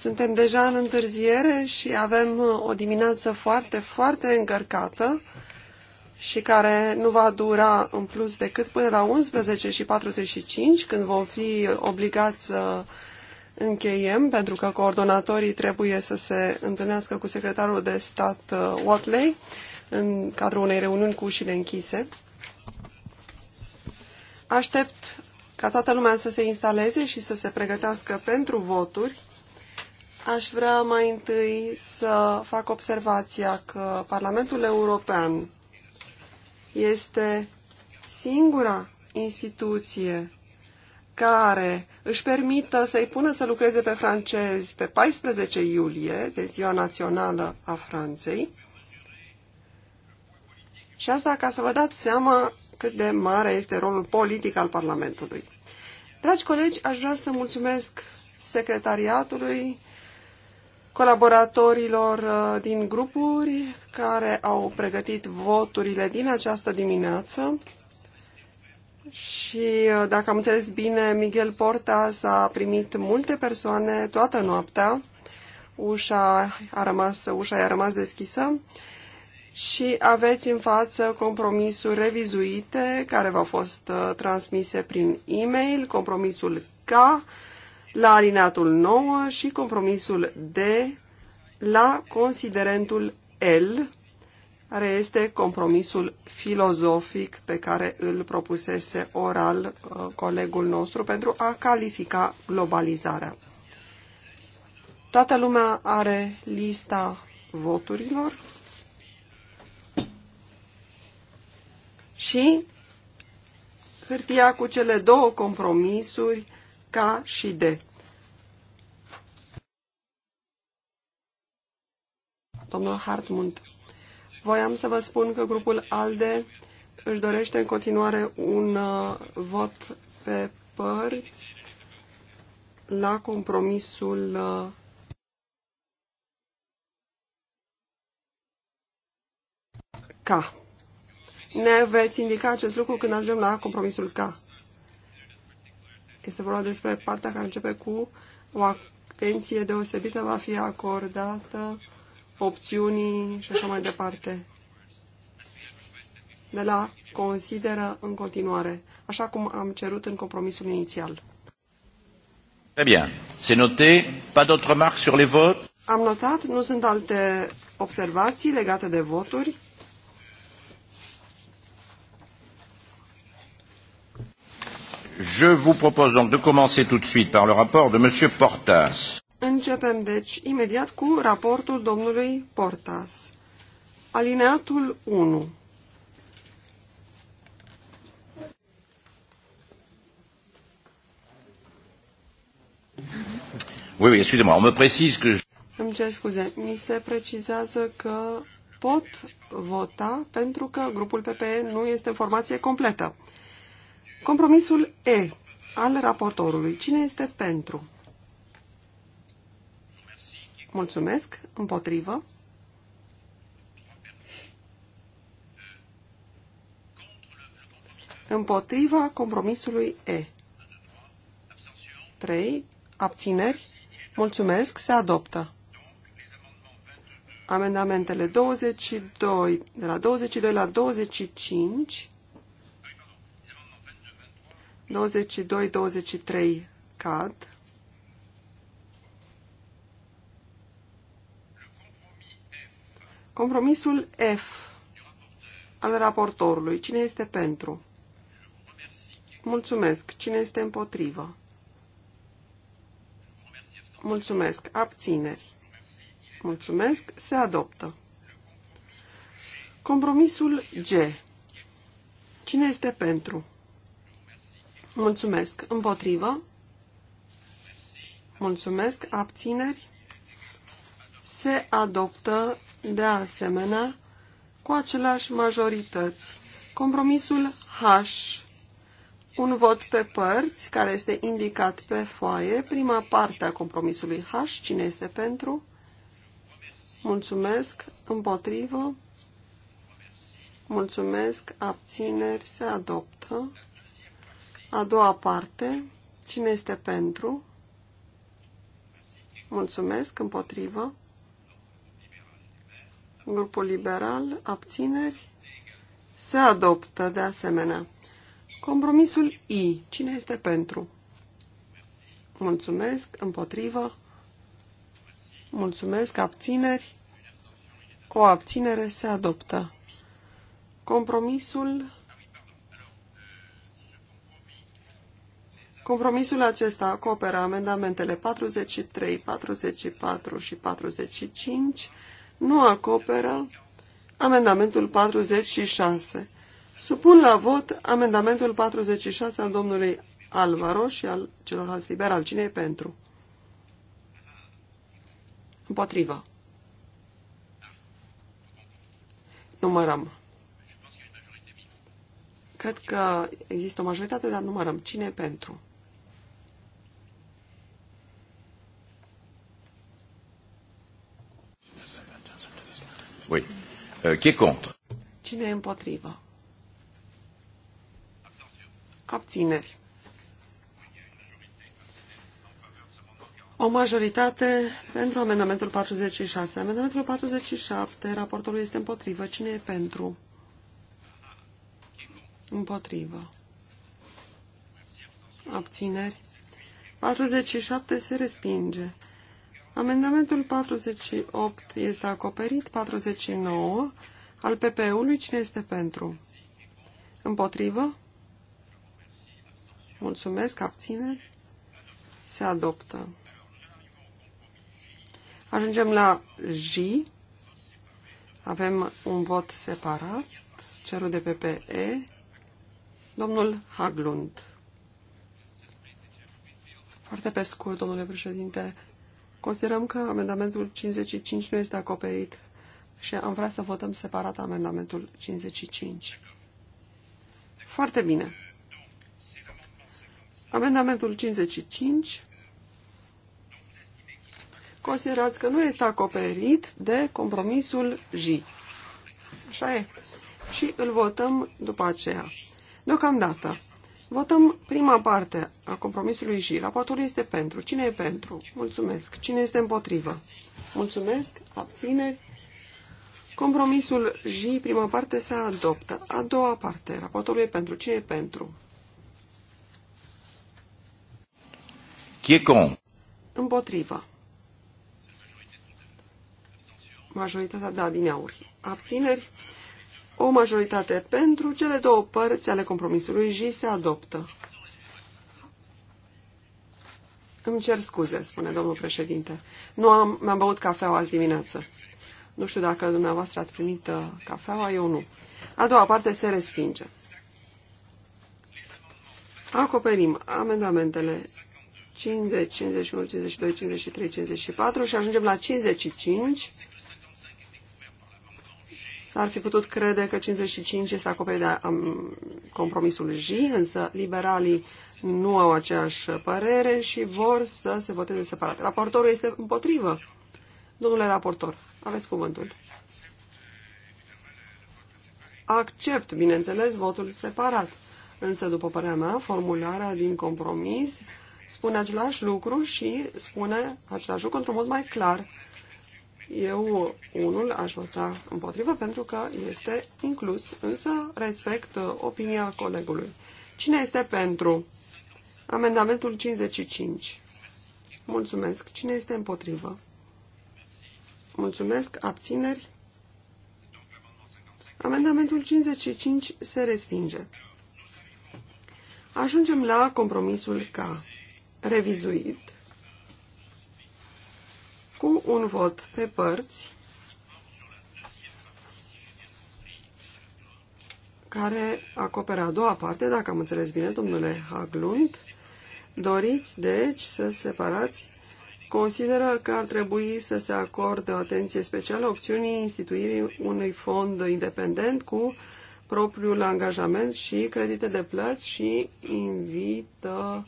Suntem deja în întârziere și avem uh, o dimineață foarte, foarte încărcată și care nu va dura în plus decât până la 11 și 45, când vom fi obligați să încheiem, pentru că coordonatorii trebuie să se întâlnească cu secretarul de stat uh, Watley în cadrul unei reuniuni cu ușile închise. Aștept ca toată lumea să se instaleze și să se pregătească pentru voturi. Aș vrea mai întâi să fac observația că Parlamentul European este singura instituție care își permită să-i pună să lucreze pe francezi pe 14 iulie, de ziua națională a Franței. Și asta ca să vă dați seama cât de mare este rolul politic al Parlamentului. Dragi colegi, aș vrea să mulțumesc secretariatului, colaboratorilor uh, din grupuri care au pregătit voturile din această dimineață. Și uh, dacă am înțeles bine, Miguel s a primit multe persoane toată noaptea. Ușa a rămas, ușa a rămas deschisă și aveți în față compromisuri revizuite care v-au fost uh, transmise prin e-mail, compromisul K, la alineatul 9 și compromisul D la considerentul L, care este compromisul filozofic pe care îl propusese oral uh, colegul nostru pentru a califica globalizarea. Toată lumea are lista voturilor și hârtia cu cele două compromisuri K și D. Domnul Hartmund, voiam să vă spun că grupul ALDE își dorește în continuare un uh, vot pe părți la compromisul uh, K. Ne veți indica acest lucru când ajungem la compromisul K este vorba despre partea care începe cu o atenție deosebită va fi acordată opțiunii și așa mai departe. De la consideră în continuare, așa cum am cerut în compromisul inițial. Très bien. C'est noté. Pas d'autres remarques sur les votes Am notat, nu sunt alte observații legate de voturi. Je vous propose donc de commencer tout de suite par le rapport de Monsieur Portas. Începem, deci, imediat cu raportul domnului Portas. Alineatul 1. Oui, oui, excusez-moi, on me précise que... Je... Îmi cer scuze, mi se precizează că pot vota pentru că grupul PPE nu este în formație completă. Compromisul E al raportorului. Cine este pentru? Mulțumesc. Împotrivă. Împotriva compromisului E. 3. Abțineri. Mulțumesc. Se adoptă. Amendamentele 22, de la 22 la 25 22-23 cad. Compromisul F al raportorului. Cine este pentru? Mulțumesc. Cine este împotrivă? Mulțumesc. Abțineri. Mulțumesc. Se adoptă. Compromisul G. Cine este pentru? Mulțumesc. Împotrivă. Mulțumesc. Abțineri. Se adoptă de asemenea cu aceleași majorități. Compromisul H. Un vot pe părți care este indicat pe foaie. Prima parte a compromisului H. Cine este pentru? Mulțumesc. Împotrivă. Mulțumesc. Abțineri. Se adoptă. A doua parte. Cine este pentru? Mulțumesc. Împotrivă. Grupul liberal. Abțineri. Se adoptă de asemenea. Compromisul I. Cine este pentru? Mulțumesc. Împotrivă. Mulțumesc. Abțineri. O abținere se adoptă. Compromisul Compromisul acesta acoperă amendamentele 43, 44 și 45, nu acoperă amendamentul 46. Supun la vot amendamentul 46 al domnului Alvaro și al celorlalți liber al cinei pentru. Împotriva. Numărăm. Cred că există o majoritate, dar numărăm. Cine e pentru? Euh, qui est contre? Cine e împotrivă? Abțineri. O majoritate pentru amendamentul 46. Amendamentul 47, raportul este împotrivă. Cine e pentru? Împotrivă. Abțineri. 47 se respinge. Amendamentul 48 este acoperit, 49 al PPE-ului. Cine este pentru? Împotrivă? Mulțumesc, abține. Se adoptă. Ajungem la J. Avem un vot separat, cerul de PPE, domnul Haglund. Foarte pe scurt, domnule președinte, Considerăm că amendamentul 55 nu este acoperit și am vrea să votăm separat amendamentul 55. Foarte bine. Amendamentul 55 considerați că nu este acoperit de compromisul J. Așa e. Și îl votăm după aceea. Deocamdată. Votăm prima parte a compromisului J. Raportul este pentru. Cine e pentru? Mulțumesc. Cine este împotrivă? Mulțumesc. Abțineri. Compromisul J, prima parte, se adoptă. A doua parte, raportul e pentru. Cine e pentru? Chiecon. Împotrivă. Majoritatea da din aur. Abțineri o majoritate pentru, cele două părți ale compromisului și se adoptă. Îmi cer scuze, spune domnul președinte. Nu am, mi-am băut cafeaua azi dimineață. Nu știu dacă dumneavoastră ați primit uh, cafeaua, eu nu. A doua parte se respinge. Acoperim amendamentele 50, 51, 52, 53, 54 și ajungem la 55 S-ar fi putut crede că 55 este acoperit de um, compromisul J, însă liberalii nu au aceeași părere și vor să se voteze separat. Raportorul este împotrivă. Domnule raportor, aveți cuvântul. Accept, bineînțeles, votul separat. Însă, după părerea mea, formularea din compromis spune același lucru și spune același lucru într-un mod mai clar. Eu, unul, aș vota împotrivă pentru că este inclus, însă respect uh, opinia colegului. Cine este pentru? Amendamentul 55. Mulțumesc. Cine este împotrivă? Mulțumesc. Abțineri? Amendamentul 55 se respinge. Ajungem la compromisul K, revizuit, cu un vot pe părți care acoperă a doua parte, dacă am înțeles bine, domnule Haglund. Doriți, deci, să separați? Consideră că ar trebui să se acorde o atenție specială opțiunii instituirii unui fond independent cu propriul angajament și credite de plăți și invită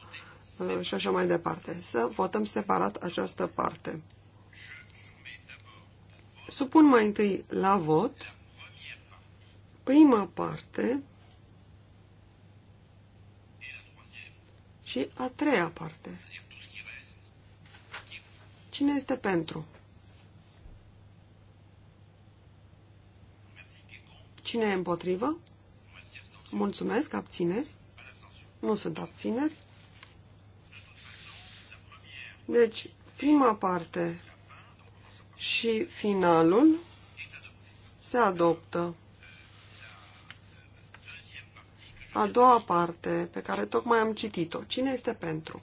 uh, și așa mai departe. Să votăm separat această parte. Supun mai întâi la vot prima parte și a treia parte. Cine este pentru? Cine e împotrivă? Mulțumesc, abțineri. Nu sunt abțineri. Deci, prima parte și finalul se adoptă. A doua parte pe care tocmai am citit-o. Cine este pentru?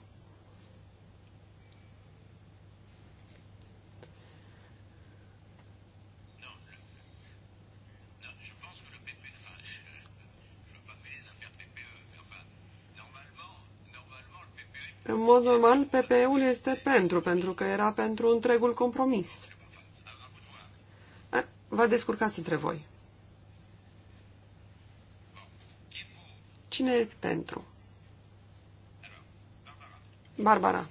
În mod normal, PPE-ul este pentru, pentru că era pentru întregul compromis vă descurcați între voi. Cine e pentru? Barbara.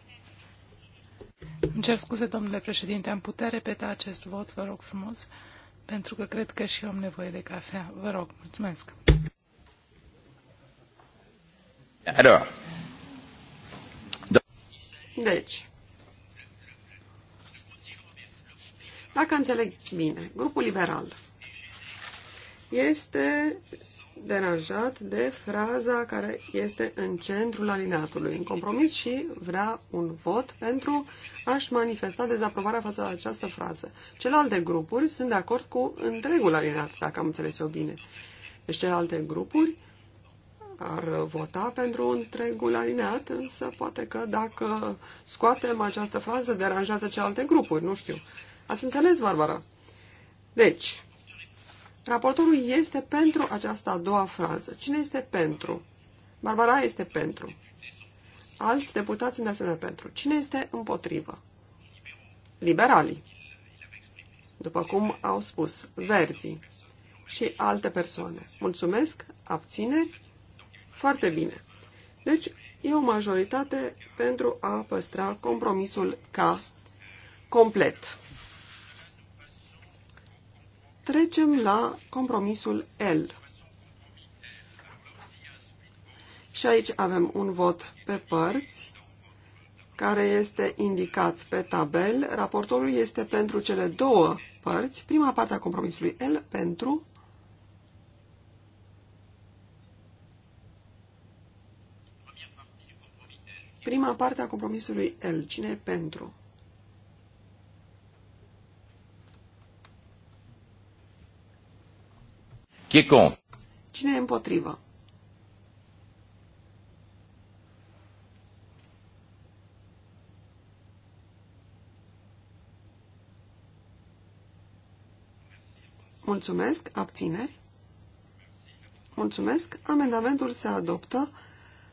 Îmi cer scuze, domnule președinte, am putea repeta acest vot, vă rog frumos, pentru că cred că și eu am nevoie de cafea. Vă rog, mulțumesc. Deci, Dacă înțeleg bine, grupul liberal este deranjat de fraza care este în centrul alineatului, în compromis și vrea un vot pentru a-și manifesta dezaprobarea față de această frază. Celelalte grupuri sunt de acord cu întregul alineat, dacă am înțeles eu bine. Deci celelalte grupuri ar vota pentru întregul alineat, însă poate că dacă scoatem această frază, deranjează celelalte grupuri, nu știu. Ați înțeles, Barbara? Deci, raportorul este pentru această a doua frază. Cine este pentru? Barbara este pentru. Alți deputați sunt de asemenea pentru. Cine este împotrivă? Liberalii. După cum au spus, verzii și alte persoane. Mulțumesc, abțineri, foarte bine. Deci, e o majoritate pentru a păstra compromisul ca complet. Trecem la compromisul L. Și aici avem un vot pe părți care este indicat pe tabel. Raportorul este pentru cele două părți. Prima parte a compromisului L pentru Prima parte a compromisului L. Cine e pentru? Qui est contre? Cine e împotrivă? Mulțumesc. Abțineri. Mulțumesc. Amendamentul se adoptă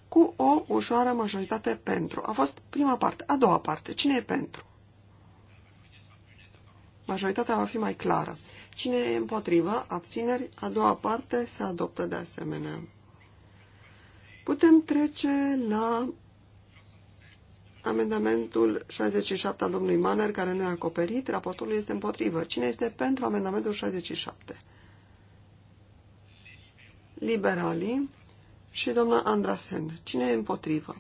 cu o ușoară majoritate pentru. A fost prima parte. A doua parte. Cine e pentru? Majoritatea va fi mai clară. Cine e împotrivă? Abțineri? A doua parte se adoptă de asemenea. Putem trece la amendamentul 67 al domnului Maner, care nu e acoperit. Raportul este împotrivă. Cine este pentru amendamentul 67? Liberalii și doamna Andrasen. Cine e împotrivă?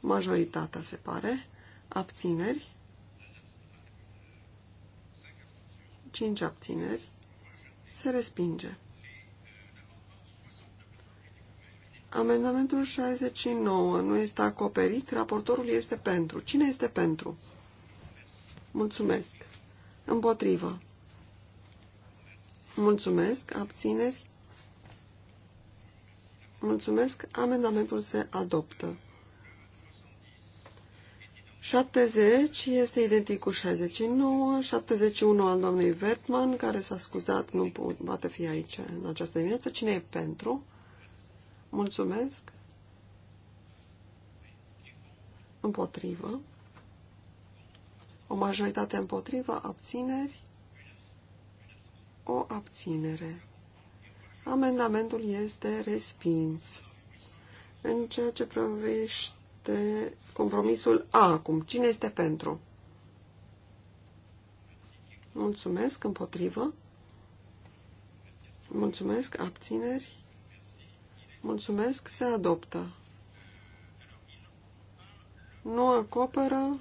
Majoritatea, se pare. Abțineri. 5 abțineri, se respinge. Amendamentul 69 nu este acoperit, raportorul este pentru. Cine este pentru? Mulțumesc. Împotrivă. Mulțumesc, abțineri. Mulțumesc, amendamentul se adoptă. 70 este identic cu 69, 71 al domnului Vertman, care s-a scuzat, nu poate fi aici în această dimineață. Cine e pentru? Mulțumesc. Împotrivă. O majoritate împotrivă, abțineri. O abținere. Amendamentul este respins. În ceea ce privește este compromisul A acum. Cine este pentru? Mulțumesc, împotrivă. Mulțumesc, abțineri. Mulțumesc, se adoptă. Nu acoperă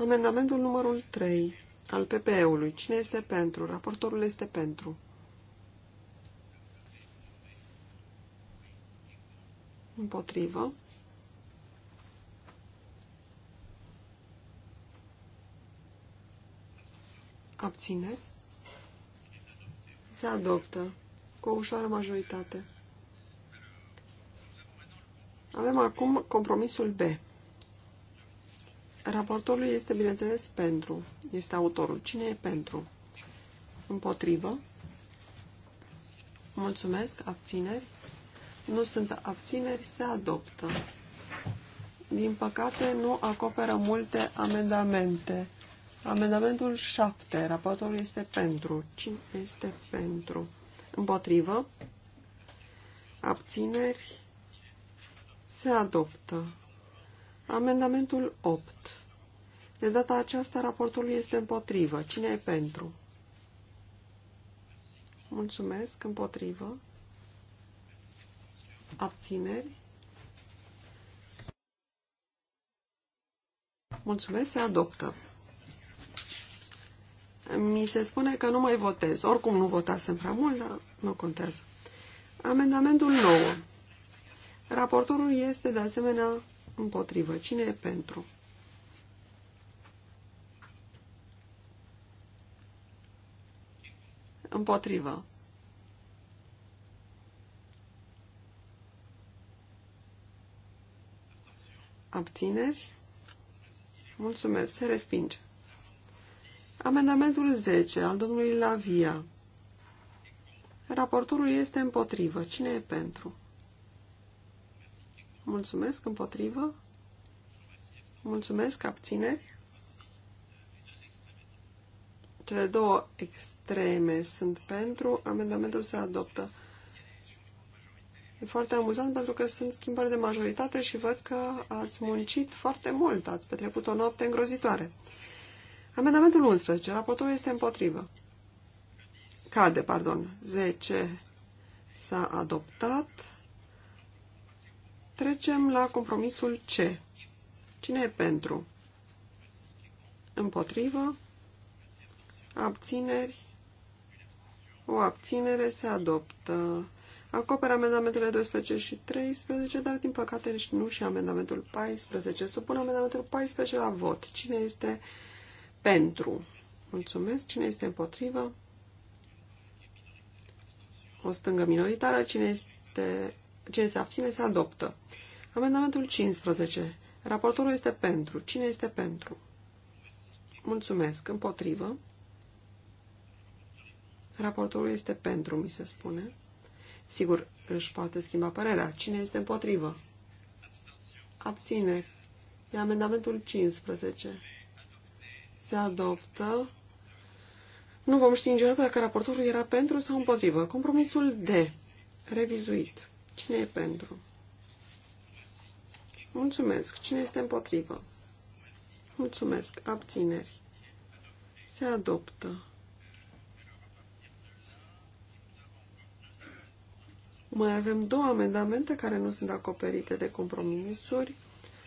amendamentul numărul 3 al PPE-ului. Cine este pentru? Raportorul este pentru. împotrivă. Abțineri. Se adoptă cu o ușoară majoritate. Avem acum compromisul B. Raportorul este, bineînțeles, pentru. Este autorul. Cine e pentru? Împotrivă. Mulțumesc. Abțineri nu sunt abțineri, se adoptă. Din păcate, nu acoperă multe amendamente. Amendamentul 7, raportul este pentru. Cine este pentru? Împotrivă. Abțineri. Se adoptă. Amendamentul 8. De data aceasta, raportul este împotrivă. Cine e pentru? Mulțumesc, împotrivă. Abțineri. Mulțumesc, se adoptă. Mi se spune că nu mai votez. Oricum nu votasem prea mult, dar nu contează. Amendamentul 9. Raportorul este de asemenea împotrivă. Cine e pentru? Împotrivă. Abțineri? Mulțumesc. Se respinge. Amendamentul 10 al domnului Lavia. Raportorul este împotrivă. Cine e pentru? Mulțumesc. Împotrivă? Mulțumesc. Abțineri? Cele două extreme sunt pentru. Amendamentul se adoptă. E foarte amuzant pentru că sunt schimbări de majoritate și văd că ați muncit foarte mult, ați petrecut o noapte îngrozitoare. Amendamentul 11. Raportul este împotrivă. Cade, pardon. 10 s-a adoptat. Trecem la compromisul C. Cine e pentru? Împotrivă. Abțineri. O abținere se adoptă acoperă amendamentele 12 și 13, dar din păcate nu și amendamentul 14. Supun amendamentul 14 la vot. Cine este pentru? Mulțumesc. Cine este împotrivă? O stângă minoritară. Cine, este, cine se abține se adoptă. Amendamentul 15. Raportorul este pentru. Cine este pentru? Mulțumesc. Împotrivă. Raportorul este pentru, mi se spune. Sigur, își poate schimba părerea. Cine este împotrivă? Abțineri. E amendamentul 15. Se adoptă. Nu vom ști niciodată dacă raportorul era pentru sau împotrivă. Compromisul D. Revizuit. Cine e pentru? Mulțumesc. Cine este împotrivă? Mulțumesc. Abțineri. Se adoptă. Mai avem două amendamente care nu sunt acoperite de compromisuri.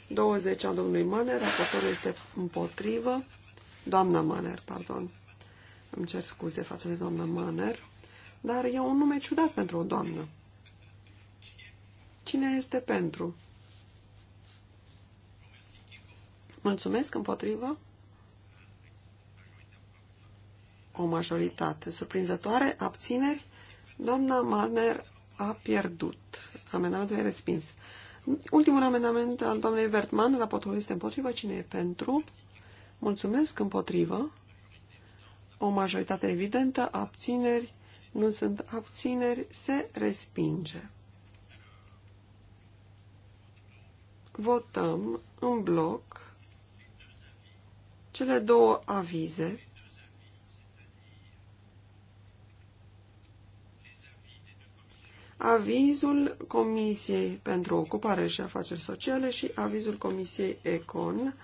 20 a domnului Maner, raportorul este împotrivă. Doamna Maner, pardon. Îmi cer scuze față de doamna Maner, dar e un nume ciudat pentru o doamnă. Cine este pentru? Mulțumesc împotrivă. O majoritate surprinzătoare, abțineri. Doamna Maner a pierdut. Amendamentul e respins. Ultimul amendament al doamnei Vertman, raportul este împotrivă, cine e pentru? Mulțumesc, împotrivă. O majoritate evidentă, abțineri, nu sunt abțineri, se respinge. Votăm în bloc cele două avize avizul Comisiei pentru Ocupare și Afaceri Sociale și avizul Comisiei Econ.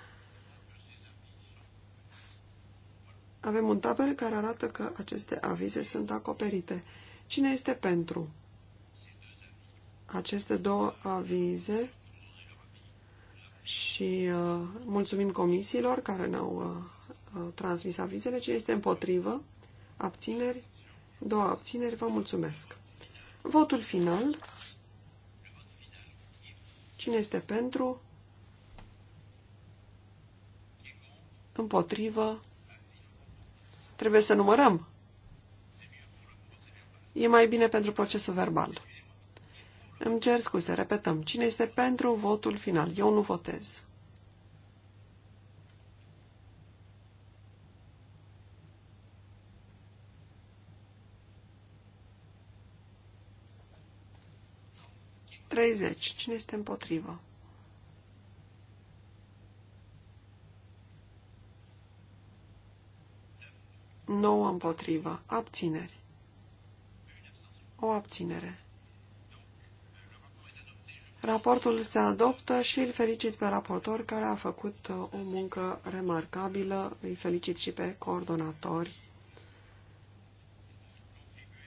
Avem un tabel care arată că aceste avize sunt acoperite. Cine este pentru? Aceste două avize și uh, mulțumim comisiilor care ne-au uh, uh transmis avizele. Cine este împotrivă? Abțineri? Două abțineri. Vă mulțumesc! Votul final. Cine este pentru? Împotrivă. Trebuie să numărăm. E mai bine pentru procesul verbal. Îmi cer scuze, repetăm. Cine este pentru votul final? Eu nu votez. 30. Cine este împotrivă? Nouă împotrivă. Abțineri. O abținere. Raportul se adoptă și îl felicit pe raportor care a făcut uh, o muncă remarcabilă. Îi felicit și pe coordonatori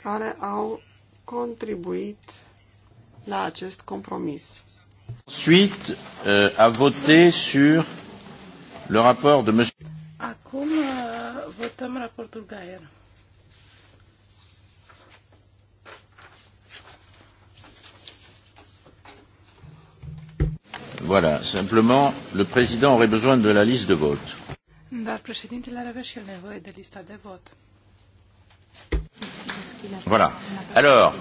care au contribuit la acest compromis. Suite uh, a voté sur le rapport de monsieur... Acum uh, votăm raportul Gaier. Voilà, simplement, le président aurait besoin de la liste de vote. Dar președintele are și el nevoie de lista de vot. Voilà. Alors,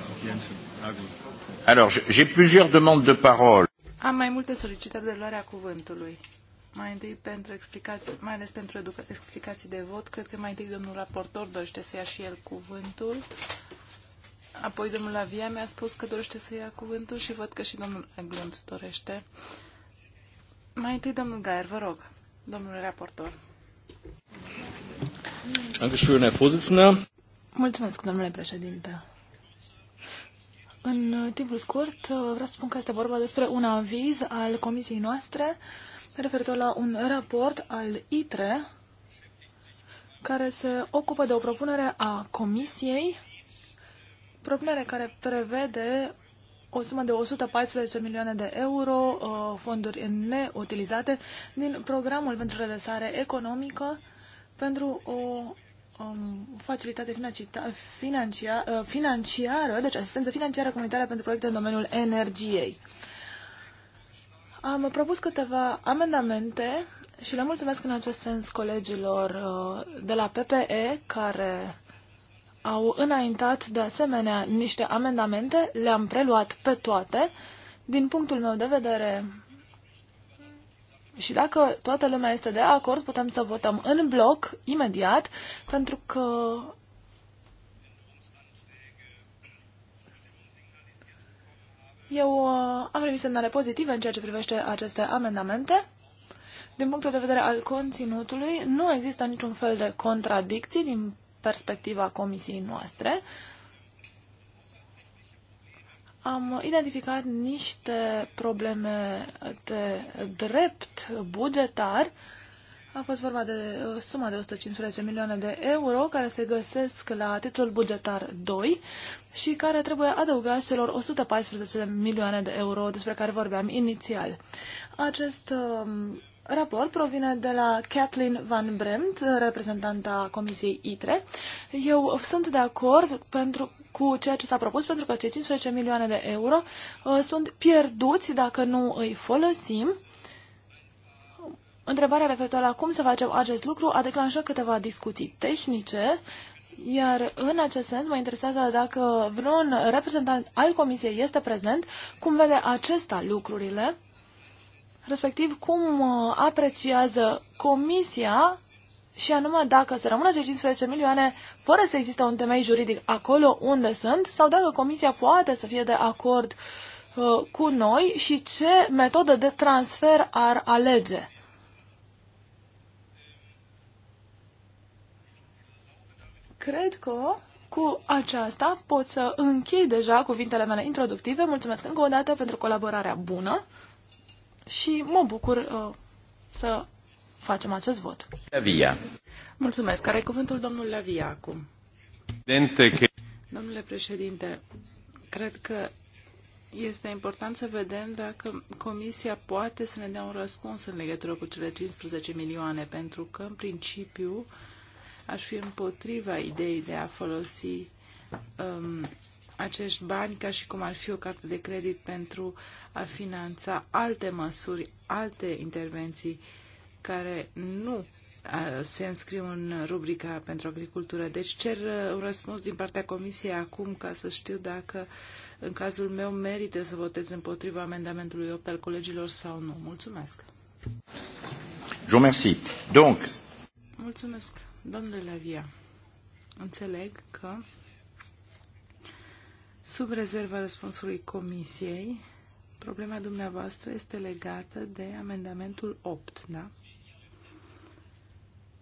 Alors, j'ai plusieurs demandes de parole. Am mai multe solicitări de luarea cuvântului. Mai întâi pentru explicații, mai ales pentru explicații de vot, cred că mai întâi domnul raportor dorește să ia și el cuvântul. Apoi domnul Avia mi-a spus că dorește să ia cuvântul și văd că și domnul Aglund dorește. Mai întâi domnul Gaer, vă rog, domnule raportor. Mulțumesc, domnule președinte. În timpul scurt, uh, vreau să spun că este vorba despre un aviz al comisiei noastre referitor la un raport al ITRE care se ocupă de o propunere a comisiei, propunere care prevede o sumă de 114 milioane de euro, uh, fonduri neutilizate, din programul pentru redresare economică pentru o um, facilitate financiară, financiară, uh, financiară, deci asistență financiară comunitară pentru proiecte în domeniul energiei. Am propus câteva amendamente și le mulțumesc în acest sens colegilor uh, de la PPE care au înaintat de asemenea niște amendamente, le-am preluat pe toate. Din punctul meu de vedere, și dacă toată lumea este de acord, putem să votăm în bloc, imediat, pentru că eu uh, am primit semnale pozitive în ceea ce privește aceste amendamente. Din punctul de vedere al conținutului, nu există niciun fel de contradicții din perspectiva comisiei noastre. Uh, am identificat niște probleme de drept bugetar. A fost vorba de uh, suma de 115 milioane de euro care se găsesc la titlul bugetar 2 și care trebuie adăugat celor 114 milioane de euro despre care vorbeam inițial. Acest um, raport provine de la Kathleen Van Bremt, reprezentanta Comisiei ITRE. Eu sunt de acord pentru, cu ceea ce s-a propus, pentru că cei 15 milioane de euro uh, sunt pierduți dacă nu îi folosim. Întrebarea referitoare la cum să facem acest lucru a declanșat câteva discuții tehnice, iar în acest sens mă interesează dacă vreun reprezentant al Comisiei este prezent, cum vede acesta lucrurile respectiv cum uh, apreciază comisia și anume dacă se rămână cei 15 milioane fără să existe un temei juridic acolo unde sunt sau dacă comisia poate să fie de acord uh, cu noi și ce metodă de transfer ar alege. Cred că cu aceasta pot să închei deja cuvintele mele introductive. Mulțumesc încă o dată pentru colaborarea bună și mă bucur uh, să facem acest vot. Lavia. Mulțumesc. Care cuvântul domnul Lavia acum? Domnule președinte, cred că este important să vedem dacă Comisia poate să ne dea un răspuns în legătură cu cele 15 milioane, pentru că, în principiu, aș fi împotriva ideii de a folosi um, acești bani ca și cum ar fi o carte de credit pentru a finanța alte măsuri, alte intervenții care nu se înscriu în rubrica pentru agricultură. Deci cer uh, un răspuns din partea Comisiei acum ca să știu dacă în cazul meu merită să votez împotriva amendamentului 8 al colegilor sau nu. Mulțumesc. Je Donc... Mulțumesc, domnule Lavia. Înțeleg că Sub rezerva răspunsului Comisiei, problema dumneavoastră este legată de amendamentul 8, da?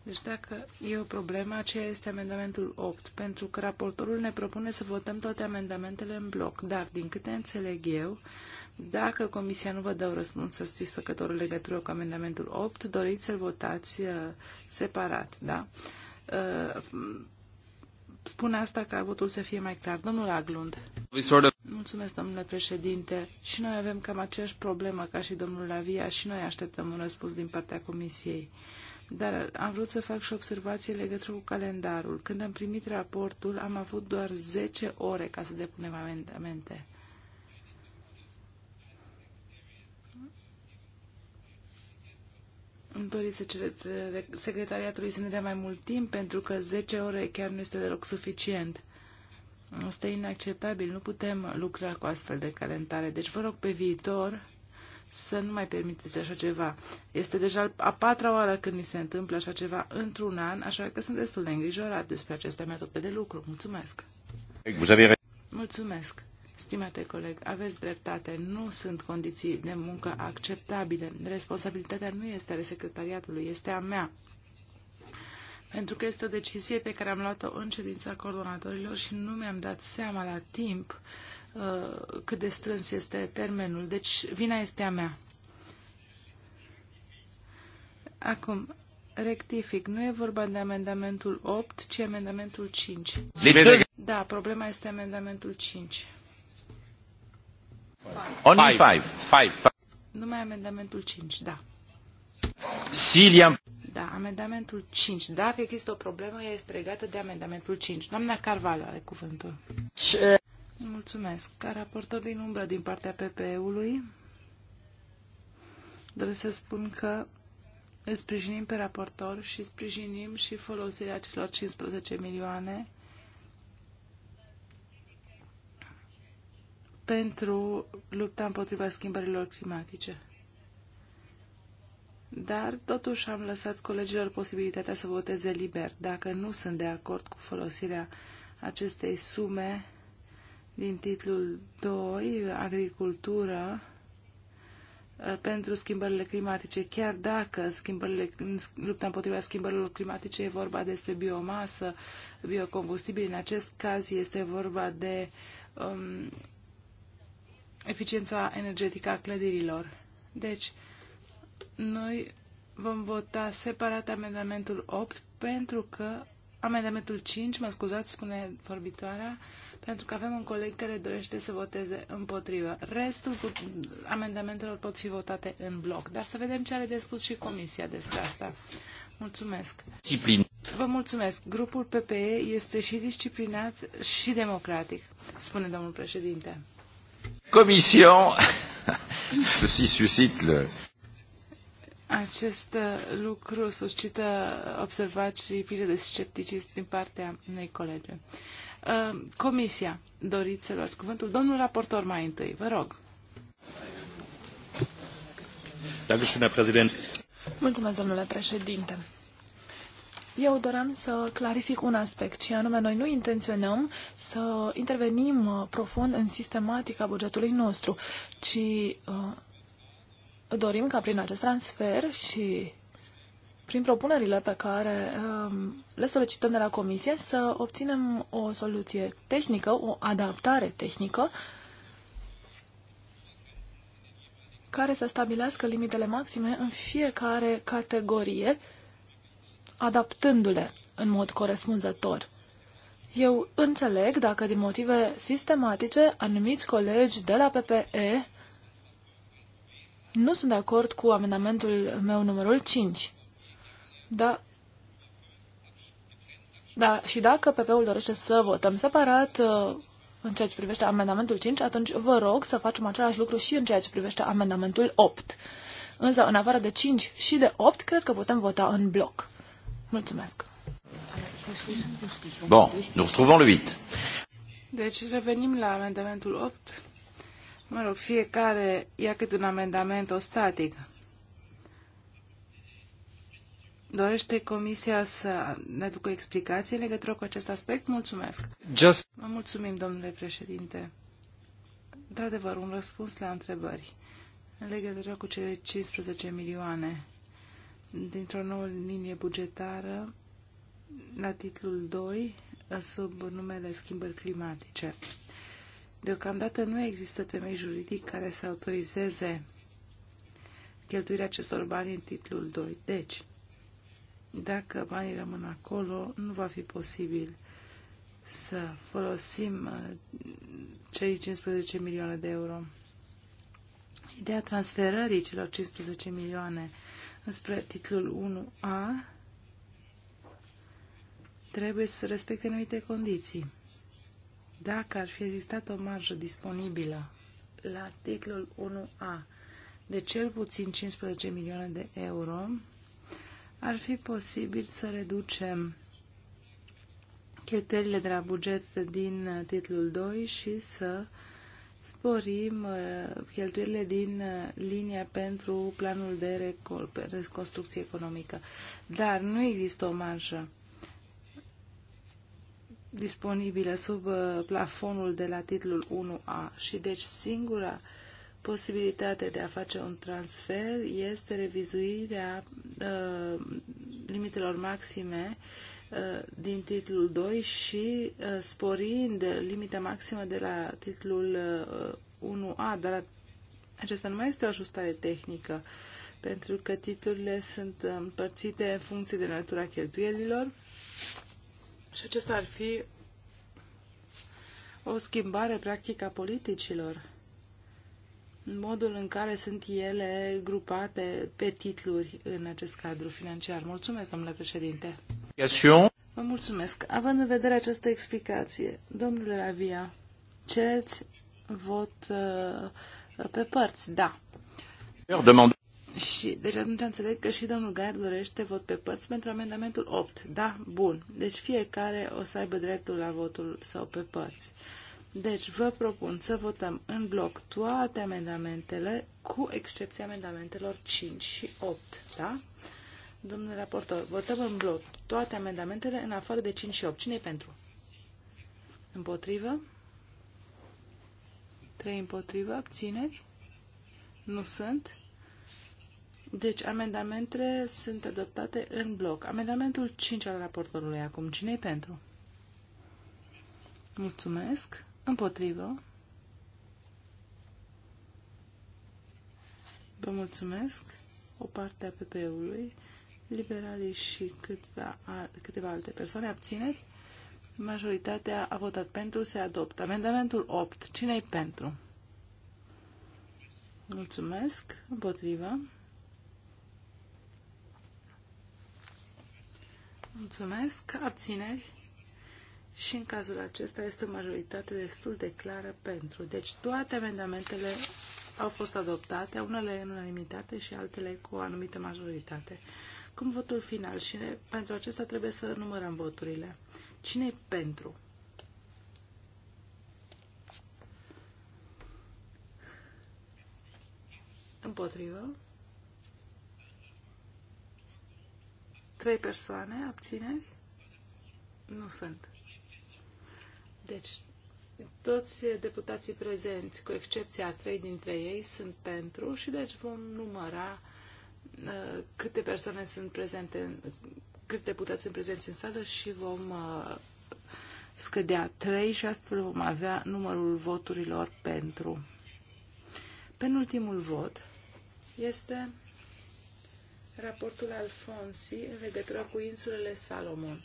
Deci dacă e o problemă, aceea este amendamentul 8, pentru că raportorul ne propune să votăm toate amendamentele în bloc. Dar, din câte înțeleg eu, dacă Comisia nu vă dă un răspuns satisfăcător în legătură cu amendamentul 8, doriți să-l votați uh, separat, da? Uh, spune asta ca votul să fie mai clar. Domnul Aglund. Mulțumesc, domnule președinte. Și noi avem cam aceeași problemă ca și domnul Lavia și noi așteptăm un răspuns din partea comisiei. Dar am vrut să fac și observații legătură cu calendarul. Când am primit raportul, am avut doar 10 ore ca să depunem amendamente. Îmi doriți să secretariatului să ne dea mai mult timp, pentru că 10 ore chiar nu este deloc suficient. Asta e inacceptabil, nu putem lucra cu astfel de calentare. Deci vă rog pe viitor să nu mai permiteți așa ceva. Este deja a patra oară când mi se întâmplă așa ceva într-un an, așa că sunt destul de îngrijorat despre aceste metode de lucru. Mulțumesc! Mulțumesc! Stimate coleg, aveți dreptate, nu sunt condiții de muncă acceptabile. Responsabilitatea nu este ale secretariatului, este a mea. Pentru că este o decizie pe care am luat-o în ședința coordonatorilor și nu mi-am dat seama la timp uh, cât de strâns este termenul. Deci, vina este a mea. Acum, rectific, nu e vorba de amendamentul 8, ci amendamentul 5. Da, problema este amendamentul 5. Only five. Five. five. Numai amendamentul 5, da. Silian. Da, amendamentul 5. Dacă există o problemă, este legată de amendamentul 5. Doamna Carvalho are cuvântul. Ce? Mulțumesc. Ca raportor din umbră din partea PPE-ului, doresc să spun că îl sprijinim pe raportor și sprijinim și folosirea celor 15 milioane pentru lupta împotriva schimbărilor climatice. Dar totuși am lăsat colegilor posibilitatea să voteze liber, dacă nu sunt de acord cu folosirea acestei sume din titlul 2, agricultură, eh, pentru schimbările climatice, chiar dacă schimbările, lupta împotriva schimbărilor climatice e vorba despre biomasă, biocombustibili, în acest caz este vorba de um, eficiența energetică a clădirilor. Deci, noi vom vota separat amendamentul 8 pentru că amendamentul 5, mă scuzați, spune vorbitoarea, pentru că avem un coleg care dorește să voteze împotrivă. Restul amendamentelor pot fi votate în bloc, dar să vedem ce are de spus și comisia despre asta. Mulțumesc. Disciplin. Vă mulțumesc. Grupul PPE este și disciplinat și democratic, spune domnul președinte. Comision. Ceci suscite le... Acest uh, lucru suscită observații pile de scepticism din partea unei colegi. Uh, Comisia, doriți să luați cuvântul? Domnul raportor mai întâi, vă rog. Mulțumesc, domnule președinte. Eu doream să clarific un aspect și anume noi nu intenționăm să intervenim uh, profund în sistematica bugetului nostru, ci uh, dorim ca prin acest transfer și prin propunerile pe care um, le solicităm de la Comisie să obținem o soluție tehnică, o adaptare tehnică care să stabilească limitele maxime în fiecare categorie uh, adaptându-le în mod corespunzător. Eu înțeleg dacă din motive sistematice anumiți colegi de la PPE nu sunt de acord cu amendamentul meu numărul 5. Da. Da, și dacă PP-ul dorește să votăm separat uh, în ceea ce privește amendamentul 5, atunci vă rog să facem același lucru și în ceea ce privește amendamentul 8. Însă, în afară de 5 și de 8, cred că putem vota în bloc. Mulțumesc. Bun, nous retrouvons le 8. Deci revenim la amendamentul 8. Mă rog, fiecare ia cât un amendament ostatic. Dorește Comisia să ne ducă explicații legătură cu acest aspect? Mulțumesc. Just... Mă mulțumim, domnule președinte. Într-adevăr, un răspuns la întrebări în legătură cu cele 15 milioane dintr-o nouă linie bugetară la titlul 2 sub numele schimbări climatice. Deocamdată nu există temei juridic care să autorizeze cheltuirea acestor bani în titlul 2. Deci, dacă banii rămân acolo, nu va fi posibil să folosim uh, cei 15 milioane de euro. Ideea transferării celor 15 milioane înspre titlul 1A trebuie să respecte anumite condiții. Dacă ar fi existat o marjă disponibilă la titlul 1A de cel puțin 15 milioane de euro, ar fi posibil să reducem cheltuielile de la buget din titlul 2 și să uh, sporim uh, cheltuielile din uh, linia pentru planul de reconstrucție economică. Dar nu există o marjă disponibilă sub uh, plafonul de la titlul 1A și deci singura posibilitate de a face un transfer este revizuirea uh, limitelor maxime uh, Uh, din titlul 2 și uh, sporind limita maximă de la titlul 1A, uh, dar acesta nu mai este o ajustare tehnică, pentru că titlurile sunt împărțite în funcție de natura cheltuielilor și acesta ar fi o schimbare practică a politicilor modul în care sunt ele grupate pe titluri în acest cadru financiar. Mulțumesc, domnule președinte. Vă mulțumesc. Având în vedere această explicație, domnule Lavia, cereți vot uh, pe părți, da. Demand... Și, deci atunci înțeleg că și domnul Gaier dorește vot pe părți pentru amendamentul 8. Da? Bun. Deci fiecare o să aibă dreptul la votul sau pe părți. Deci vă propun să votăm în bloc toate amendamentele, cu excepția amendamentelor 5 și 8. Da? Domnule raportor, votăm în bloc toate amendamentele în afară de 5 și 8. cine pentru? Împotrivă? 3 împotrivă? Abțineri? Nu sunt. Deci, amendamentele sunt adoptate în bloc. Amendamentul 5 al raportorului acum. cine pentru? Mulțumesc. Împotrivă. Vă mulțumesc. O parte a PP-ului liberalii și câteva, câteva alte persoane, abțineri, majoritatea a votat pentru, se adoptă. Amendamentul 8. cine e pentru? Mulțumesc. Împotrivă. Mulțumesc. Abțineri. Și în cazul acesta este o majoritate destul de clară pentru. Deci toate amendamentele au fost adoptate, unele în unanimitate și altele cu o anumită majoritate. Acum votul final și ne, pentru acesta trebuie să numărăm voturile. cine e pentru? Împotrivă. Trei persoane, abțineri? Nu sunt. Deci, toți deputații prezenți, cu excepția a trei dintre ei, sunt pentru și deci vom număra Uh, câte persoane sunt prezente, câți deputați sunt prezenți în sală și vom uh, scădea 3 și astfel vom avea numărul voturilor pentru. Penultimul vot este raportul Alfonsi în legătură cu insulele Salomon.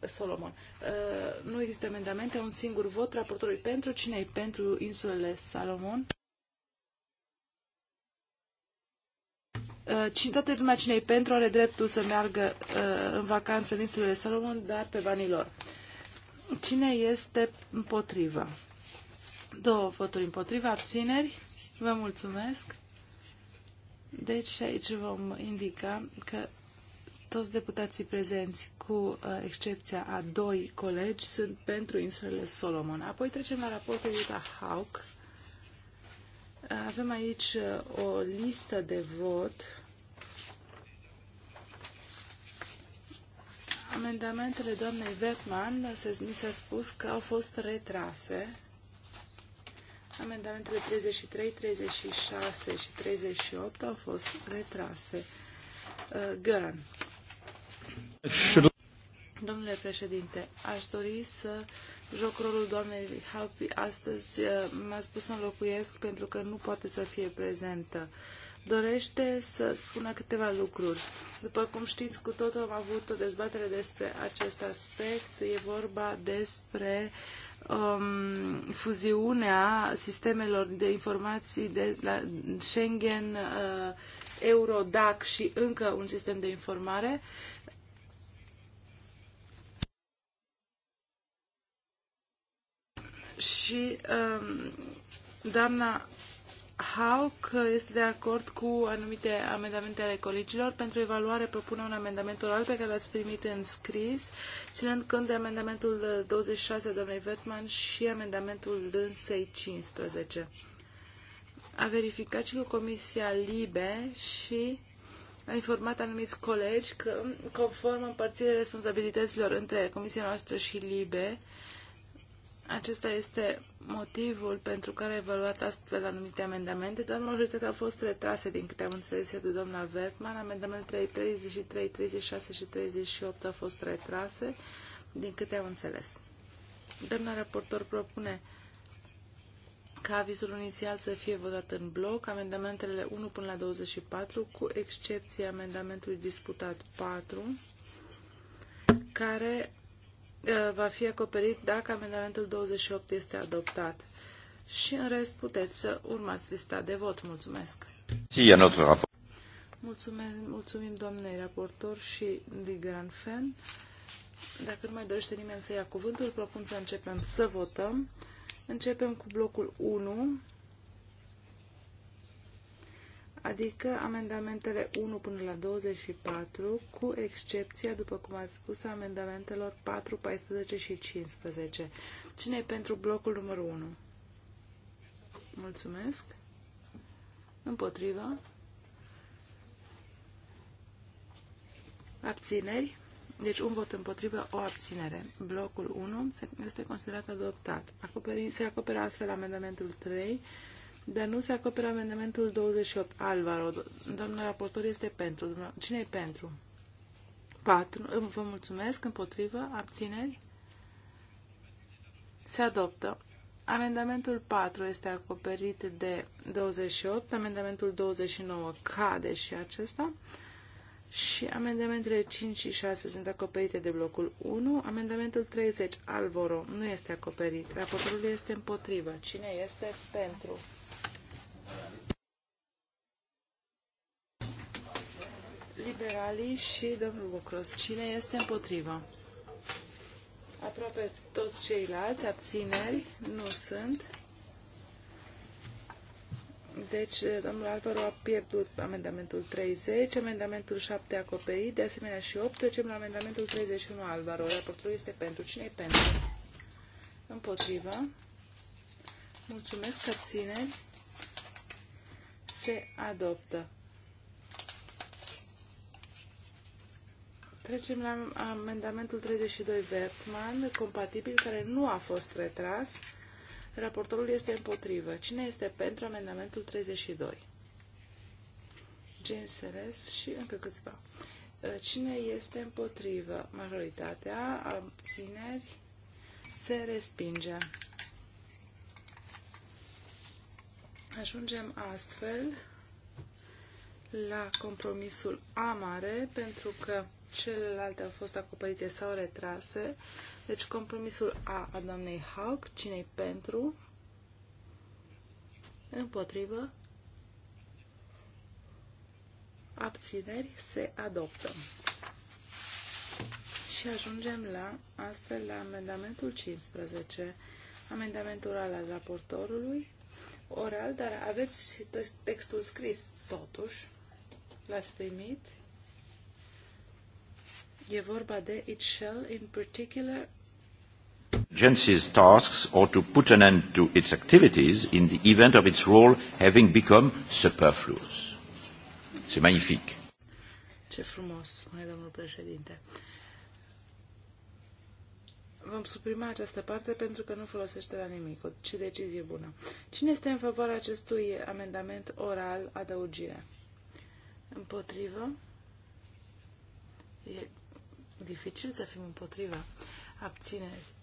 Solomon. Uh, nu există amendamente, un singur vot raportului pentru. Cine e pentru insulele Salomon? Cine uh, toată lumea cine pentru are dreptul să meargă uh, în vacanță în insulele Salomon, dar pe banii lor. Cine este împotrivă? Două voturi împotriva, abțineri. Vă mulțumesc. Deci aici vom indica că toți deputații prezenți, cu uh, excepția a doi colegi, sunt pentru insulele Solomon. Apoi trecem la raportul Utah Hawk avem aici uh, o listă de vot. Amendamentele doamnei Vetman, mi s-a spus că au fost retrase. Amendamentele 33, 36 și 38 au fost retrase. Uh, Găran. Domnule președinte, aș dori să uh, joc rolul doamnei Halpi. Astăzi eh, m-a spus să înlocuiesc pentru că nu poate să fie prezentă. Dorește să spună câteva lucruri. După cum știți, cu totul am avut o dezbatere despre acest aspect. E vorba despre um, fuziunea sistemelor de informații de la Schengen, uh, Eurodac și încă un sistem de informare și um, doamna Hauk este de acord cu anumite amendamente ale colegilor. Pentru evaluare propune un amendament oral pe care l-ați primit în scris, ținând cont de amendamentul 26 doamnei Vetman și amendamentul dânsei 15. A verificat și cu Comisia Libe și a informat anumiți colegi că, conform împărțirii responsabilităților între Comisia noastră și Libe, acesta este motivul pentru care a evaluat astfel anumite amendamente, dar majoritatea au fost retrase, din câte am înțeles de doamna Vertman. Amendamentele 33, 36 și 38 au fost retrase, din câte am înțeles. Doamna raportor propune ca avizul inițial să fie votat în bloc, amendamentele 1 până la 24, cu excepția amendamentului disputat 4, care Uh, va fi acoperit dacă amendamentul 28 este adoptat. Și în rest puteți să urmați lista de vot. Mulțumesc! Mulțumim, mulțumim doamnei raportor și grand fan. Dacă nu mai dorește nimeni să ia cuvântul, propun să începem să votăm. Începem cu blocul 1 adică amendamentele 1 până la 24, cu excepția, după cum ați spus, amendamentelor 4, 14 și 15. Cine e pentru blocul numărul 1? Mulțumesc. Împotriva. Abțineri. Deci un vot împotrivă, o abținere. Blocul 1 este considerat adoptat. Acoperi, se acoperă astfel amendamentul 3 dar nu se acoperă amendamentul 28. Alvaro, doamna raportor, este pentru. Cine e pentru? 4. Vă mulțumesc. Împotrivă. Abțineri. Se adoptă. Amendamentul 4 este acoperit de 28, amendamentul 29 cade și acesta și amendamentele 5 și 6 sunt acoperite de blocul 1, amendamentul 30, Alvoro, nu este acoperit, raportorul este împotrivă. Cine este pentru? liberalii și domnul Bucros. Cine este împotrivă? Aproape toți ceilalți, abțineri, nu sunt. Deci, domnul Alvaro a pierdut amendamentul 30, amendamentul 7 acoperit, de asemenea și 8, trecem la amendamentul 31 Alvaro. Raportul este pentru. cine e pentru? Împotriva. Mulțumesc, abțineri. Se adoptă. Trecem la amendamentul 32 Vertman, compatibil, care nu a fost retras. Raportorul este împotrivă. Cine este pentru amendamentul 32? James Seres și încă câțiva. Uh, cine este împotrivă? Majoritatea, abțineri, se respinge. Ajungem astfel la compromisul A mare, pentru că celelalte au fost acoperite sau retrase. Deci compromisul A a doamnei Hawk, cine pentru? Împotrivă? Abțineri se adoptă. Și ajungem la, astfel, la amendamentul 15, amendamentul al raportorului, oral, dar aveți textul scris, totuși, l-ați primit, E vorba de it shall in particular agency's tasks or to put an end to its activities in the event of its role having become superfluous. C'est magnifique. Ce frumos, mai domnul președinte. Vom suprima această parte pentru că nu folosește la nimic. O, ce decizie bună. Cine este în favoarea acestui amendament oral adăugire? Împotrivă? E dificil să fim împotriva abținerii.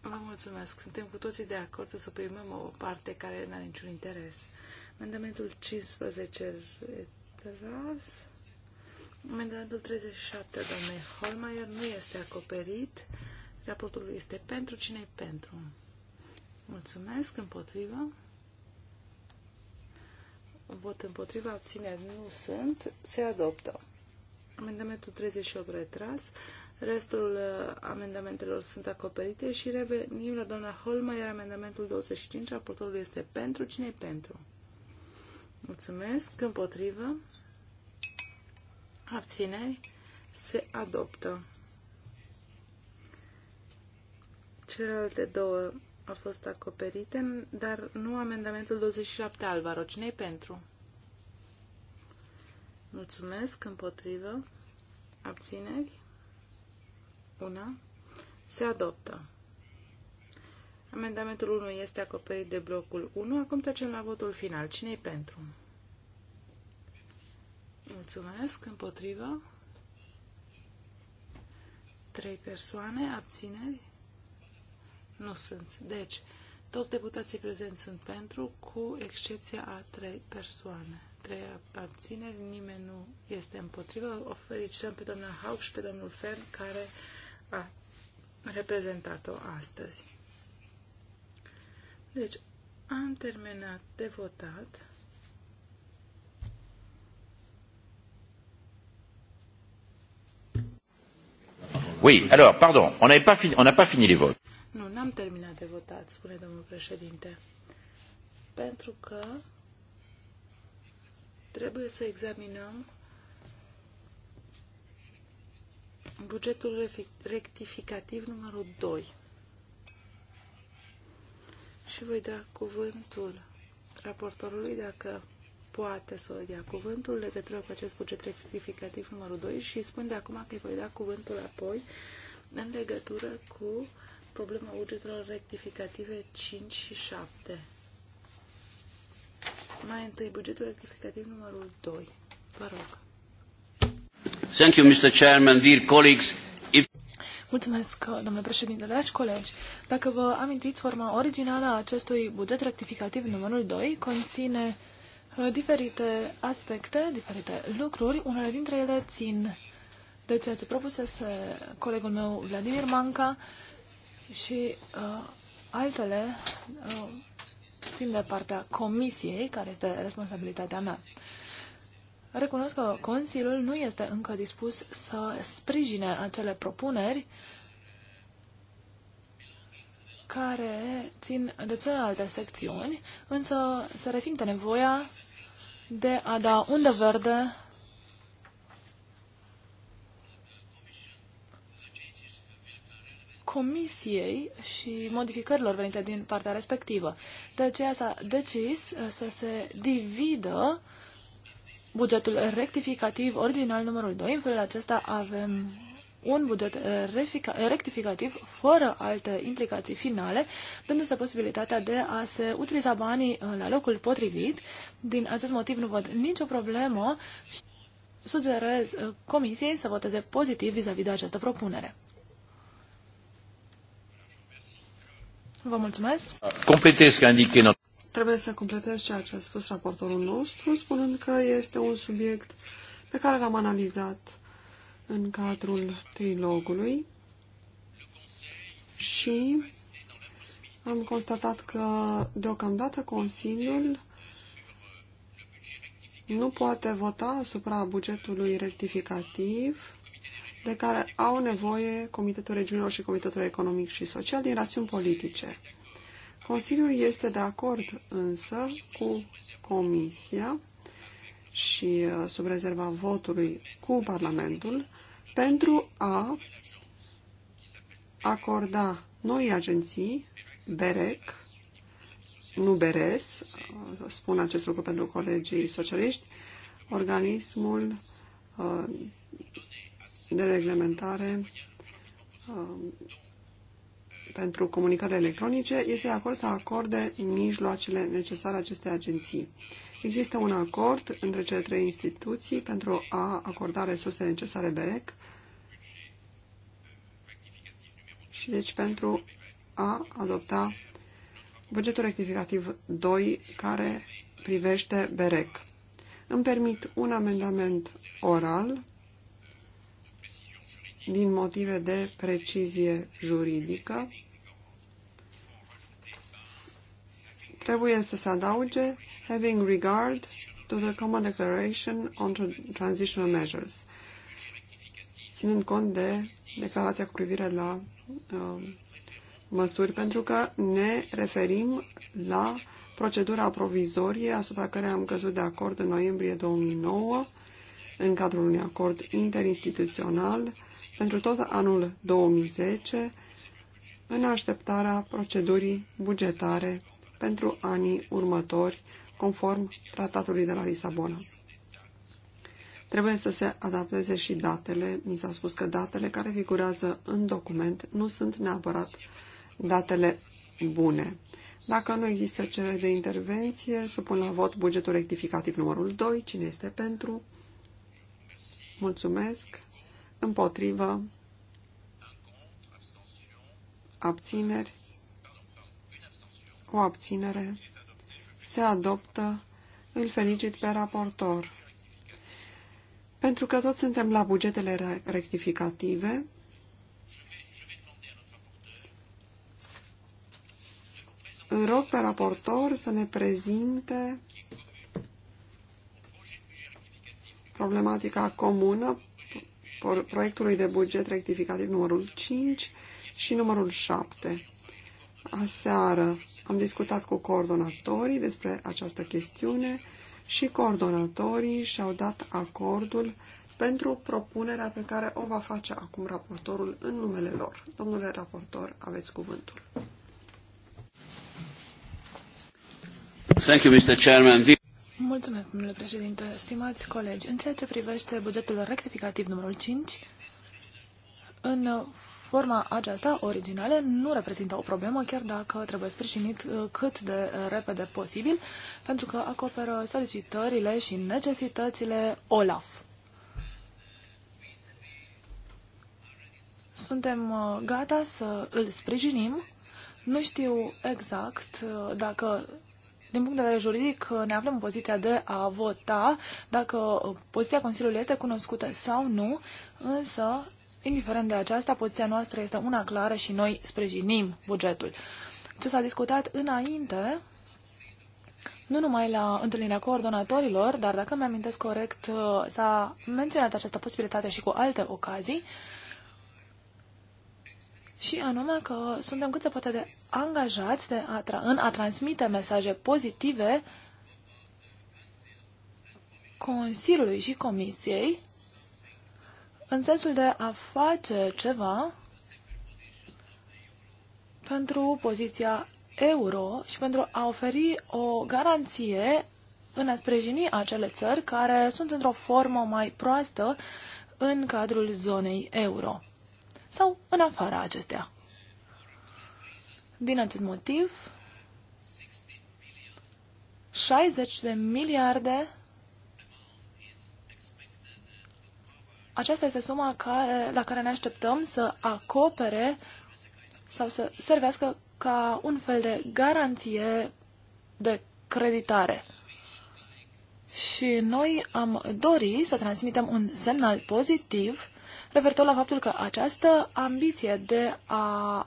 Vă mulțumesc. Suntem cu toții de acord să suprimăm o parte care nu are niciun interes. Amendamentul 15 retras. Amendamentul 37, doamne Holmeier, nu este acoperit. Raportul este pentru. cine e pentru? Mulțumesc. Împotrivă. Vot împotriva, abțineri nu sunt. Se adoptă. Amendamentul 38 retras. Restul uh, amendamentelor sunt acoperite și revenim la doamna Holma, iar amendamentul 25, raportorul este pentru. cine pentru? Mulțumesc. Împotrivă. Abțineri. Se adoptă. Celelalte două au fost acoperite, dar nu amendamentul 27 Alvaro. cine pentru? Mulțumesc. Împotrivă. Abțineri. Una. Se adoptă. Amendamentul 1 este acoperit de blocul 1. Acum trecem la votul final. cine e pentru? Mulțumesc. Împotrivă. Trei persoane. Abțineri. Nu sunt. Deci, toți deputații prezenți sunt pentru, cu excepția a trei persoane trei abțineri, nimeni nu este împotrivă. O felicităm pe doamna Hauck și pe domnul Fern, care a reprezentat-o astăzi. Deci, am terminat de votat. Oui, alors, pardon, on n'a pas, fini, on pas fini les votes. Nu, n-am terminat de votat, spune domnul președinte. Pentru că Trebuie să examinăm bugetul rectificativ numărul 2. Și voi da cuvântul raportorului dacă poate să dea cuvântul legătură cu acest buget rectificativ numărul 2 și spun de acum că îi voi da cuvântul apoi în legătură cu problema bugetelor rectificative 5 și 7. Mai întâi, bugetul rectificativ numărul 2. Vă rog. Thank you, Mr. Chairman, dear colleagues. If... Mulțumesc, domnule președinte, dragi colegi. Dacă vă amintiți, forma originală a acestui buget rectificativ numărul 2 conține uh, diferite aspecte, diferite lucruri. Unele dintre ele țin de ceea ce propusese colegul meu Vladimir Manca și uh, altele uh, puțin de partea comisiei, care este responsabilitatea mea. Recunosc că Consiliul nu este încă dispus să sprijine acele propuneri care țin de celelalte secțiuni, însă se resimte nevoia de a da undă verde comisiei și modificărilor venite din partea respectivă. De aceea s-a decis uh, să se dividă bugetul rectificativ original numărul 2. În felul acesta avem un buget uh, uh, rectificativ fără alte implicații finale, dându-se posibilitatea de a se utiliza banii la locul potrivit. Din acest motiv nu văd nicio problemă și sugerez Comisiei să voteze pozitiv vis-a-vis -vis de această propunere. Vă mulțumesc. Completez că indică... Trebuie să completez ceea ce a spus raportorul nostru, spunând că este un subiect pe care l-am analizat în cadrul trilogului și am constatat că deocamdată Consiliul nu poate vota asupra bugetului rectificativ de care au nevoie Comitetul Regiunilor și Comitetul Economic și Social din rațiuni politice. Consiliul este de acord însă cu Comisia și uh, sub rezerva votului cu Parlamentul pentru a acorda noi agenții, BEREC, nu BERES, uh, spun acest lucru pentru colegii socialiști, organismul uh, de reglementare um, pentru comunicare electronice este de acord să acorde mijloacele necesare acestei agenții. Există un acord între cele trei instituții pentru a acorda resurse necesare BEREC și deci pentru a adopta bugetul rectificativ 2 care privește BEREC. Îmi permit un amendament oral din motive de precizie juridică, trebuie să se adauge having regard to the Common Declaration on Transitional Measures, ținând cont de declarația cu privire la uh, măsuri, pentru că ne referim la procedura provizorie asupra care am căzut de acord în noiembrie 2009 în cadrul unui acord interinstituțional pentru tot anul 2010 în așteptarea procedurii bugetare pentru anii următori, conform tratatului de la Lisabona. Trebuie să se adapteze și datele. Mi s-a spus că datele care figurează în document nu sunt neapărat datele bune. Dacă nu există cerere de intervenție, supun la vot bugetul rectificativ numărul 2. Cine este pentru? Mulțumesc împotrivă, abțineri, o abținere, se adoptă, îl felicit pe raportor. Pentru că toți suntem la bugetele rectificative, îl rog pe raportor să ne prezinte problematica comună proiectului de buget rectificativ numărul 5 și numărul 7. Aseară am discutat cu coordonatorii despre această chestiune și coordonatorii și-au dat acordul pentru propunerea pe care o va face acum raportorul în numele lor. Domnule raportor, aveți cuvântul. Thank you, Mr. Chairman. Mulțumesc, domnule președinte. Stimați colegi, în ceea ce privește bugetul rectificativ numărul 5, în forma aceasta originală nu reprezintă o problemă, chiar dacă trebuie sprijinit uh, cât de uh, repede posibil, pentru că acoperă solicitările și necesitățile OLAF. Suntem uh, gata să îl sprijinim. Nu știu exact dacă din punct de vedere juridic, ne aflăm în poziția de a vota dacă uh, poziția Consiliului este cunoscută sau nu, însă, indiferent de aceasta, poziția noastră este una clară și noi sprijinim bugetul. Ce s-a discutat înainte nu numai la întâlnirea coordonatorilor, dar dacă mi-amintesc corect, uh, s-a menționat această posibilitate și cu alte ocazii și anume că suntem cât se poate de angajați de a tra- în a transmite mesaje pozitive Consiliului și Comisiei în sensul de a face ceva pentru poziția euro și pentru a oferi o garanție în a sprijini acele țări care sunt într-o formă mai proastă în cadrul zonei euro sau în afara acestea. Din acest motiv, 60 de miliarde aceasta este suma care, la care ne așteptăm să acopere sau să servească ca un fel de garanție de creditare. Și noi am dori să transmitem un semnal pozitiv referitor la faptul că această ambiție de a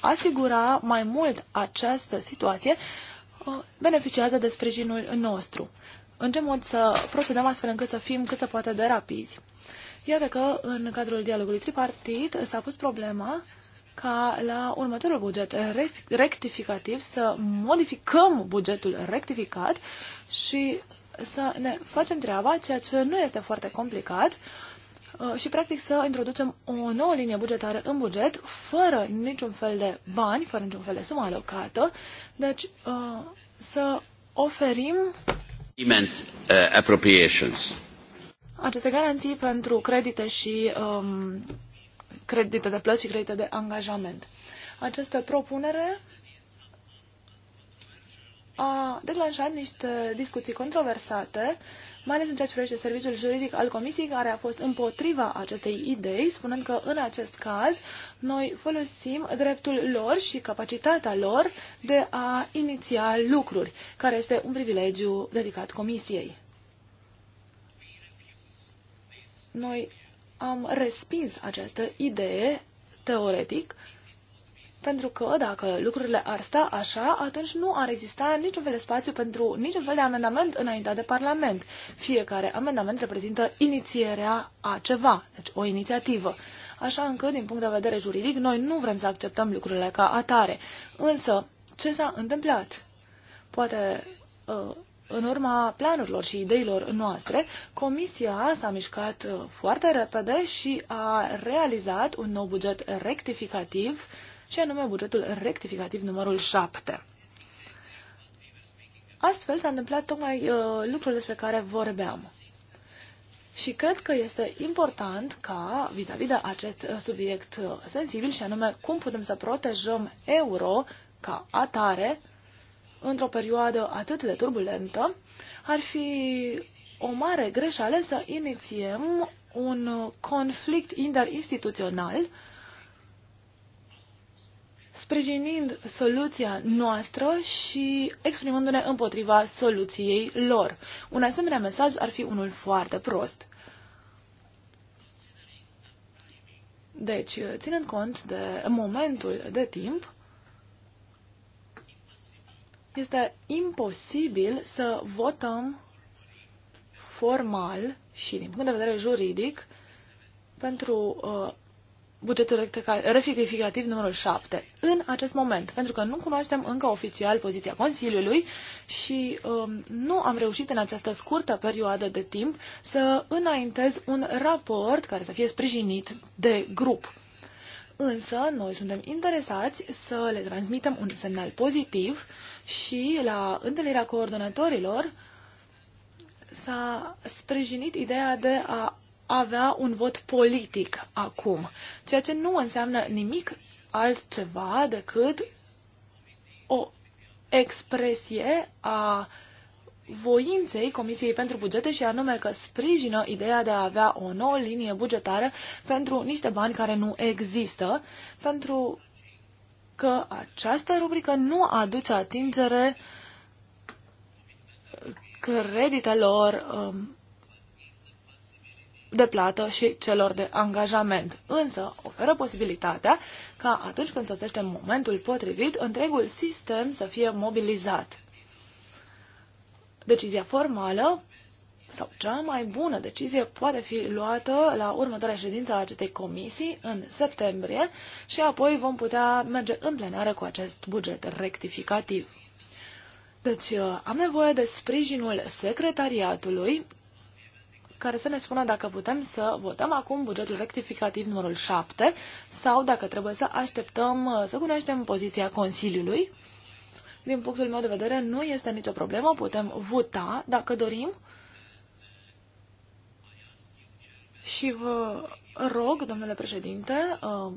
asigura mai mult această situație uh, beneficiază de sprijinul nostru. În ce mod să procedăm astfel încât să fim cât se poate de rapizi? Iată că în cadrul dialogului tripartit s-a pus problema ca la următorul buget rectificativ să modificăm bugetul rectificat și să ne facem treaba, ceea ce nu este foarte complicat, Uh, și practic să introducem o nouă linie bugetară în buget fără niciun fel de bani, fără niciun fel de sumă alocată. Deci uh, să oferim uh, aceste garanții pentru credite și um, credite de plăți și credite de angajament. Această propunere a declanșat niște discuții controversate mai ales în ceea ce privește serviciul juridic al Comisiei, care a fost împotriva acestei idei, spunând că în acest caz noi folosim dreptul lor și capacitatea lor de a iniția lucruri, care este un privilegiu dedicat Comisiei. Noi am respins această idee teoretic pentru că dacă lucrurile ar sta așa, atunci nu ar exista niciun fel de spațiu pentru niciun fel de amendament înaintea de Parlament. Fiecare amendament reprezintă inițierea a ceva, deci o inițiativă. Așa încât, din punct de vedere juridic, noi nu vrem să acceptăm lucrurile ca atare. Însă, ce s-a întâmplat? Poate ă, în urma planurilor și ideilor noastre, Comisia s-a mișcat ă, foarte repede și a realizat un nou buget rectificativ uh, și anume bugetul rectificativ numărul 7. Astfel s-a întâmplat tocmai uh, lucrul despre care vorbeam. Și cred că este important ca, vis-a-vis -vis de acest uh, subiect uh, sensibil, și anume cum putem să protejăm euro ca atare într-o perioadă atât de turbulentă, ar fi o mare greșeală să inițiem un uh, conflict interinstituțional sprijinind soluția noastră și exprimându-ne împotriva soluției lor. Un asemenea mesaj ar fi unul foarte prost. Deci, ținând cont de momentul de timp, este imposibil să votăm formal și din punct de vedere juridic pentru uh, bugetul rectificativ numărul 7 în acest moment, pentru că nu cunoaștem încă oficial poziția Consiliului și um, nu am reușit în această scurtă perioadă de timp să înaintez un raport care să fie sprijinit de grup. Însă, noi suntem interesați să le transmitem un semnal pozitiv și la întâlnirea coordonatorilor s-a sprijinit ideea de a avea un vot politic acum, ceea ce nu înseamnă nimic altceva decât o expresie a voinței Comisiei pentru Bugete și anume că sprijină ideea de a avea o nouă linie bugetară pentru niște bani care nu există, pentru că această rubrică nu aduce atingere creditelor um, de plată și celor de angajament. Însă oferă posibilitatea ca atunci când sosește momentul potrivit, întregul sistem să fie mobilizat. Decizia formală sau cea mai bună decizie poate fi luată la următoarea ședință a acestei comisii în septembrie și apoi vom putea merge în plenară cu acest buget rectificativ. Deci uh, am nevoie de sprijinul secretariatului care să ne spună dacă putem să votăm acum bugetul rectificativ numărul 7 sau dacă trebuie să așteptăm să cunoaștem poziția Consiliului. Din punctul meu de vedere, nu este nicio problemă, putem vota dacă dorim. Și vă rog, domnule președinte, uh,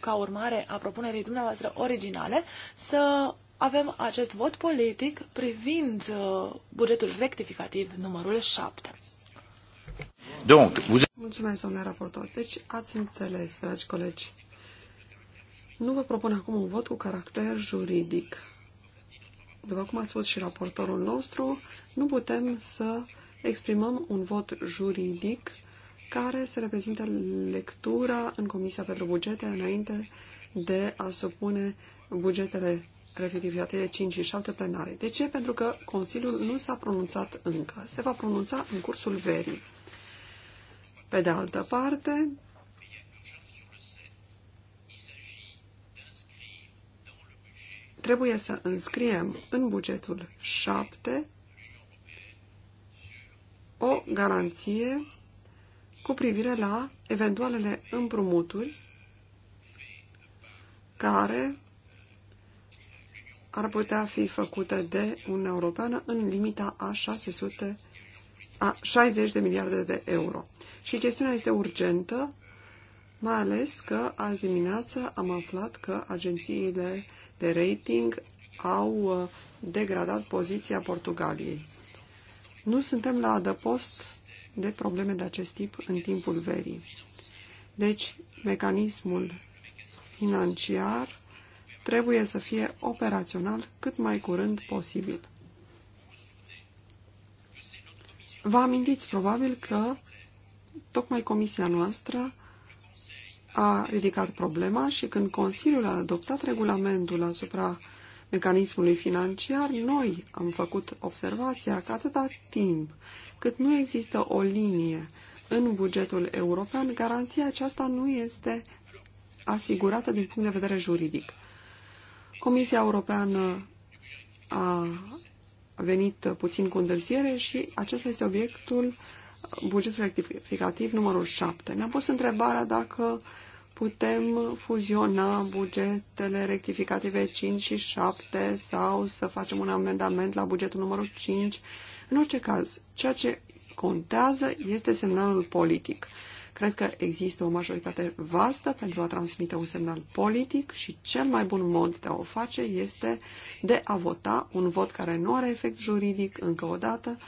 ca urmare a propunerii dumneavoastră originale, să avem acest vot politic privind uh, bugetul rectificativ numărul 7. Donc, vous... Mulțumesc, domnule raportor. Deci, ați înțeles, dragi colegi. Nu vă propun acum un vot cu caracter juridic. După cum a spus și raportorul nostru, nu putem să exprimăm un vot juridic care să reprezintă lectura în Comisia pentru Bugete înainte de a supune bugetele de 5 și 7 plenare. De ce? Pentru că Consiliul nu s-a pronunțat încă. Se va pronunța în cursul verii. Pe de altă parte, trebuie să înscriem în bugetul 7 o garanție cu privire la eventualele împrumuturi care ar putea fi făcute de Uniunea Europeană în limita a 600 a 60 de miliarde de euro. Și chestiunea este urgentă, mai ales că azi dimineață am aflat că agențiile de rating au uh, degradat poziția Portugaliei. Nu suntem la adăpost de probleme de acest tip în timpul verii. Deci, mecanismul financiar trebuie să fie operațional cât mai curând posibil. Vă amintiți probabil că tocmai comisia noastră a ridicat problema și când Consiliul a adoptat regulamentul asupra mecanismului financiar, noi am făcut observația că atâta timp cât nu există o linie în bugetul european, garanția aceasta nu este asigurată din punct de vedere juridic. Comisia Europeană a venit puțin cu întârziere și acesta este obiectul bugetului rectificativ numărul 7. Ne-am pus întrebarea dacă putem fuziona bugetele rectificative 5 și 7 sau să facem un amendament la bugetul numărul 5. În orice caz, ceea ce contează este semnalul politic. Cred că există o majoritate vastă pentru a transmite un semnal politic și cel mai bun mod de a o face este de a vota un vot care nu are efect juridic încă o dată,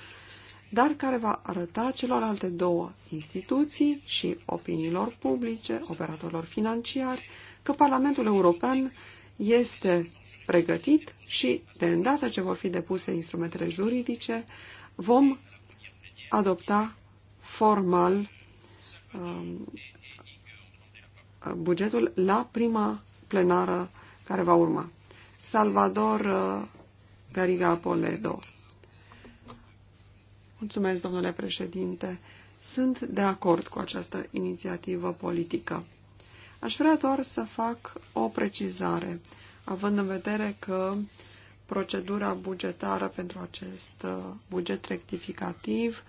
dar care va arăta celorlalte două instituții și opiniilor publice, operatorilor financiari, că Parlamentul European este pregătit și, de îndată ce vor fi depuse instrumentele juridice, vom adopta formal Um, bugetul la prima plenară care va urma. Salvador uh, Gariga Poledo. Mulțumesc, domnule președinte. Sunt de acord cu această inițiativă politică. Aș vrea doar să fac o precizare, având în vedere că procedura bugetară pentru acest uh, buget rectificativ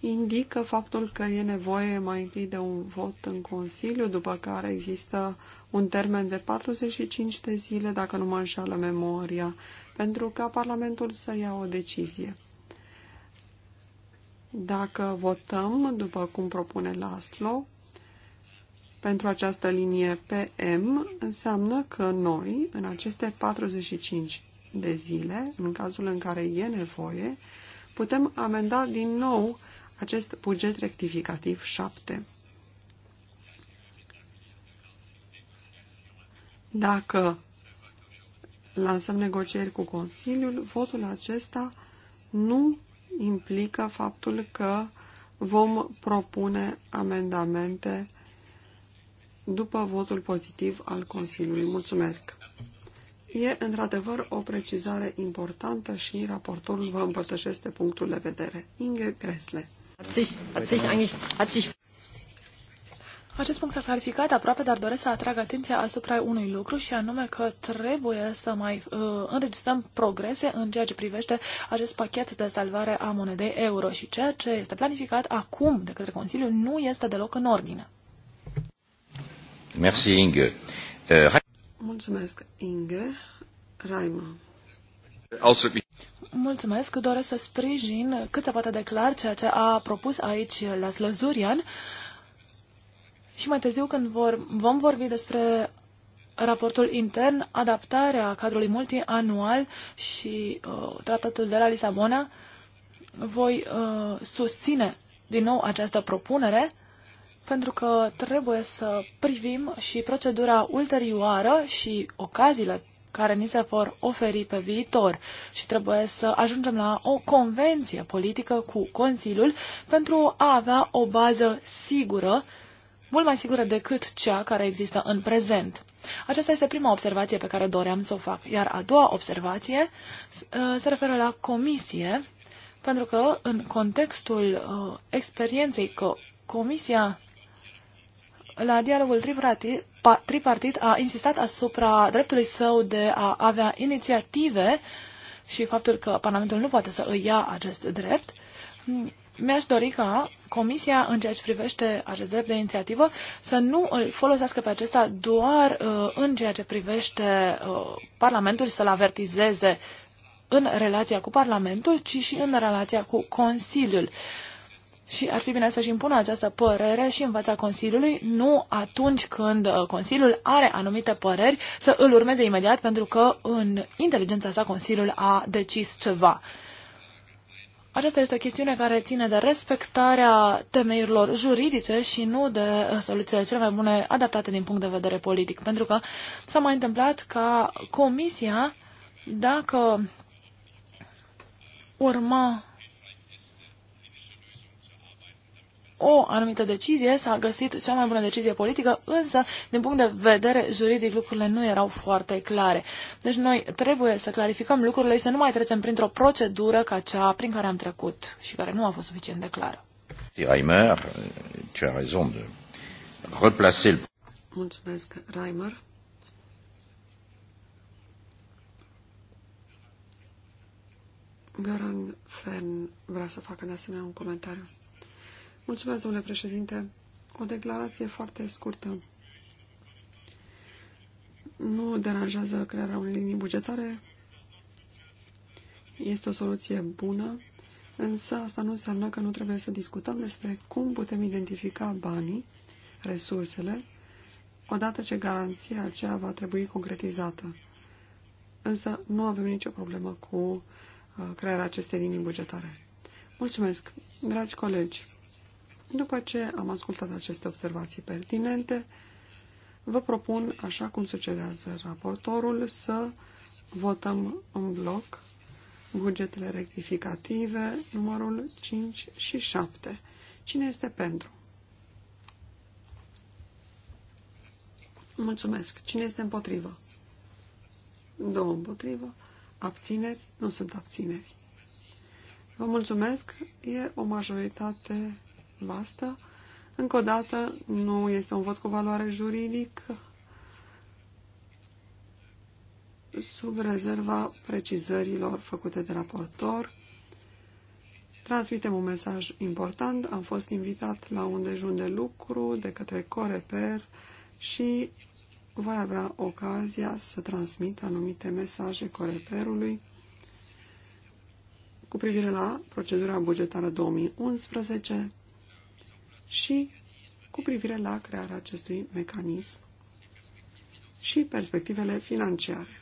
indică faptul că e nevoie mai întâi de un vot în Consiliu, după care există un termen de 45 de zile, dacă nu mă înșală memoria, pentru ca Parlamentul să ia o decizie. Dacă votăm, după cum propune Laslo, pentru această linie PM, înseamnă că noi, în aceste 45 de zile, în cazul în care e nevoie, putem amenda din nou acest buget rectificativ 7. Dacă lansăm negocieri cu Consiliul, votul acesta nu implică faptul că vom propune amendamente după votul pozitiv al Consiliului. Mulțumesc! E într-adevăr o precizare importantă și raportorul vă împărtășește punctul de vedere. Inge Gresle acest punct s-a clarificat aproape, dar doresc să atrag atenția asupra unui lucru și anume că trebuie să mai uh, înregistrăm progrese în ceea ce privește acest pachet de salvare a monedei euro și ceea ce este planificat acum de către Consiliu nu este deloc în ordine. Merci, Inge. Uh, Mulțumesc, Inge. Raima. Also mulțumesc. Doresc să sprijin cât se poate de clar ceea ce a propus aici la Slăzurian. Și mai târziu, când vor, vom vorbi despre raportul intern, adaptarea cadrului multianual și uh, tratatul de la Lisabona, voi uh, susține din nou această propunere, pentru că trebuie să privim și procedura ulterioară și ocaziile care ni se vor oferi pe viitor și trebuie să ajungem la o convenție politică cu Consiliul pentru a avea o bază sigură, mult mai sigură decât cea care există în prezent. Aceasta este prima observație pe care doream să o fac. Iar a doua observație uh, se referă la comisie, pentru că în contextul uh, experienței că comisia la dialogul tripartit, tripartit a insistat asupra dreptului său de a avea inițiative și faptul că Parlamentul nu poate să îi ia acest drept, mi-aș dori ca Comisia, în ceea ce privește acest drept de inițiativă, să nu îl folosească pe acesta doar uh, în ceea ce privește uh, Parlamentul și să-l avertizeze în relația cu Parlamentul, ci și în relația cu Consiliul. Uh, și ar fi bine să-și impună această părere și în fața Consiliului, nu atunci când uh, Consiliul are anumite păreri, să îl urmeze imediat pentru că în inteligența sa Consiliul a decis ceva. Aceasta este o chestiune care ține de respectarea temeirilor juridice și nu de uh, soluțiile cele mai bune adaptate din punct de vedere politic. Pentru că s-a mai întâmplat ca Comisia, dacă urma o anumită decizie, s-a găsit cea mai bună decizie politică, însă, din punct de vedere juridic, lucrurile nu erau foarte clare. Deci noi trebuie să clarificăm lucrurile și să nu mai trecem printr-o procedură ca cea prin care am trecut și care nu a fost suficient de clară. Reimer, tu ai raison de replacer Mulțumesc, Reimer. Garan Fern vrea să facă de asemenea un comentariu. Mulțumesc, domnule președinte. O declarație foarte scurtă. Nu deranjează crearea unei linii bugetare. Este o soluție bună, însă asta nu înseamnă că nu trebuie să discutăm despre cum putem identifica banii, resursele, odată ce garanția aceea va trebui concretizată. Însă nu avem nicio problemă cu uh, crearea acestei linii bugetare. Mulțumesc, dragi colegi! După ce am ascultat aceste observații pertinente, vă propun, așa cum sugerează raportorul, să votăm în bloc bugetele rectificative numărul 5 și 7. Cine este pentru? Mulțumesc. Cine este împotrivă? Două împotrivă. Abțineri? Nu sunt abțineri. Vă mulțumesc. E o majoritate vastă. Încă o dată, nu este un vot cu valoare juridică sub rezerva precizărilor făcute de raportor. Transmitem un mesaj important. Am fost invitat la un dejun de lucru de către Coreper și voi avea ocazia să transmit anumite mesaje Coreperului cu privire la procedura bugetară 2011 și cu privire la crearea acestui mecanism și perspectivele financiare.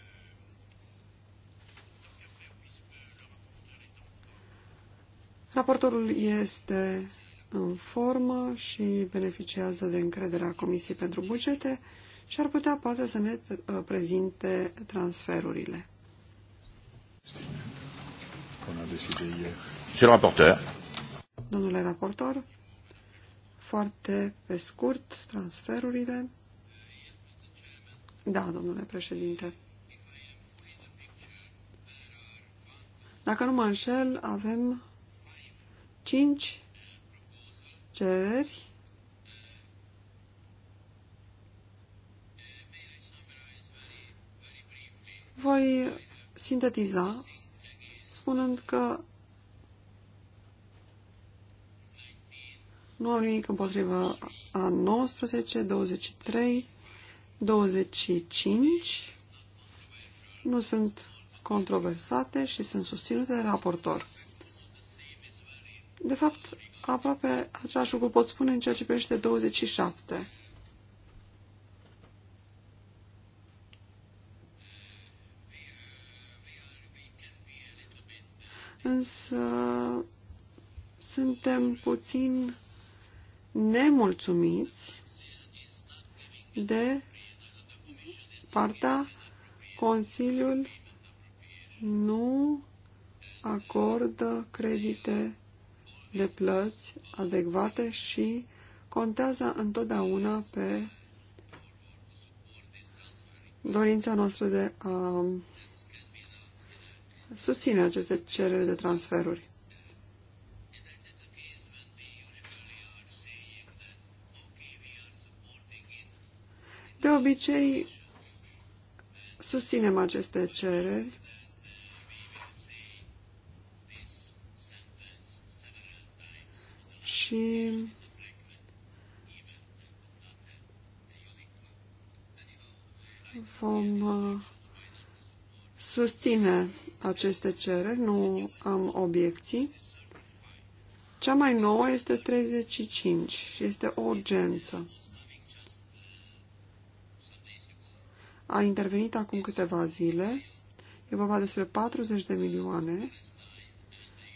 Raportorul este în formă și beneficiază de încrederea Comisiei pentru Bugete și ar putea poate să ne uh, prezinte transferurile. Monsieur le rapporteur. Domnule raportor. Foarte pe scurt, transferurile. Da, domnule președinte. Dacă nu mă înșel, avem 5 cereri voi sintetiza spunând că Nu am nimic împotrivă a 19, 23, 25. Nu sunt controversate și sunt susținute de raportor. De fapt, aproape același lucru pot spune în ceea ce privește 27. Însă suntem puțin nemulțumiți de partea Consiliul nu acordă credite de plăți adecvate și contează întotdeauna pe dorința noastră de a susține aceste cereri de transferuri. De obicei, susținem aceste cereri și vom uh, susține aceste cereri, nu am obiecții. Cea mai nouă este 35 și este o urgență. a intervenit acum câteva zile. E vorba despre 40 de milioane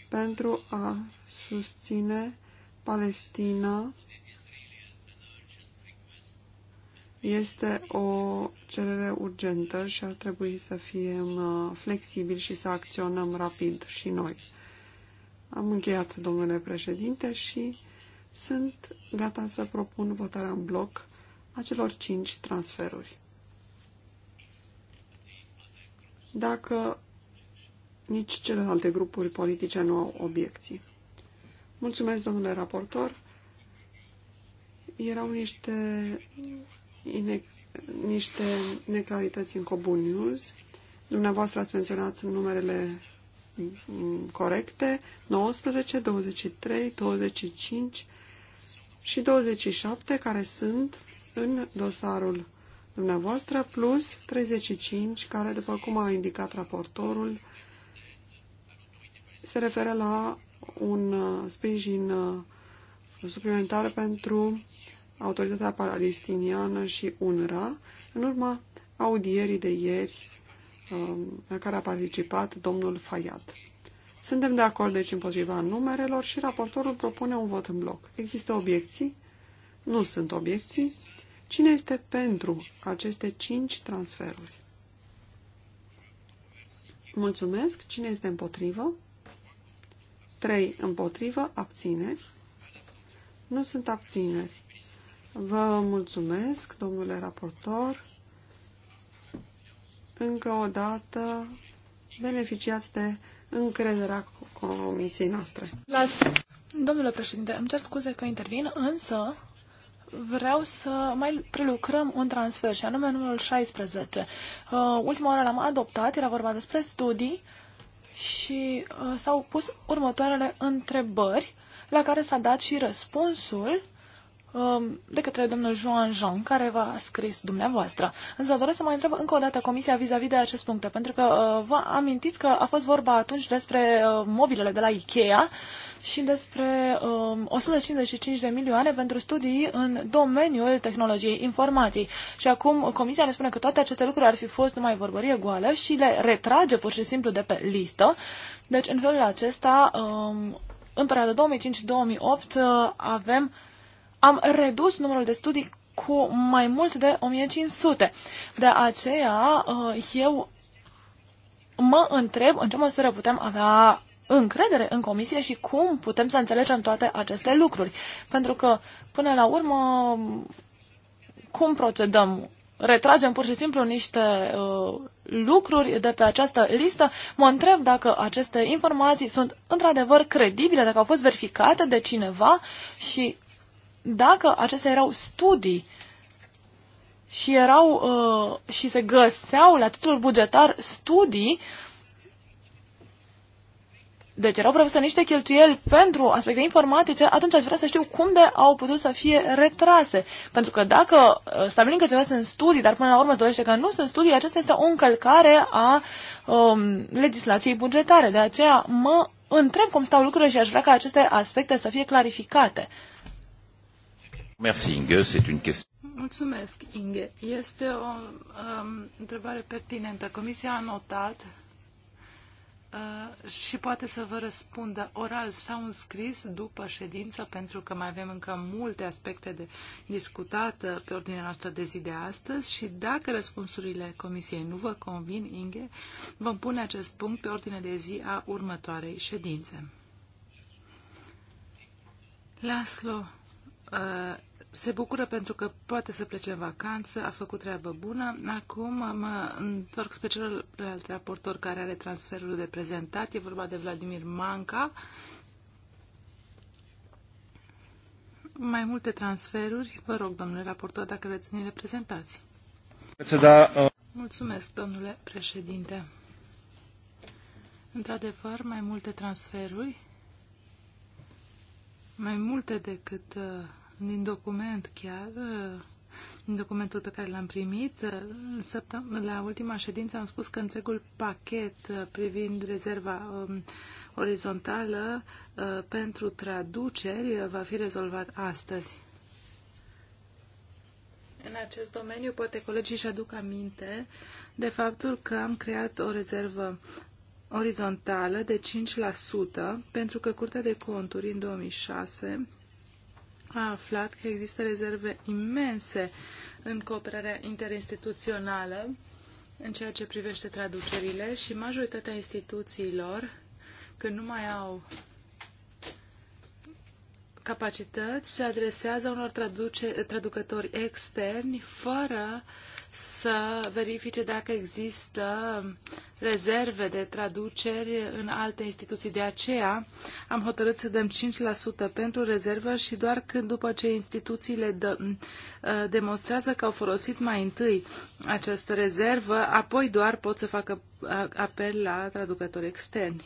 pentru a susține Palestina. Este o cerere urgentă și ar trebui să fim uh, flexibili și să acționăm rapid și noi. Am încheiat, domnule președinte, și sunt gata să propun votarea în bloc a celor cinci transferuri. dacă nici celelalte grupuri politice nu au obiecții. Mulțumesc, domnule raportor. Erau niște, ine, niște neclarități în Cobun News. Dumneavoastră ați menționat numerele corecte 19, 23, 25 și 27 care sunt în dosarul dumneavoastră, plus 35, care, după cum a indicat raportorul, se referă la un uh, sprijin uh, suplimentar pentru autoritatea palestiniană și UNRWA, în urma audierii de ieri um, la care a participat domnul Fayad. Suntem de acord, deci, împotriva numerelor și raportorul propune un vot în bloc. Există obiecții? Nu sunt obiecții. Cine este pentru aceste cinci transferuri? Mulțumesc. Cine este împotrivă? 3 împotrivă, abțineri. Nu sunt abțineri. Vă mulțumesc, domnule raportor. Încă o dată beneficiați de încrederea comisiei noastre. Las. Domnule președinte, îmi cer scuze că intervin, însă vreau să mai prelucrăm un transfer, și anume numărul 16. Uh, ultima oară l-am adoptat, era vorba despre studii și uh, s-au pus următoarele întrebări la care s-a dat și răspunsul Um, de către domnul Joan Jean, care v-a scris dumneavoastră. Însă doresc să mai întreb încă o dată Comisia vis-a-vis -vis de acest punct, pentru că uh, vă amintiți că a fost vorba atunci despre uh, mobilele de la Ikea și despre um, 155 de milioane pentru studii în domeniul tehnologiei informației. Și acum Comisia ne spune că toate aceste lucruri ar fi fost numai vorbărie goală și le retrage pur și simplu de pe listă. Deci, în felul acesta, um, în perioada 2005-2008 uh, avem am redus numărul de studii cu mai mult de 1500. De aceea, uh, eu mă întreb în ce măsură putem avea încredere în comisie și cum putem să înțelegem toate aceste lucruri. Pentru că, până la urmă, cum procedăm? Retragem pur și simplu niște uh, lucruri de pe această listă. Mă întreb dacă aceste informații sunt într-adevăr credibile, dacă au fost verificate de cineva și dacă acestea erau studii și erau uh, și se găseau la titlul bugetar studii, deci erau profesor niște cheltuieli pentru aspecte informatice, atunci aș vrea să știu cum de au putut să fie retrase. Pentru că dacă uh, stabilim că ceva sunt studii, dar până la urmă se dorește că nu sunt studii, aceasta este o încălcare a um, legislației bugetare. De aceea mă întreb cum stau lucrurile și aș vrea ca aceste aspecte să fie clarificate. Merci, Inge. C'est une question. Mulțumesc, Inge. Este o um, întrebare pertinentă. Comisia a notat uh, și poate să vă răspundă oral sau în scris după ședință, pentru că mai avem încă multe aspecte de discutat uh, pe ordinea noastră de zi de astăzi și dacă răspunsurile Comisiei nu vă convin, Inge, vom pune acest punct pe ordinea de zi a următoarei ședințe. Laslo, uh, se bucură pentru că poate să plece în vacanță, a făcut treabă bună. Acum mă întorc spre celălalt raportor care are transferul de prezentat. E vorba de Vladimir Manca. Mai multe transferuri. Vă rog, domnule raportor, dacă vreți să ne le prezentați. Uh, Mulțumesc, domnule președinte. Într-adevăr, mai multe transferuri. Mai multe decât uh, din document chiar, din documentul pe care l-am primit, la ultima ședință am spus că întregul pachet privind rezerva um, orizontală uh, pentru traduceri va fi rezolvat astăzi. În acest domeniu, poate colegii își aduc aminte de faptul că am creat o rezervă orizontală de 5% pentru că Curtea de Conturi în 2006 a aflat că există rezerve imense în cooperarea interinstituțională în ceea ce privește traducerile și majoritatea instituțiilor, când nu mai au capacități, se adresează unor traduce, traducători externi fără uh, să verifice dacă există rezerve de traduceri în alte instituții. De aceea am hotărât să dăm 5% pentru rezervă și doar când după ce instituțiile dă, uh, demonstrează că au folosit mai întâi această rezervă, apoi doar pot să facă uh, apel la traducători externi.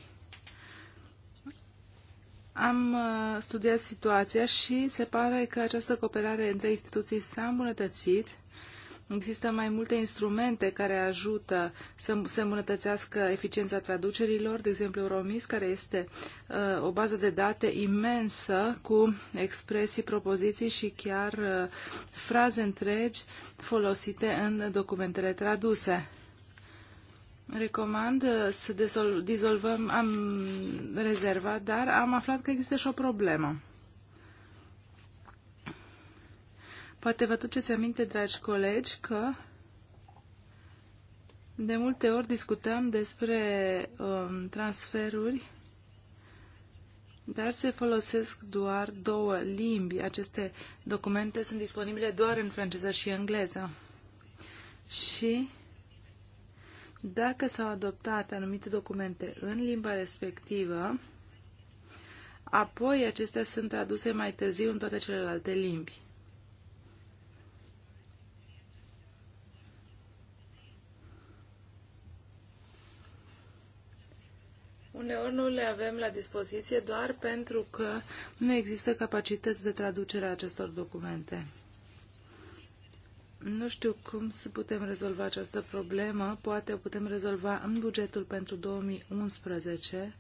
Am uh, studiat situația și se pare că această cooperare între instituții s-a îmbunătățit Există mai multe instrumente care ajută să se îmbunătățească eficiența traducerilor, de exemplu Euromis, care este uh, o bază de date imensă cu expresii, propoziții și chiar uh, fraze întregi folosite în documentele traduse. Recomand uh, să dizolvăm am rezervat, dar am aflat că există și o problemă. Poate vă duceți aminte, dragi colegi, că de multe ori discutăm despre um, transferuri, dar se folosesc doar două limbi. Aceste documente sunt disponibile doar în franceză și engleză. Și dacă s-au adoptat anumite documente în limba respectivă, apoi acestea sunt traduse mai târziu în toate celelalte limbi. uneori nu le avem la dispoziție doar pentru că nu există capacități de traducere a acestor documente. Nu știu cum să putem rezolva această problemă. Poate o putem rezolva în bugetul pentru 2011,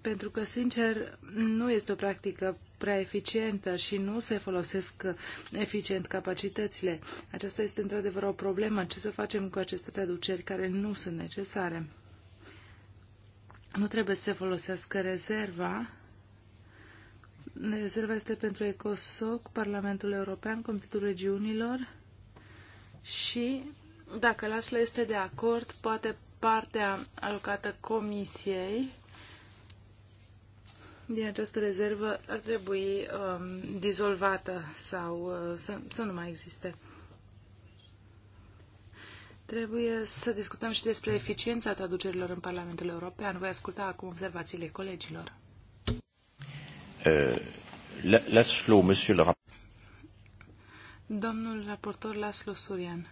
pentru că, sincer, nu este o practică prea eficientă și nu se folosesc eficient capacitățile. Aceasta este, într-adevăr, o problemă. Ce să facem cu aceste traduceri care nu sunt necesare? nu trebuie să folosească rezerva. Rezerva este pentru ECOSOC, Parlamentul European, Comitetul Regiunilor și dacă LASLA este de acord, poate partea alocată Comisiei din această rezervă ar trebui um, dizolvată sau uh, să, să nu mai existe. Trebuie să discutăm și despre eficiența traducerilor în Parlamentul European. Voi asculta acum observațiile colegilor. Uh, Laszlo, monsieur le Domnul raportor Laslo Surian,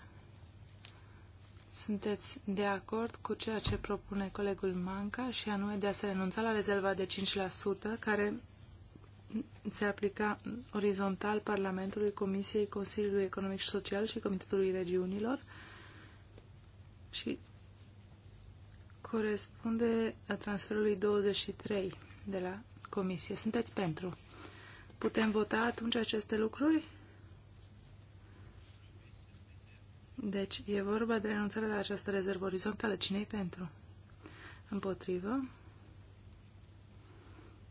sunteți de acord cu ceea ce propune colegul Manca și anume de a se renunța la rezerva de 5% care se aplica orizontal Parlamentului, Comisiei, Consiliului Economic și Social și Comitetului Regiunilor? și corespunde a transferului 23 de la comisie. Sunteți pentru. Putem vota atunci aceste lucruri? Deci e vorba de renunțarea la această rezervă orizontală. Cine-i pentru? Împotrivă.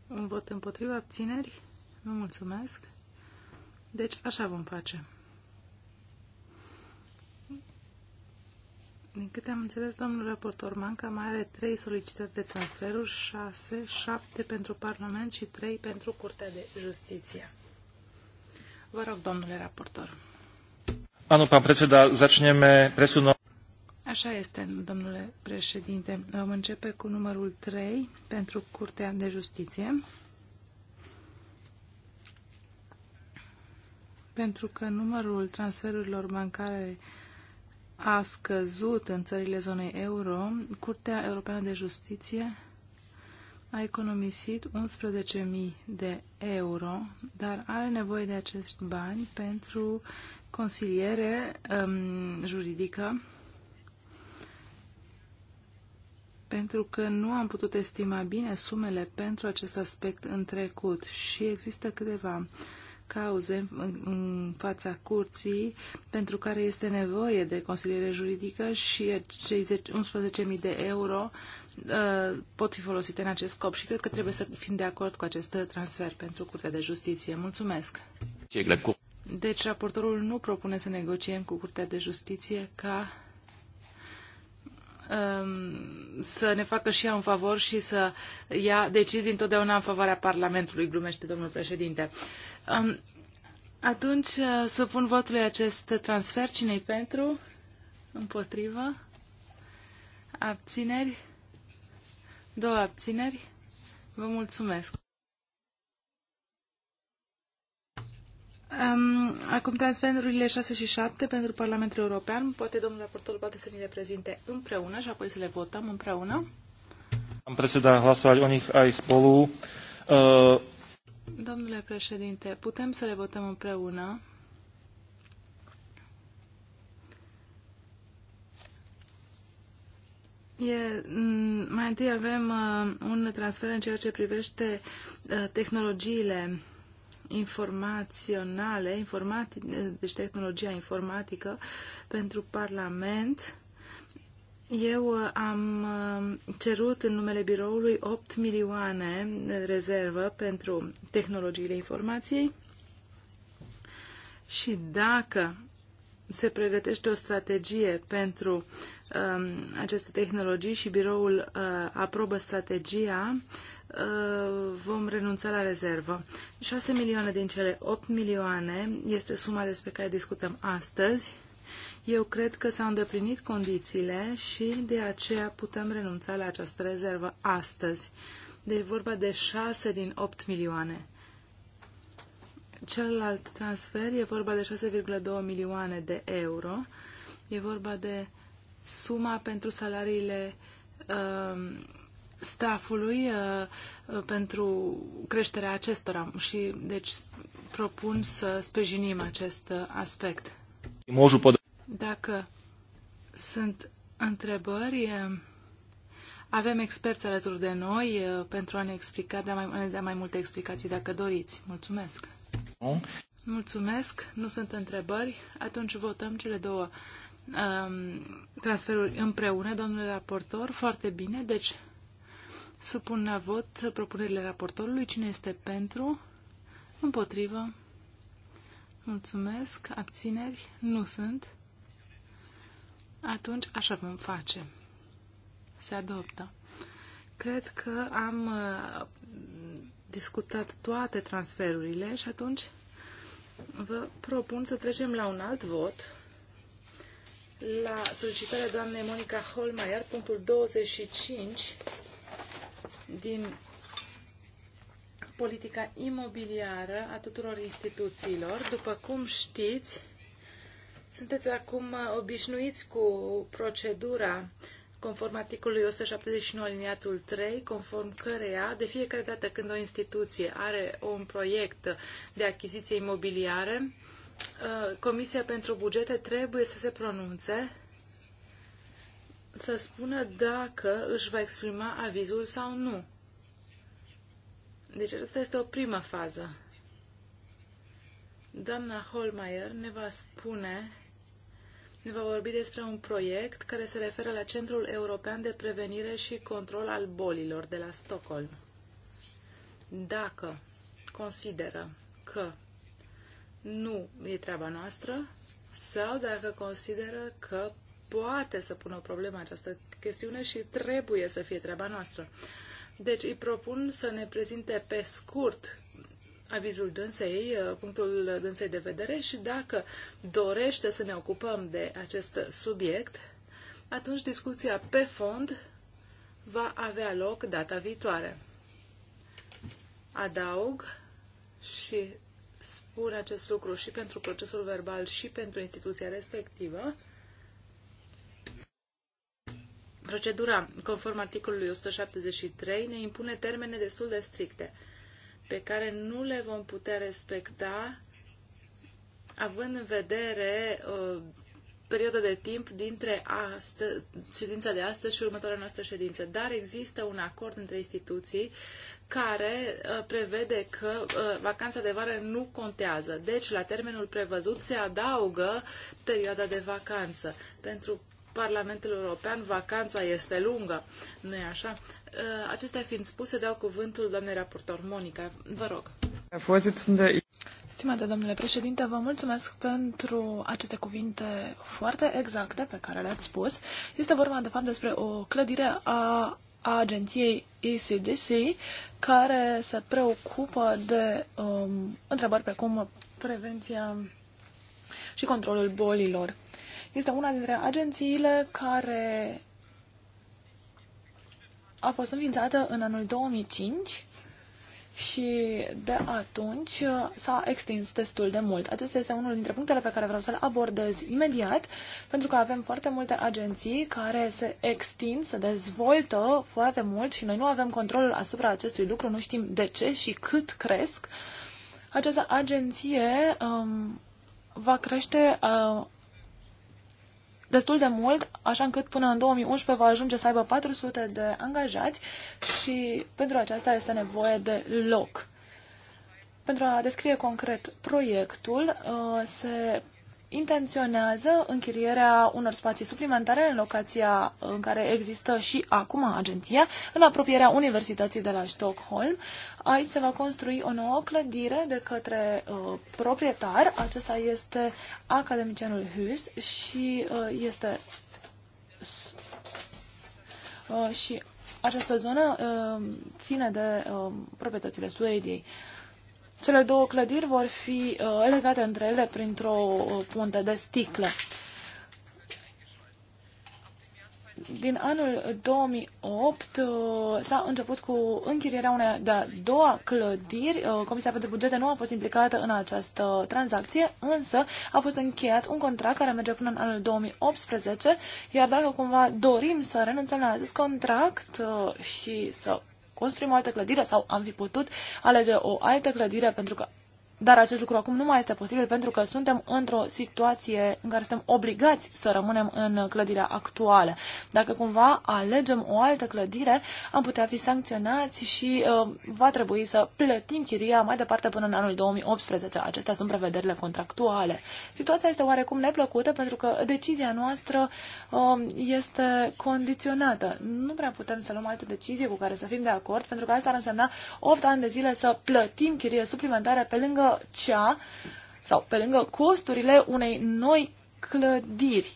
Un vot împotrivă. Abțineri? Nu mulțumesc. Deci așa vom face. Din câte am înțeles, domnul raportor Manca mai are trei solicitări de transferuri, șase, șapte pentru Parlament și trei pentru Curtea de Justiție. Vă rog, domnule raportor. Anu, pan predseda, zaczniemy presuną. Așa este, domnule președinte. Vom începe cu numărul 3 pentru Curtea de Justiție. Pentru că numărul transferurilor bancare a scăzut în țările zonei euro, Curtea Europeană de Justiție a economisit 11.000 de euro, dar are nevoie de acești bani pentru consiliere um, juridică, pentru că nu am putut estima bine sumele pentru acest aspect în trecut și există câteva uh, cauze în fața curții pentru care este nevoie de consiliere juridică și cei 11.000 de euro uh, pot fi folosite în acest scop și cred că trebuie să fim de acord cu acest transfer pentru Curtea de Justiție. Mulțumesc! Deci, deci raportorul nu propune să negociem cu Curtea de Justiție ca Um, să ne facă și ea un favor și să ia decizii întotdeauna în favoarea Parlamentului, glumește domnul președinte. Um, atunci uh, să pun votului acest transfer. cine pentru? Împotrivă? Abțineri? Două abțineri? Vă mulțumesc! Um, acum transferurile 6 și 7 pentru Parlamentul European. Poate domnul raportor poate să ni le prezinte împreună și apoi să le votăm împreună. Am prețudat hlasovali o nich ai spolu. Uh, Domnule președinte, putem să le votăm împreună? E, mai întâi avem uh, un transfer în ceea ce privește uh, tehnologiile informaționale, informati, deci tehnologia informatică pentru Parlament. Eu uh, am uh, cerut în numele biroului 8 milioane rezervă pentru tehnologiile informației și dacă se pregătește o strategie pentru um, aceste tehnologii și biroul uh, aprobă strategia, Uh, vom renunța la rezervă. 6 milioane din cele 8 milioane este suma despre care discutăm astăzi. Eu cred că s-au îndeplinit condițiile și de aceea putem renunța la această rezervă astăzi. Deci vorba de 6 din 8 milioane. Celălalt transfer e vorba de 6,2 milioane de euro. E vorba de suma pentru salariile uh, staffului uh, uh, pentru creșterea acestora și deci propun să sprijinim acest uh, aspect. Dacă sunt întrebări, avem experți alături de noi pentru a ne explica, de a mai, de a da mai multe explicații dacă doriți. Mulțumesc! Mulțumesc, nu sunt întrebări. Atunci votăm cele două um, transferuri împreună, domnule raportor. Foarte bine, deci Supun la vot propunerile raportorului. Cine este pentru? Împotrivă? Mulțumesc. Abțineri? Nu sunt. Atunci așa vom face. Se adoptă. Cred că am uh, discutat toate transferurile și atunci vă propun să trecem la un alt vot. La solicitarea doamnei Monica Holmeier, punctul 25, din politica imobiliară a tuturor instituțiilor. După cum știți, sunteți acum obișnuiți cu procedura conform articolului 179 liniatul 3, conform căreia de fiecare dată când o instituție are un proiect de achiziție imobiliare, uh, Comisia pentru Bugete trebuie să se pronunțe să spună dacă își va exprima avizul sau nu. Deci asta este o primă fază. Doamna Holmeier ne va spune, ne va vorbi despre un proiect care se referă la Centrul European de Prevenire și Control al Bolilor de la Stockholm. Dacă consideră că nu e treaba noastră sau dacă consideră că poate să pună o problemă această chestiune și trebuie să fie treaba noastră. Deci îi propun să ne prezinte pe scurt avizul dânsei, uh, punctul dânsei de vedere și dacă dorește să ne ocupăm de acest subiect, atunci discuția pe fond va avea loc data viitoare. Adaug și spun acest lucru și pentru procesul verbal și pentru instituția respectivă, Procedura, conform articolului 173, ne impune termene destul de stricte, pe care nu le vom putea respecta având în vedere uh, perioada de timp dintre astă, ședința de astăzi și următoarea noastră ședință. Dar există un acord între instituții care uh, prevede că uh, vacanța de vară nu contează. Deci, la termenul prevăzut se adaugă perioada de vacanță. Pentru Parlamentul European vacanța este lungă, nu e așa? Uh, acestea fiind spuse, dau cuvântul doamnei raportor Monica. Vă rog. Stimate domnule președinte, vă mulțumesc pentru aceste cuvinte foarte exacte pe care le-ați spus. Este vorba, de fapt, despre o clădire a a agenției ECDC, care se preocupă de um, întrebări precum prevenția și controlul bolilor. Este una dintre agențiile care a fost înființată în anul 2005 și de atunci s-a extins destul de mult. Acesta este unul dintre punctele pe care vreau să-l abordez imediat, pentru că avem foarte multe agenții care se extind, se dezvoltă foarte mult și noi nu avem controlul asupra acestui lucru, nu știm de ce și cât cresc. Această agenție um, va crește uh, destul de mult, așa încât până în 2011 va ajunge să aibă 400 de angajați și pentru aceasta este nevoie de loc. Pentru a descrie concret proiectul, uh, se intenționează închirierea unor spații suplimentare în locația în care există și acum agenția, în apropierea Universității de la Stockholm. Aici se va construi o nouă clădire de către uh, proprietar. Acesta este academicianul Hus și uh, este uh, și această zonă uh, ține de uh, proprietățile Suediei. Uh, cele două clădiri vor fi uh, legate între ele printr-o uh, punte de sticlă. Din anul 2008 uh, s-a început cu închirierea unei de-a doua clădiri. Uh, Comisia pentru bugete nu a fost implicată în această tranzacție, însă a fost încheiat un contract care merge până în anul 2018, iar dacă cumva dorim să renunțăm la acest contract uh, și să construim o altă clădire sau am fi putut alege o altă clădire pentru că dar acest lucru acum nu mai este posibil pentru că suntem într-o situație în care suntem obligați să rămânem în clădirea actuală. Dacă cumva alegem o altă clădire, am putea fi sancționați și uh, va trebui să plătim chiria mai departe până în anul 2018. Acestea sunt prevederile contractuale. Situația este oarecum neplăcută pentru că decizia noastră uh, este condiționată. Nu prea putem să luăm alte decizie cu care să fim de acord pentru că asta ar însemna 8 ani de zile să plătim chirie suplimentare pe lângă cea sau pe lângă costurile unei noi clădiri.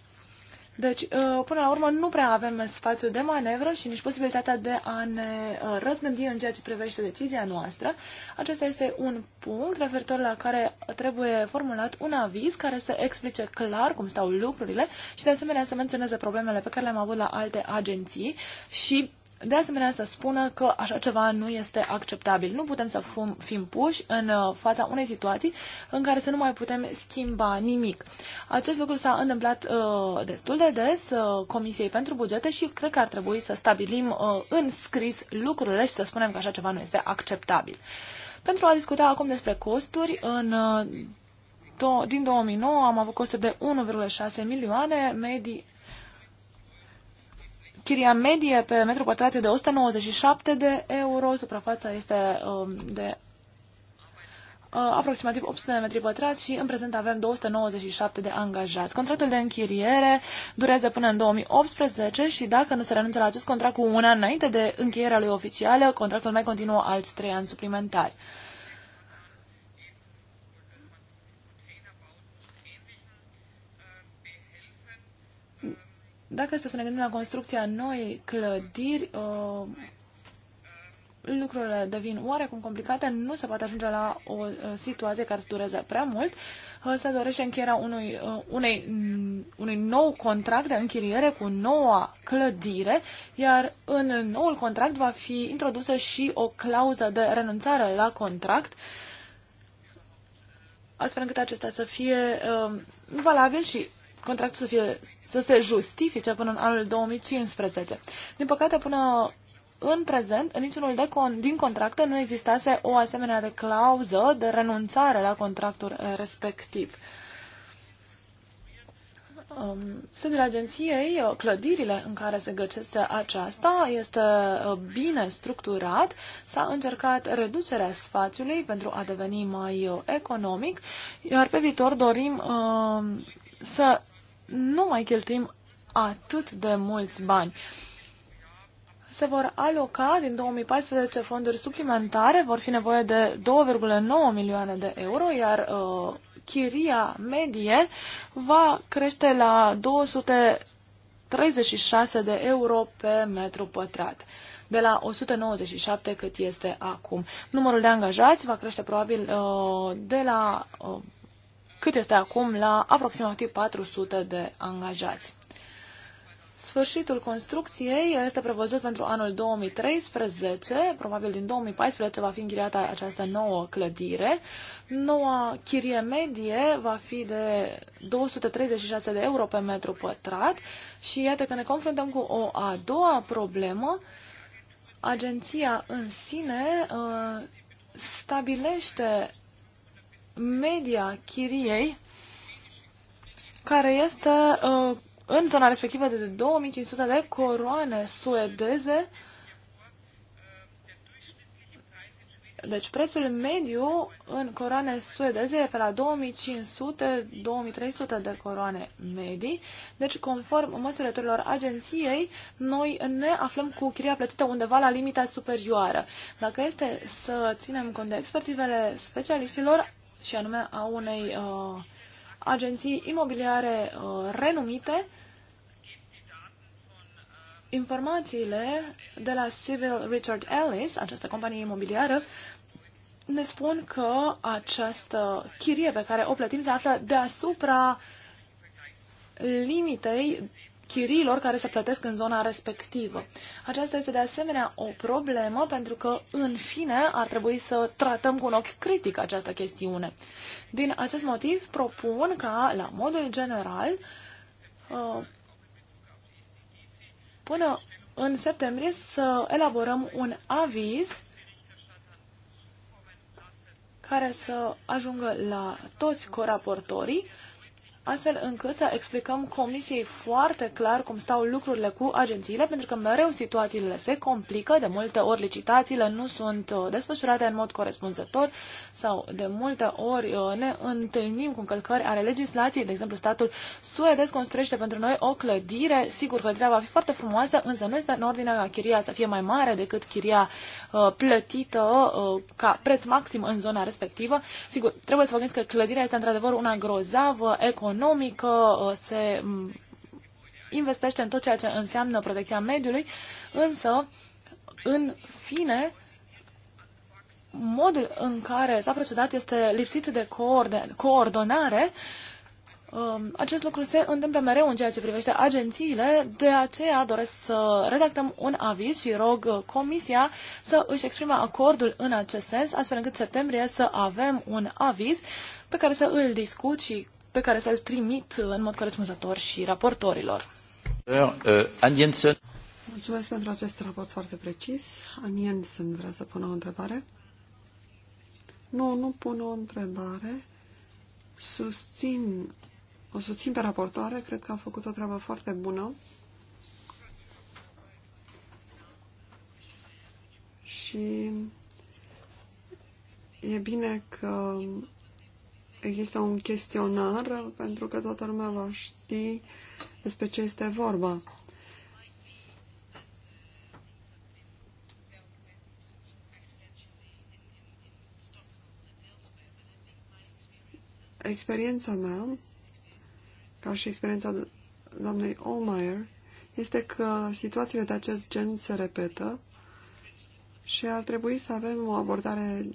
Deci, uh, până la urmă, nu prea avem spațiu de manevră și nici posibilitatea de a ne uh, răzgândi în ceea ce privește decizia noastră. Acesta este un punct referitor la care trebuie formulat un aviz care să explice clar cum stau lucrurile și, de asemenea, să menționeze problemele pe care le-am avut la alte agenții și de asemenea să spună că așa ceva nu este acceptabil. Nu putem să fum, fim puși în uh, fața unei situații în care să nu mai putem schimba nimic. Acest lucru s-a întâmplat uh, destul de des uh, Comisiei pentru Bugete și cred că ar trebui să stabilim uh, în scris lucrurile și să spunem că așa ceva nu este acceptabil. Pentru a discuta acum despre costuri, în uh, din 2009 am avut costuri de 1,6 milioane, medii chiria medie pe metru pătrat de 197 de euro, suprafața este um, de uh, aproximativ 800 de metri pătrați și în prezent avem 297 de angajați. Contractul de închiriere durează până în 2018 și dacă nu se renunță la acest contract cu un an înainte de încheierea lui oficială, contractul mai continuă alți trei ani suplimentari. Dacă este să ne gândim la construcția noi clădiri, uh, lucrurile devin oarecum complicate, nu se poate ajunge la o uh, situație care să dureze prea mult. Uh, se dorește încheierea unui, unei, mm, unui nou contract de închiriere cu noua clădire, iar în noul contract va fi introdusă și o clauză de renunțare la contract, astfel încât acesta să fie uh, valabil și contractul să, fie, să se justifice până în anul 2015. Din păcate, până în prezent, în niciunul de con- din contracte nu existase o asemenea de clauză de renunțare la contractul respectiv. Um, Sediul agenției, uh, clădirile în care se găsește aceasta, este uh, bine structurat. S-a încercat reducerea spațiului pentru a deveni mai uh, economic, iar pe viitor dorim um, să nu mai cheltuim atât de mulți bani. Se vor aloca din 2014 fonduri suplimentare, vor fi nevoie de 2,9 milioane de euro, iar uh, chiria medie va crește la 236 de euro pe metru pătrat de la 197 cât este acum. Numărul de angajați va crește probabil uh, de la uh, cât este acum la aproximativ 400 de angajați. Sfârșitul construcției este prevăzut pentru anul 2013, probabil din 2014 va fi închiriată această nouă clădire. Noua chirie medie va fi de 236 de euro pe metru pătrat și iată că ne confruntăm cu o a doua problemă. Agenția în sine uh, stabilește media chiriei, care este uh, în zona respectivă de 2500 de coroane suedeze. Deci prețul mediu în coroane suedeze e pe la 2500-2300 de coroane medii. Deci, conform măsurătorilor agenției, noi ne aflăm cu chiria plătită undeva la limita superioară. Dacă este să ținem cont de expertivele specialiștilor, și anume a unei uh, agenții imobiliare uh, renumite. Informațiile de la Civil Richard Ellis, această companie imobiliară, ne spun că această chirie pe care o plătim se află deasupra limitei chiriilor care se plătesc în zona respectivă. Aceasta este de asemenea o problemă pentru că, în fine, ar trebui să tratăm cu un ochi critic această chestiune. Din acest motiv, propun ca, la modul general, ă, până în septembrie să elaborăm un aviz care să ajungă la toți coraportorii astfel încât să explicăm comisiei foarte clar cum stau lucrurile cu agențiile, pentru că mereu situațiile se complică, de multe ori licitațiile nu sunt uh, desfășurate în mod corespunzător sau de multe ori uh, ne întâlnim cu încălcări ale legislației, de exemplu statul suedez construiește pentru noi o clădire, sigur clădirea va fi foarte frumoasă, însă nu este în ordine ca chiria să fie mai mare decât chiria uh, plătită ca preț maxim în zona respectivă. Sigur, trebuie să vă gândiți că clădirea este într-adevăr una grozavă, economică, economică, uh, se mm, investește în tot ceea ce înseamnă protecția mediului, însă, în fine, modul în care s-a procedat este lipsit de coordonare. Um, acest lucru se întâmplă mereu în ceea ce privește agențiile, de aceea doresc să redactăm un aviz și rog uh, Comisia să își exprime acordul în acest sens, astfel încât septembrie să avem un aviz pe care să îl discut și pe care să-l trimit în mod corespunzător și raportorilor. Uh, Mulțumesc pentru acest raport foarte precis. Anjensen vrea să pună o întrebare. Nu, nu pun o întrebare. Susțin, o susțin pe raportoare. Cred că a făcut o treabă foarte bună. Și e bine că există un chestionar pentru că toată lumea va ști despre ce este vorba. Experiența mea, ca și experiența doamnei Omeyer, este că situațiile de acest gen se repetă și ar trebui să avem o abordare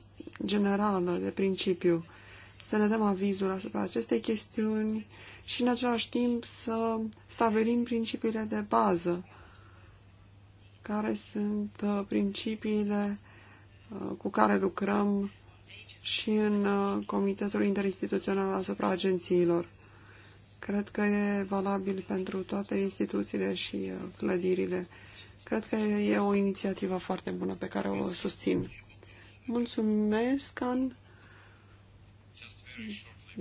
generală, de principiu să ne dăm avizul asupra acestei chestiuni și în același timp să stabilim principiile de bază, care sunt uh, principiile uh, cu care lucrăm și în uh, Comitetul Interinstituțional asupra agențiilor. Cred că e valabil pentru toate instituțiile și clădirile. Cred că e o inițiativă foarte bună pe care o susțin. Mulțumesc, An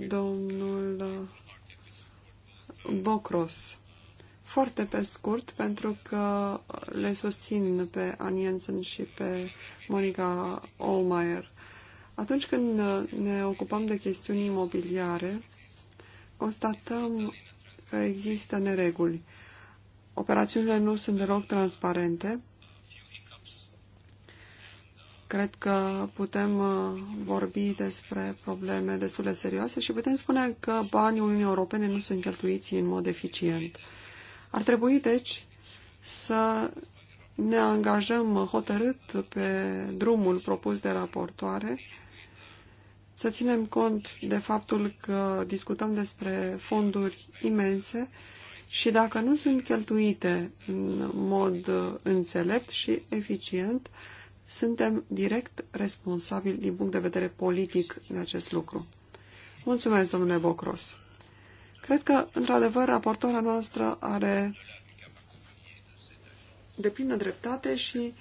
domnul uh, Bocros. Foarte pe scurt, pentru că le susțin pe Aniensen și pe Monica Olmeier. Atunci când uh, ne ocupăm de chestiuni imobiliare, constatăm că există nereguli. Operațiunile nu sunt deloc transparente Cred că putem uh, vorbi despre probleme destul de serioase și putem spune că banii Uniunii Europene nu sunt cheltuiți în mod eficient. Ar trebui, deci, să ne angajăm hotărât pe drumul propus de raportoare, să ținem cont de faptul că discutăm despre fonduri imense și dacă nu sunt cheltuite în mod uh, înțelept și eficient, suntem direct responsabili din punct de vedere politic de acest lucru. Mulțumesc, domnule Bocros. Cred că, într-adevăr, raportoarea noastră are de plină dreptate și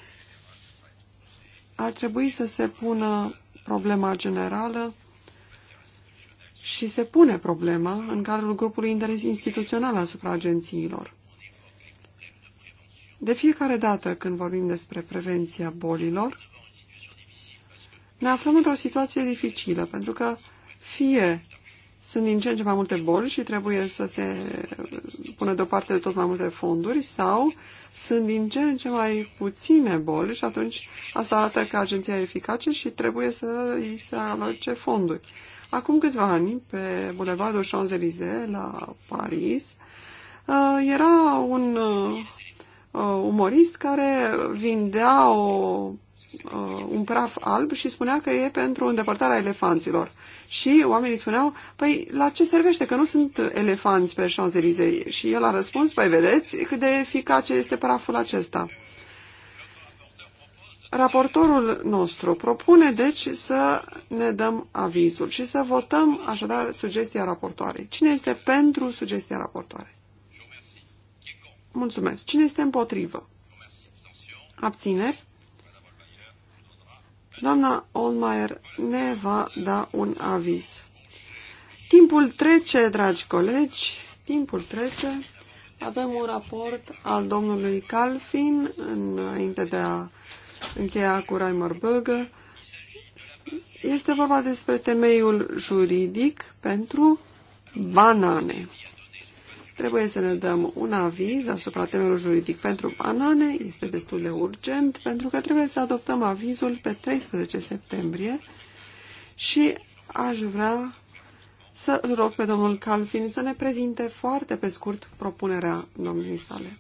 ar trebui să se pună problema generală și se pune problema în cadrul grupului interinstituțional asupra agențiilor. De fiecare dată când vorbim despre prevenția bolilor, ne aflăm într-o situație dificilă, pentru că fie sunt din ce în ce mai multe boli și trebuie să se pună deoparte de tot mai multe fonduri sau sunt din ce în ce mai puține boli și atunci asta arată că agenția e eficace și trebuie să îi se aloce fonduri. Acum câțiva ani, pe Bulevardul Champs-Élysées la Paris, uh, era un uh, uh, umorist care vindea o, uh, un praf alb și spunea că e pentru îndepărtarea elefanților. Și oamenii spuneau, păi la ce servește, că nu sunt elefanți pe Champs-Élysées? Și el a răspuns, păi vedeți cât de eficace este praful acesta. Raportorul nostru propune, deci, să ne dăm avizul și să votăm, așadar, sugestia raportoarei. Cine este pentru sugestia raportoarei? Mulțumesc. Cine este împotrivă? Abțineri? Doamna Olmaier ne va da un aviz. Timpul trece, dragi colegi, timpul trece. Avem un raport al domnului Calfin înainte de a încheia cu Reimer Böge. Este vorba despre temeiul juridic pentru banane. Trebuie să ne dăm un aviz asupra temelor juridic pentru banane. Este destul de urgent pentru că trebuie să adoptăm avizul pe 13 septembrie și aș vrea să îl rog pe domnul Calfin să ne prezinte foarte pe scurt propunerea domnului sale.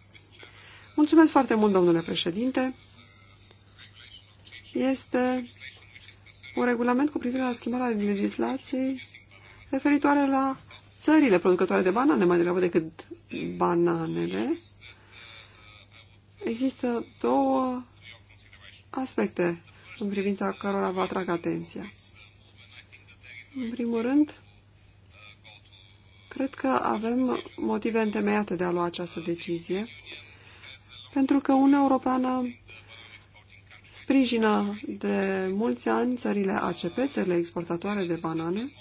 Mulțumesc foarte mult, domnule președinte. Este un regulament cu privire la schimbarea legislației referitoare la țările producătoare de banane mai degrabă decât bananele, există două aspecte în privința cărora vă atrag atenția. În primul rând, cred că avem motive întemeiate de a lua această decizie, pentru că Uniunea Europeană sprijină de mulți ani țările ACP, țările exportatoare de banane,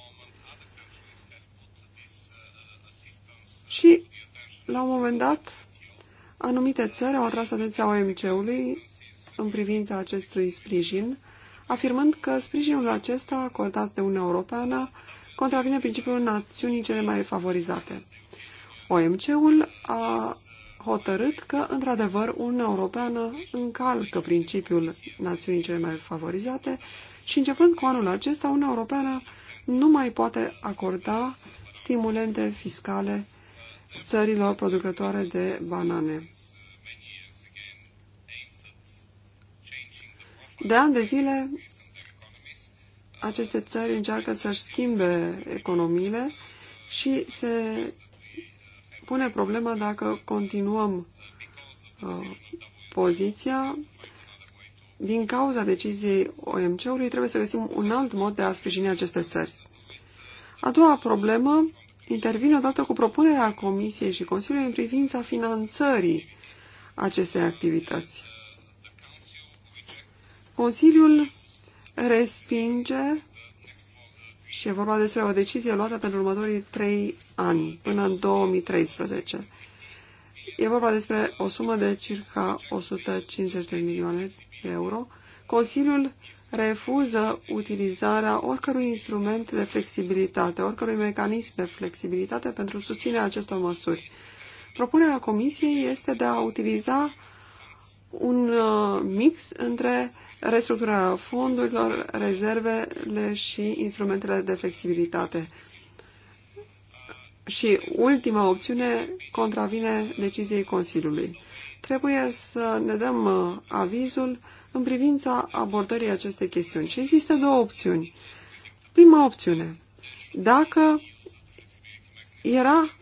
Și, la un moment dat, anumite țări au atras atenția OMC-ului în privința acestui sprijin, afirmând că sprijinul acesta acordat de Uniunea Europeană contravine principiul națiunii cele mai favorizate. OMC-ul a hotărât că, într-adevăr, Uniunea Europeană încalcă principiul națiunii cele mai favorizate și, începând cu anul acesta, Uniunea Europeană nu mai poate acorda stimulente fiscale țărilor producătoare de banane. De ani de zile, aceste țări încearcă să-și schimbe economiile și se pune problema dacă continuăm uh, poziția. Din cauza deciziei OMC-ului trebuie să găsim un alt mod de a sprijini aceste țări. A doua problemă intervine odată cu propunerea Comisiei și Consiliului în privința finanțării acestei activități. Consiliul respinge și e vorba despre o decizie luată pentru următorii trei ani, până în 2013. E vorba despre o sumă de circa 150 de milioane de euro. Consiliul refuză utilizarea oricărui instrument de flexibilitate, oricărui mecanism de flexibilitate pentru susținerea acestor măsuri. Propunerea Comisiei este de a utiliza un uh, mix între restructurarea fondurilor, rezervele și instrumentele de flexibilitate. Și ultima opțiune contravine deciziei Consiliului. Trebuie să ne dăm uh, avizul în privința abordării acestei chestiuni. Și există două opțiuni. Prima opțiune. Dacă era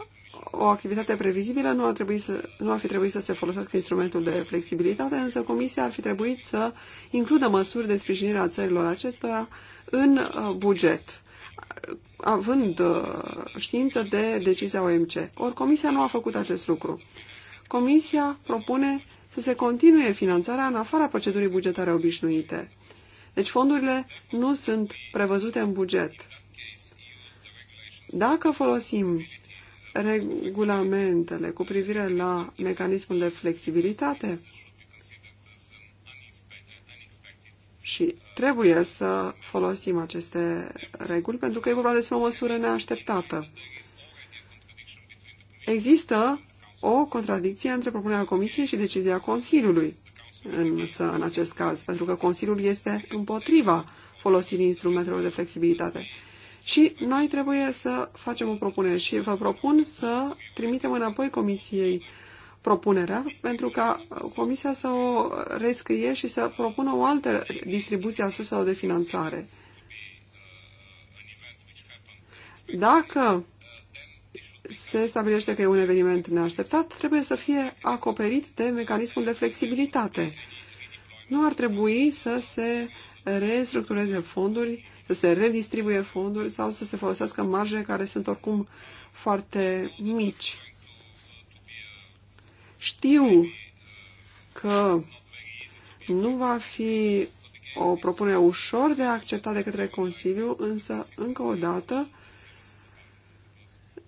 o activitate previzibilă, nu ar, trebui să, nu ar fi trebuit să se folosească instrumentul de flexibilitate, însă Comisia ar fi trebuit să includă măsuri de sprijinire a țărilor acestora în uh, buget, având uh, știință de decizia OMC. Ori Comisia nu a făcut acest lucru. Comisia propune să se continue finanțarea în afara procedurii bugetare obișnuite. Deci fondurile nu sunt prevăzute în buget. Dacă folosim regulamentele cu privire la mecanismul de flexibilitate și trebuie să folosim aceste reguli pentru că e vorba despre o măsură neașteptată. Există o contradicție între propunerea Comisiei și decizia Consiliului, însă în acest caz, pentru că Consiliul este împotriva folosirii instrumentelor de flexibilitate. Și noi trebuie să facem o propunere și vă propun să trimitem înapoi Comisiei propunerea pentru ca Comisia să o rescrie și să propună o altă distribuție a sursă de finanțare. Dacă se stabilește că e un eveniment neașteptat, trebuie să fie acoperit de mecanismul de flexibilitate. Nu ar trebui să se restructureze fonduri, să se redistribuie fonduri sau să se folosească marje care sunt oricum foarte mici. Știu că nu va fi o propunere ușor de acceptat de către Consiliu, însă, încă o dată,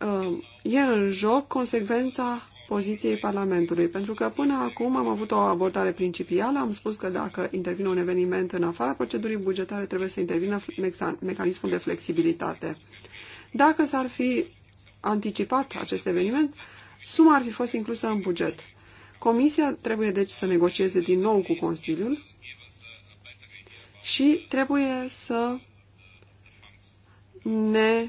Um, e în joc consecvența poziției Parlamentului, pentru că până acum am avut o abordare principială, am spus că dacă intervine un eveniment în afara procedurii bugetare, trebuie să intervină mecanismul de flexibilitate. Dacă s-ar fi anticipat acest eveniment, suma ar fi fost inclusă în buget. Comisia trebuie deci să negocieze din nou cu Consiliul și trebuie să ne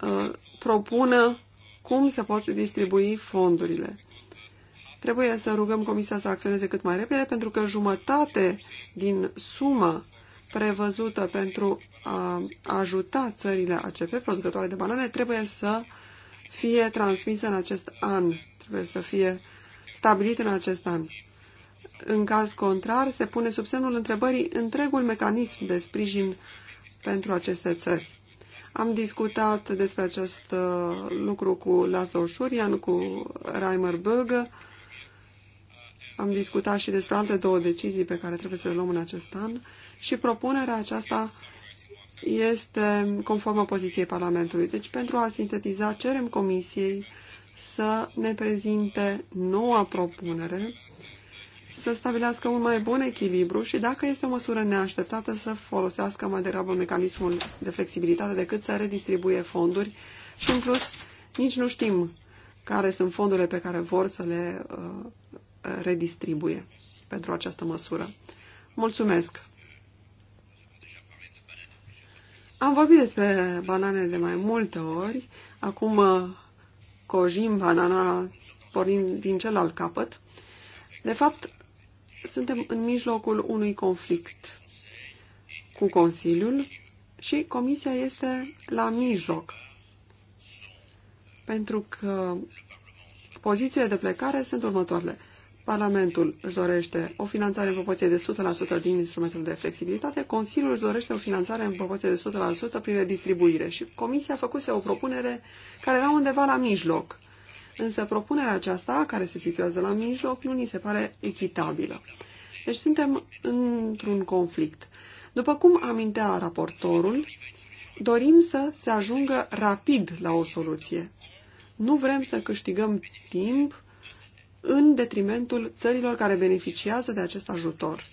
Uh, propună cum se pot distribui fondurile. Trebuie să rugăm Comisia să acționeze cât mai repede, pentru că jumătate din suma prevăzută pentru a ajuta țările ACP, producătoare de banane, trebuie să fie transmisă în acest an, trebuie să fie stabilit în acest an. În caz contrar, se pune sub semnul întrebării întregul mecanism de sprijin pentru aceste țări. Am discutat despre acest uh, lucru cu Laszlo Șurian, cu Reimer Böge. Am discutat și despre alte două decizii pe care trebuie să le luăm în acest an și propunerea aceasta este conformă poziției Parlamentului. Deci, pentru a sintetiza, cerem Comisiei să ne prezinte noua propunere să stabilească un mai bun echilibru și dacă este o măsură neașteptată să folosească mai degrabă mecanismul de flexibilitate decât să redistribuie fonduri și în plus nici nu știm care sunt fondurile pe care vor să le uh, redistribuie pentru această măsură. Mulțumesc! Am vorbit despre banane de mai multe ori. Acum uh, cojim banana pornind din celălalt capăt. De fapt, suntem în mijlocul unui conflict cu Consiliul și Comisia este la mijloc. Pentru că pozițiile de plecare sunt următoarele. Parlamentul își dorește o finanțare în proporție de 100% din instrumentul de flexibilitate, Consiliul își dorește o finanțare în proporție de 100% prin redistribuire și Comisia a făcut o propunere care era undeva la mijloc însă propunerea aceasta, care se situează la mijloc, nu ni se pare echitabilă. Deci suntem într-un conflict. După cum amintea raportorul, dorim să se ajungă rapid la o soluție. Nu vrem să câștigăm timp în detrimentul țărilor care beneficiază de acest ajutor.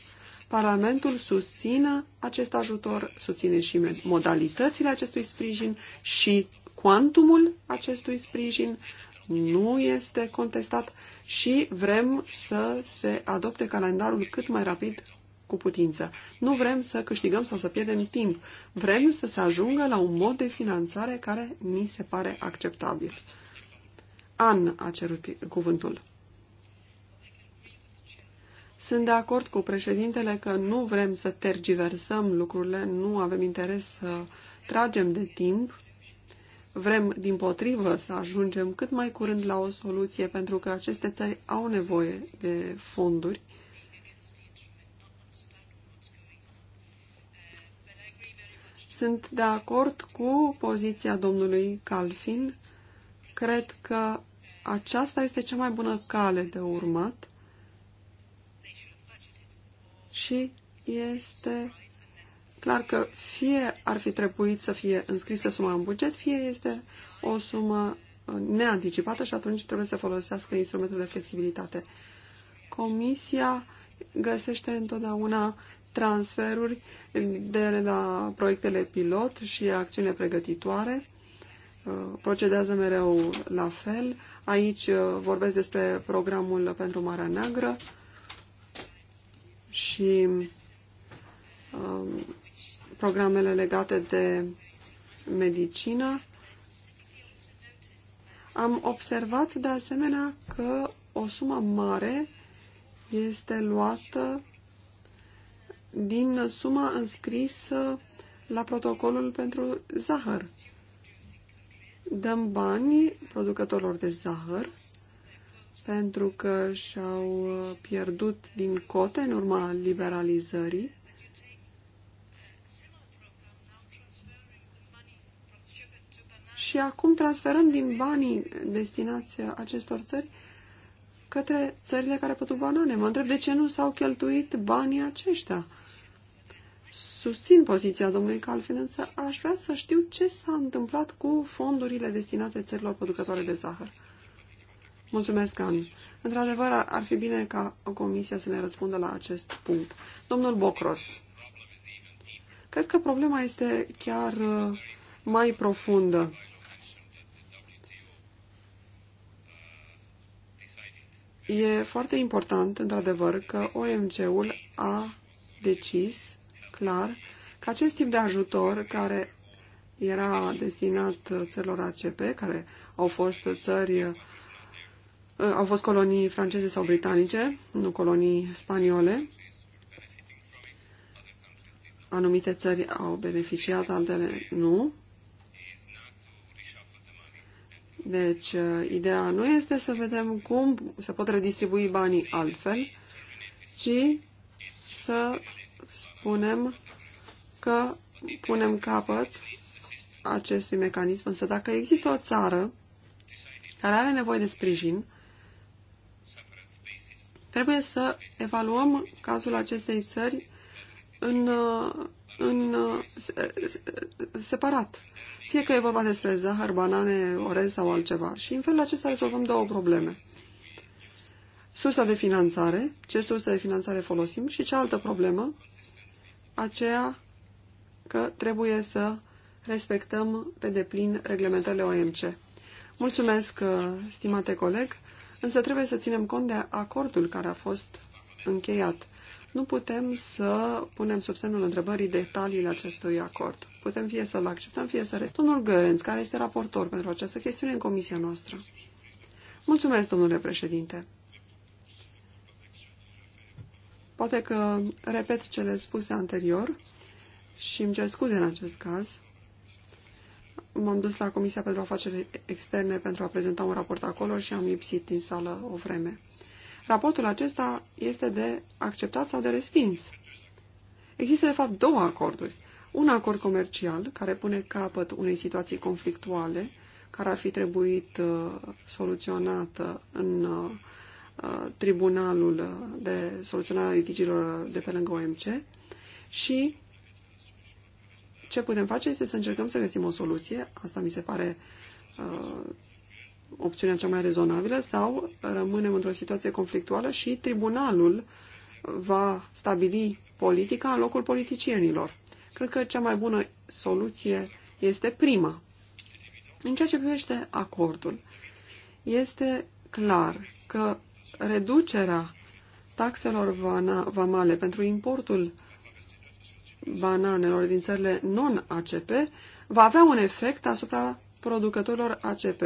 Parlamentul susține acest ajutor, susține și modalitățile acestui sprijin și cuantumul acestui sprijin nu este contestat și vrem să se adopte calendarul cât mai rapid cu putință. Nu vrem să câștigăm sau să pierdem timp. Vrem să se ajungă la un mod de finanțare care ni se pare acceptabil. An a cerut cuvântul. Sunt de acord cu președintele că nu vrem să tergiversăm lucrurile, nu avem interes să tragem de timp. Vrem, din potrivă, să ajungem cât mai curând la o soluție, pentru că aceste țări au nevoie de fonduri. Sunt de acord cu poziția domnului Calfin. Cred că aceasta este cea mai bună cale de urmat și este clar că fie ar fi trebuit să fie înscrisă suma în buget, fie este o sumă uh, neanticipată și atunci trebuie să folosească instrumentul de flexibilitate. Comisia găsește întotdeauna transferuri de la proiectele pilot și acțiune pregătitoare. Uh, procedează mereu la fel. Aici uh, vorbesc despre programul pentru Marea Neagră și um, programele legate de medicină. Am observat de asemenea că o sumă mare este luată din suma înscrisă la protocolul pentru zahăr. Dăm bani producătorilor de zahăr pentru că și-au pierdut din cote în urma liberalizării și acum transferăm din banii destinați acestor țări către țările care pătru banane. Mă întreb de ce nu s-au cheltuit banii aceștia. Susțin poziția domnului Calfin, însă aș vrea să știu ce s-a întâmplat cu fondurile destinate țărilor producătoare de zahăr. Mulțumesc, An. Într-adevăr, ar fi bine ca o Comisia să ne răspundă la acest punct. Domnul Bocros, cred că problema este chiar uh, mai profundă. E foarte important, într-adevăr, că OMC-ul a decis clar că acest tip de ajutor care era destinat țărilor ACP, care au fost țări, uh, au fost colonii franceze sau britanice, nu colonii spaniole. Anumite țări au beneficiat, altele nu. Deci, uh, ideea nu este să vedem cum se pot redistribui banii altfel, ci să spunem că punem capăt acestui mecanism. Însă dacă există o țară care are nevoie de sprijin, trebuie să evaluăm cazul acestei țări în uh, în, uh, separat. Fie că e vorba despre zahăr, banane, orez sau altceva. Și în felul acesta rezolvăm două probleme. Sursa de finanțare, ce sursă de finanțare folosim și ce altă problemă, aceea că trebuie să respectăm pe deplin reglementările OMC. Mulțumesc, uh, stimate coleg, însă trebuie să ținem cont de acordul care a fost încheiat. Nu putem să punem sub semnul întrebării detaliile acestui acord. Putem fie să-l acceptăm, fie să... Domnul Gărenț, care este raportor pentru această chestiune în comisia noastră. Mulțumesc, domnule președinte. Poate că repet cele spuse anterior și îmi cer scuze în acest caz. M-am dus la Comisia pentru Afaceri Externe pentru a prezenta un raport acolo și am lipsit din sală o vreme raportul acesta este de acceptat sau de respins. Există, de fapt, două acorduri. Un acord comercial, care pune capăt unei situații conflictuale, care ar fi trebuit uh, soluționată în uh, uh, Tribunalul de Soluționare a Litigiilor de pe lângă OMC și ce putem face este să încercăm să găsim o soluție, asta mi se pare opțiunea cea mai rezonabilă sau rămânem într-o situație conflictuală și tribunalul va stabili politica în locul politicienilor. Cred că cea mai bună soluție este prima. În ceea ce privește acordul, este clar că reducerea taxelor vamale pentru importul bananelor din țările non-ACP va avea un efect asupra producătorilor ACP.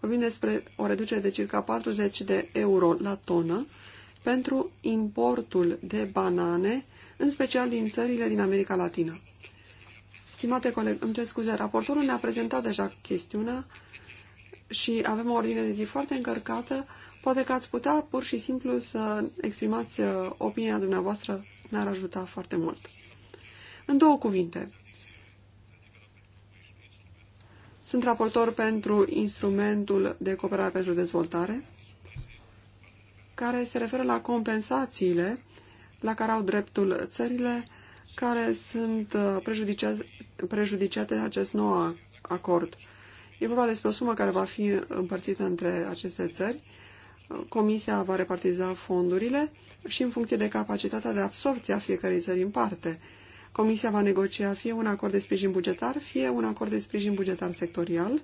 Vorbim despre o reducere de circa 40 de euro la tonă pentru importul de banane, în special din țările din America Latină. Stimate coleg, îmi cer scuze, raportorul ne-a prezentat deja chestiunea și avem o ordine de zi foarte încărcată. Poate că ați putea pur și simplu să exprimați uh, opinia dumneavoastră, ne-ar ajuta foarte mult. În două cuvinte, Sunt raportor pentru instrumentul de cooperare pentru dezvoltare, care se referă la compensațiile la care au dreptul țările care sunt uh, prejudiciate, de acest nou acord. E vorba despre o sumă care va fi împărțită între aceste țări. Comisia va repartiza fondurile și în funcție de capacitatea de absorție a fiecărei țări în parte. Comisia va negocia fie un acord de sprijin bugetar, fie un acord de sprijin bugetar sectorial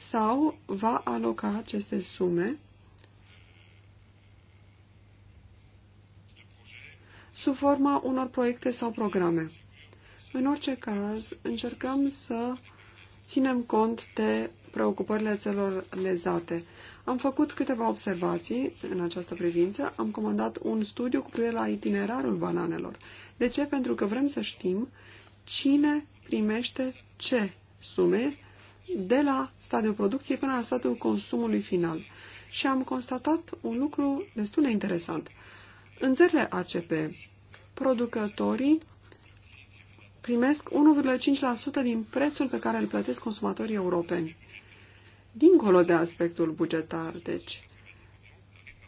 sau va aloca aceste sume sub forma unor proiecte sau programe. În orice caz, încercăm să ținem cont de preocupările țelor lezate. Am făcut câteva observații în această privință. Am comandat un studiu cu privire la itinerarul bananelor. De ce? Pentru că vrem să știm cine primește ce sume de la stadiul producției până la stadiul consumului final. Și am constatat un lucru destul de interesant. În țările ACP, producătorii primesc 1,5% din prețul pe care îl plătesc consumatorii europeni dincolo de aspectul bugetar. Deci,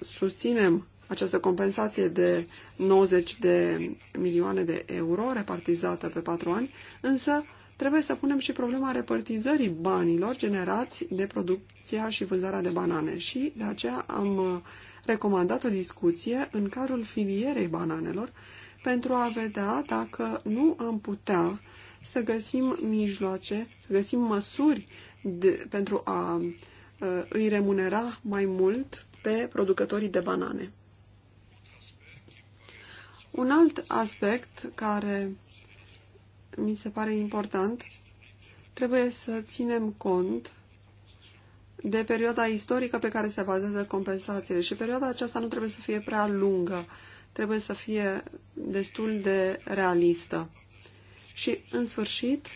susținem această compensație de 90 de milioane de euro repartizată pe patru ani, însă trebuie să punem și problema repartizării banilor generați de producția și vânzarea de banane și de aceea am uh, recomandat o discuție în cadrul filierei bananelor pentru a vedea dacă nu am putea să găsim mijloace, să găsim măsuri de, pentru a uh, îi remunera mai mult pe producătorii de banane. Un alt aspect care mi se pare important, trebuie să ținem cont de perioada istorică pe care se bazează compensațiile și perioada aceasta nu trebuie să fie prea lungă, trebuie să fie destul de realistă. Și, în sfârșit,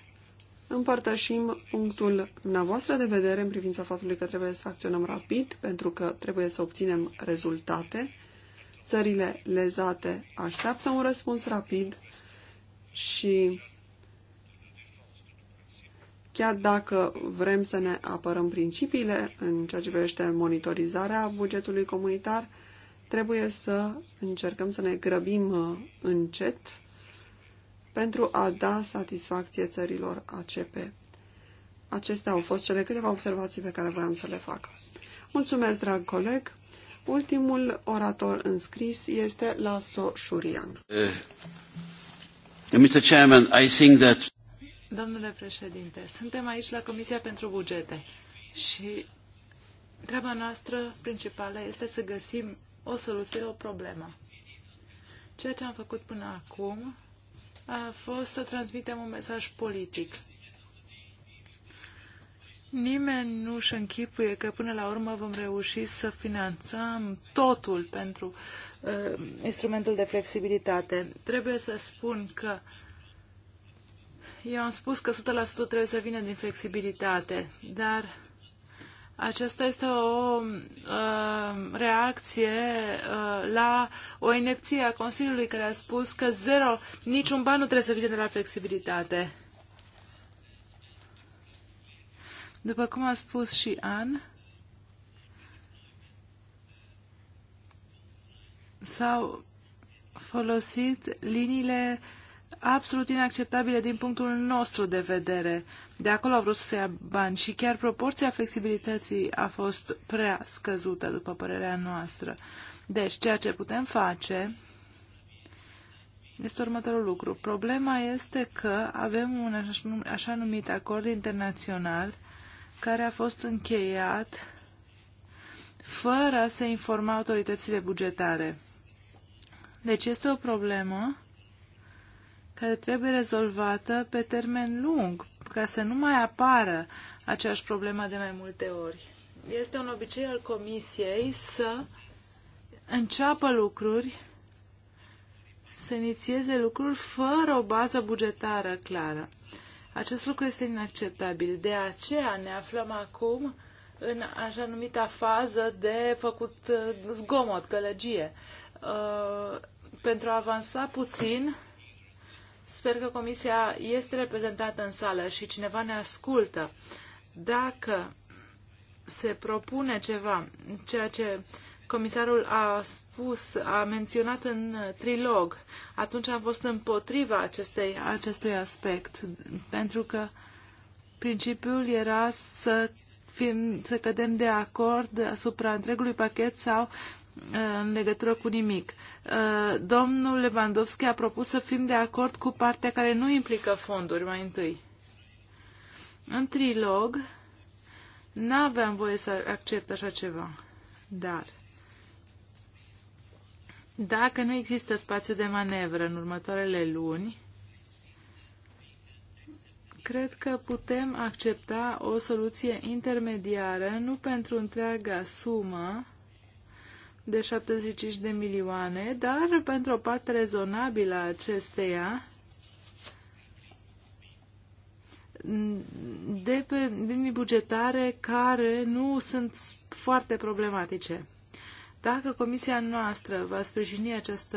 împărtășim punctul dumneavoastră de vedere în privința faptului că trebuie să acționăm rapid pentru că trebuie să obținem rezultate. Țările lezate așteaptă un răspuns rapid și chiar dacă vrem să ne apărăm principiile în ceea ce privește monitorizarea bugetului comunitar, trebuie să încercăm să ne grăbim uh, încet pentru a da satisfacție țărilor ACP. Acestea au fost cele câteva observații pe care voiam să le fac. Mulțumesc, drag coleg! Ultimul orator înscris este Laszlo Shurian. Uh, eh, Mr. Chairman, I think that... Domnule președinte, suntem aici la Comisia pentru Bugete și treaba noastră principală este să găsim o soluție, o problemă. Ceea ce am făcut până acum a fost să transmitem un mesaj politic. Nimeni nu își închipuie că până la urmă vom reuși să finanțăm totul pentru uh, instrumentul de flexibilitate. Trebuie să spun că eu am spus că 100% trebuie să vină din flexibilitate, dar aceasta este o uh, reacție uh, la o inepție a Consiliului care a spus că zero, niciun ban nu trebuie să vină de la flexibilitate. După cum a spus și An, s-au folosit liniile uh, absolut inacceptabile din punctul nostru de vedere. De acolo au vrut să se ia bani și chiar proporția flexibilității a fost prea scăzută, după părerea noastră. Deci, ceea ce putem face este următorul lucru. Problema este că avem un așa numit acord internațional care a fost încheiat fără să informa autoritățile bugetare. Deci este o problemă care trebuie rezolvată pe termen lung, ca să nu mai apară aceeași problemă de mai multe ori. Este un obicei al Comisiei să înceapă lucruri, să inițieze lucruri fără o bază bugetară clară. Acest lucru este inacceptabil. De aceea ne aflăm acum în așa numita fază de făcut uh, zgomot, gălăgie. Uh, pentru a avansa puțin, Sper că comisia este reprezentată în sală și cineva ne ascultă. Dacă se propune ceva, ceea ce comisarul a spus, a menționat în trilog, atunci am fost împotriva acestei, acestui aspect, pentru că principiul era să, fim, să cădem de acord asupra întregului pachet sau în legătură cu nimic. Uh, domnul Lewandowski a propus să fim de acord cu partea care nu implică fonduri mai întâi. În trilog, n-aveam voie să accept așa ceva. Dar, dacă nu există spațiu de manevră în următoarele luni, cred că putem accepta o soluție intermediară, nu pentru întreaga sumă, de 75 de milioane, dar pentru o parte rezonabilă a acesteia, de pe linii bugetare care nu sunt foarte problematice. Dacă comisia noastră va sprijini acest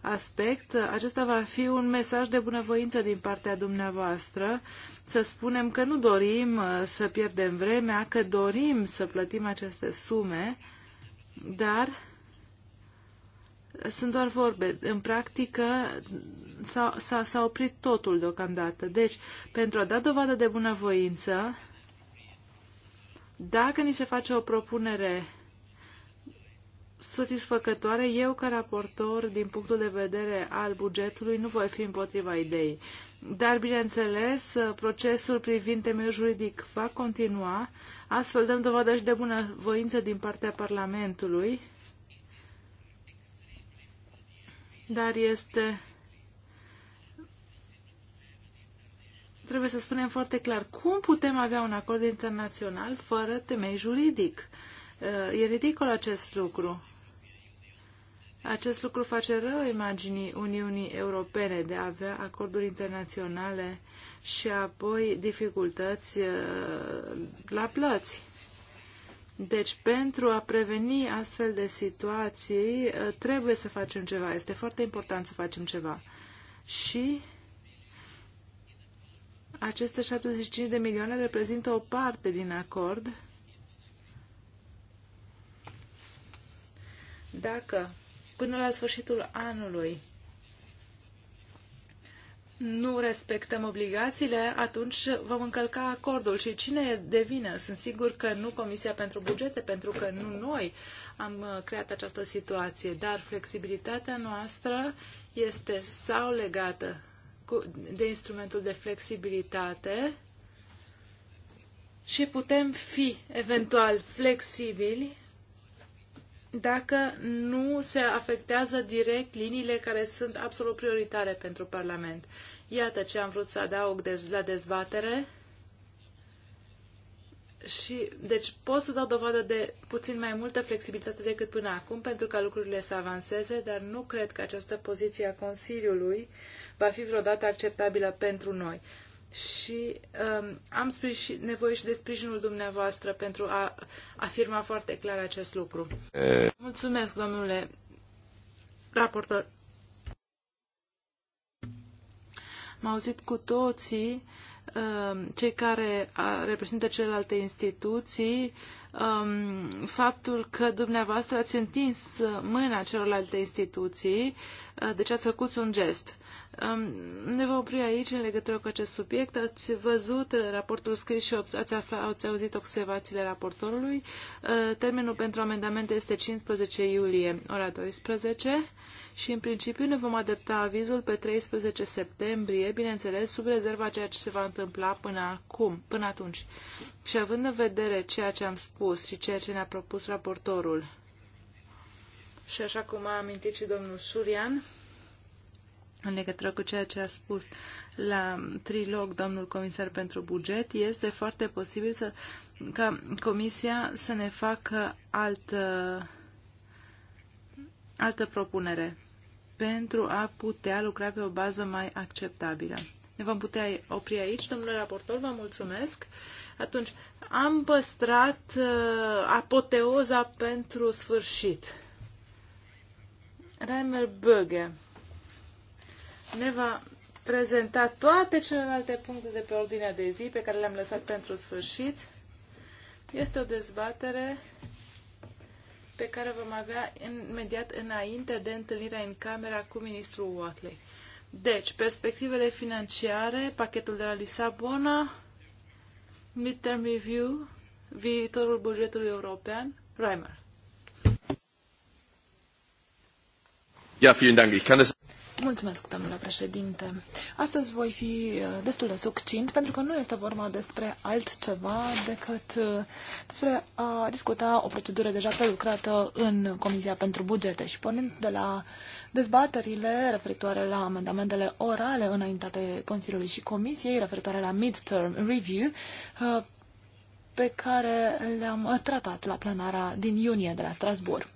aspect, acesta va fi un mesaj de bunăvoință din partea dumneavoastră, să spunem că nu dorim uh, să pierdem vremea, că dorim să plătim aceste sume, dar sunt doar vorbe. În practică s-a oprit totul deocamdată. Deci, pentru a da dovadă de bunăvoință, dacă ni se face o propunere satisfăcătoare, eu ca raportor, din punctul de vedere al bugetului, nu voi fi împotriva ideii. Dar, bineînțeles, procesul privind temeiul juridic va continua, astfel dăm dovadă și de bunăvoință din partea Parlamentului, dar este trebuie să spunem foarte clar, cum putem avea un acord internațional fără temei juridic? Uh, e ridicol acest lucru. Acest lucru face rău imaginii Uniunii Europene de a avea acorduri internaționale și apoi dificultăți uh, la plăți. Deci, pentru a preveni astfel de situații, uh, trebuie să facem ceva. Este foarte important să facem ceva. Și aceste 75 de milioane reprezintă o parte din acord. Dacă până la sfârșitul anului nu respectăm obligațiile, atunci vom încălca acordul. Și cine devine? Sunt sigur că nu Comisia pentru Bugete, pentru că nu noi am uh, creat această situație, dar flexibilitatea noastră este sau legată cu, de instrumentul de flexibilitate și putem fi eventual flexibili dacă nu se afectează direct liniile care sunt absolut prioritare pentru Parlament. Iată ce am vrut să adaug dez- la dezbatere. Și, deci, pot să dau dovadă de puțin mai multă flexibilitate decât până acum pentru ca lucrurile să avanseze, dar nu cred că această poziție a Consiliului va fi vreodată acceptabilă pentru noi și um, am sprijin, nevoie și de sprijinul dumneavoastră pentru a afirma foarte clar acest lucru. Mulțumesc, domnule raportor. au auzit cu toții um, cei care reprezintă celelalte instituții um, faptul că dumneavoastră ați întins mâna celorlalte instituții, uh, deci ați făcut un gest. Ne vom opri aici în legătură cu acest subiect. Ați văzut raportul scris și ați, afla, ați auzit observațiile raportorului. Uh, termenul pentru amendamente este 15 iulie, ora 12 și în principiu ne vom adapta avizul pe 13 septembrie, bineînțeles, sub rezerva ceea ce se va întâmpla până acum, până atunci. Și având în vedere ceea ce am spus și ceea ce ne-a propus raportorul, și așa cum a amintit și domnul Surian, în legătură cu ceea ce a spus la trilog domnul comisar pentru buget, este foarte posibil să, ca comisia să ne facă altă, altă propunere pentru a putea lucra pe o bază mai acceptabilă. Ne vom putea opri aici. Domnule raportor, vă mulțumesc. Atunci, am păstrat uh, apoteoza pentru sfârșit. Reimer Böge ne va prezenta toate celelalte puncte de pe ordinea de zi pe care le-am lăsat pentru sfârșit. Este o dezbatere pe care vom avea imediat înainte de întâlnirea în camera cu ministrul Watley. Deci, perspectivele financiare, pachetul de la Lisabona, midterm review, viitorul bugetului european, Reimer. Ja, vielen Dank. Ich kann es Mulțumesc, domnule președinte. Astăzi voi fi uh, destul de succint, pentru că nu este vorba despre altceva decât uh, despre a discuta o procedură deja prelucrată în Comisia pentru Bugete și pornind de la dezbaterile referitoare la amendamentele orale înaintate Consiliului și Comisiei, referitoare la Midterm Review, uh, pe care le-am uh, tratat la plenara din iunie de la Strasbourg.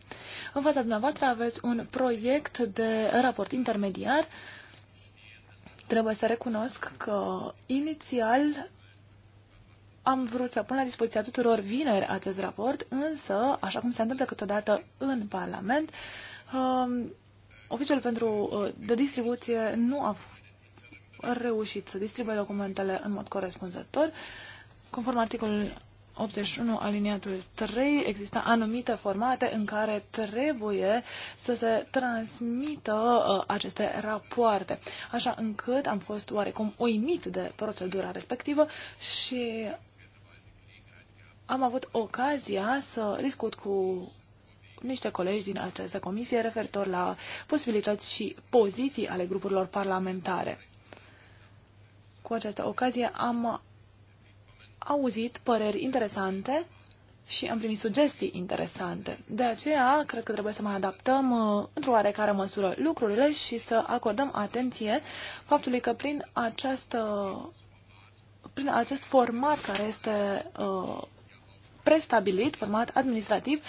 În fața dumneavoastră aveți un proiect de raport intermediar. Trebuie să recunosc că inițial am vrut să pun la dispoziția tuturor vineri acest raport, însă, așa cum se întâmplă câteodată în Parlament, um, oficiul pentru uh, de distribuție nu a reușit să distribuie documentele în mod corespunzător. Conform articolului 81 aliniatul 3 există anumite formate în care trebuie să se transmită uh, aceste rapoarte, așa încât am fost oarecum uimit de procedura respectivă și am avut ocazia să discut cu niște colegi din această comisie referitor la posibilități și poziții ale grupurilor parlamentare. Cu această ocazie am auzit păreri interesante și am primit sugestii interesante. De aceea, cred că trebuie să mai adaptăm uh, într-o oarecare măsură lucrurile și să acordăm atenție faptului că prin, această, prin acest format care este uh, prestabilit, format administrativ,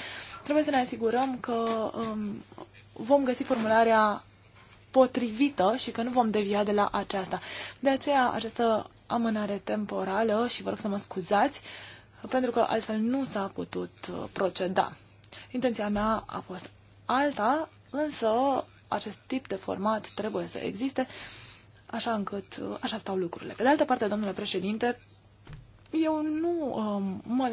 trebuie să ne asigurăm că um, vom găsi formularea potrivită și că nu vom devia de la aceasta. De aceea, această amânare temporală și vă rog să mă scuzați, pentru că altfel nu s-a putut uh, proceda. Intenția mea a fost alta, însă acest tip de format trebuie să existe, așa încât uh, așa stau lucrurile. Pe de altă parte, domnule președinte, eu nu uh, mă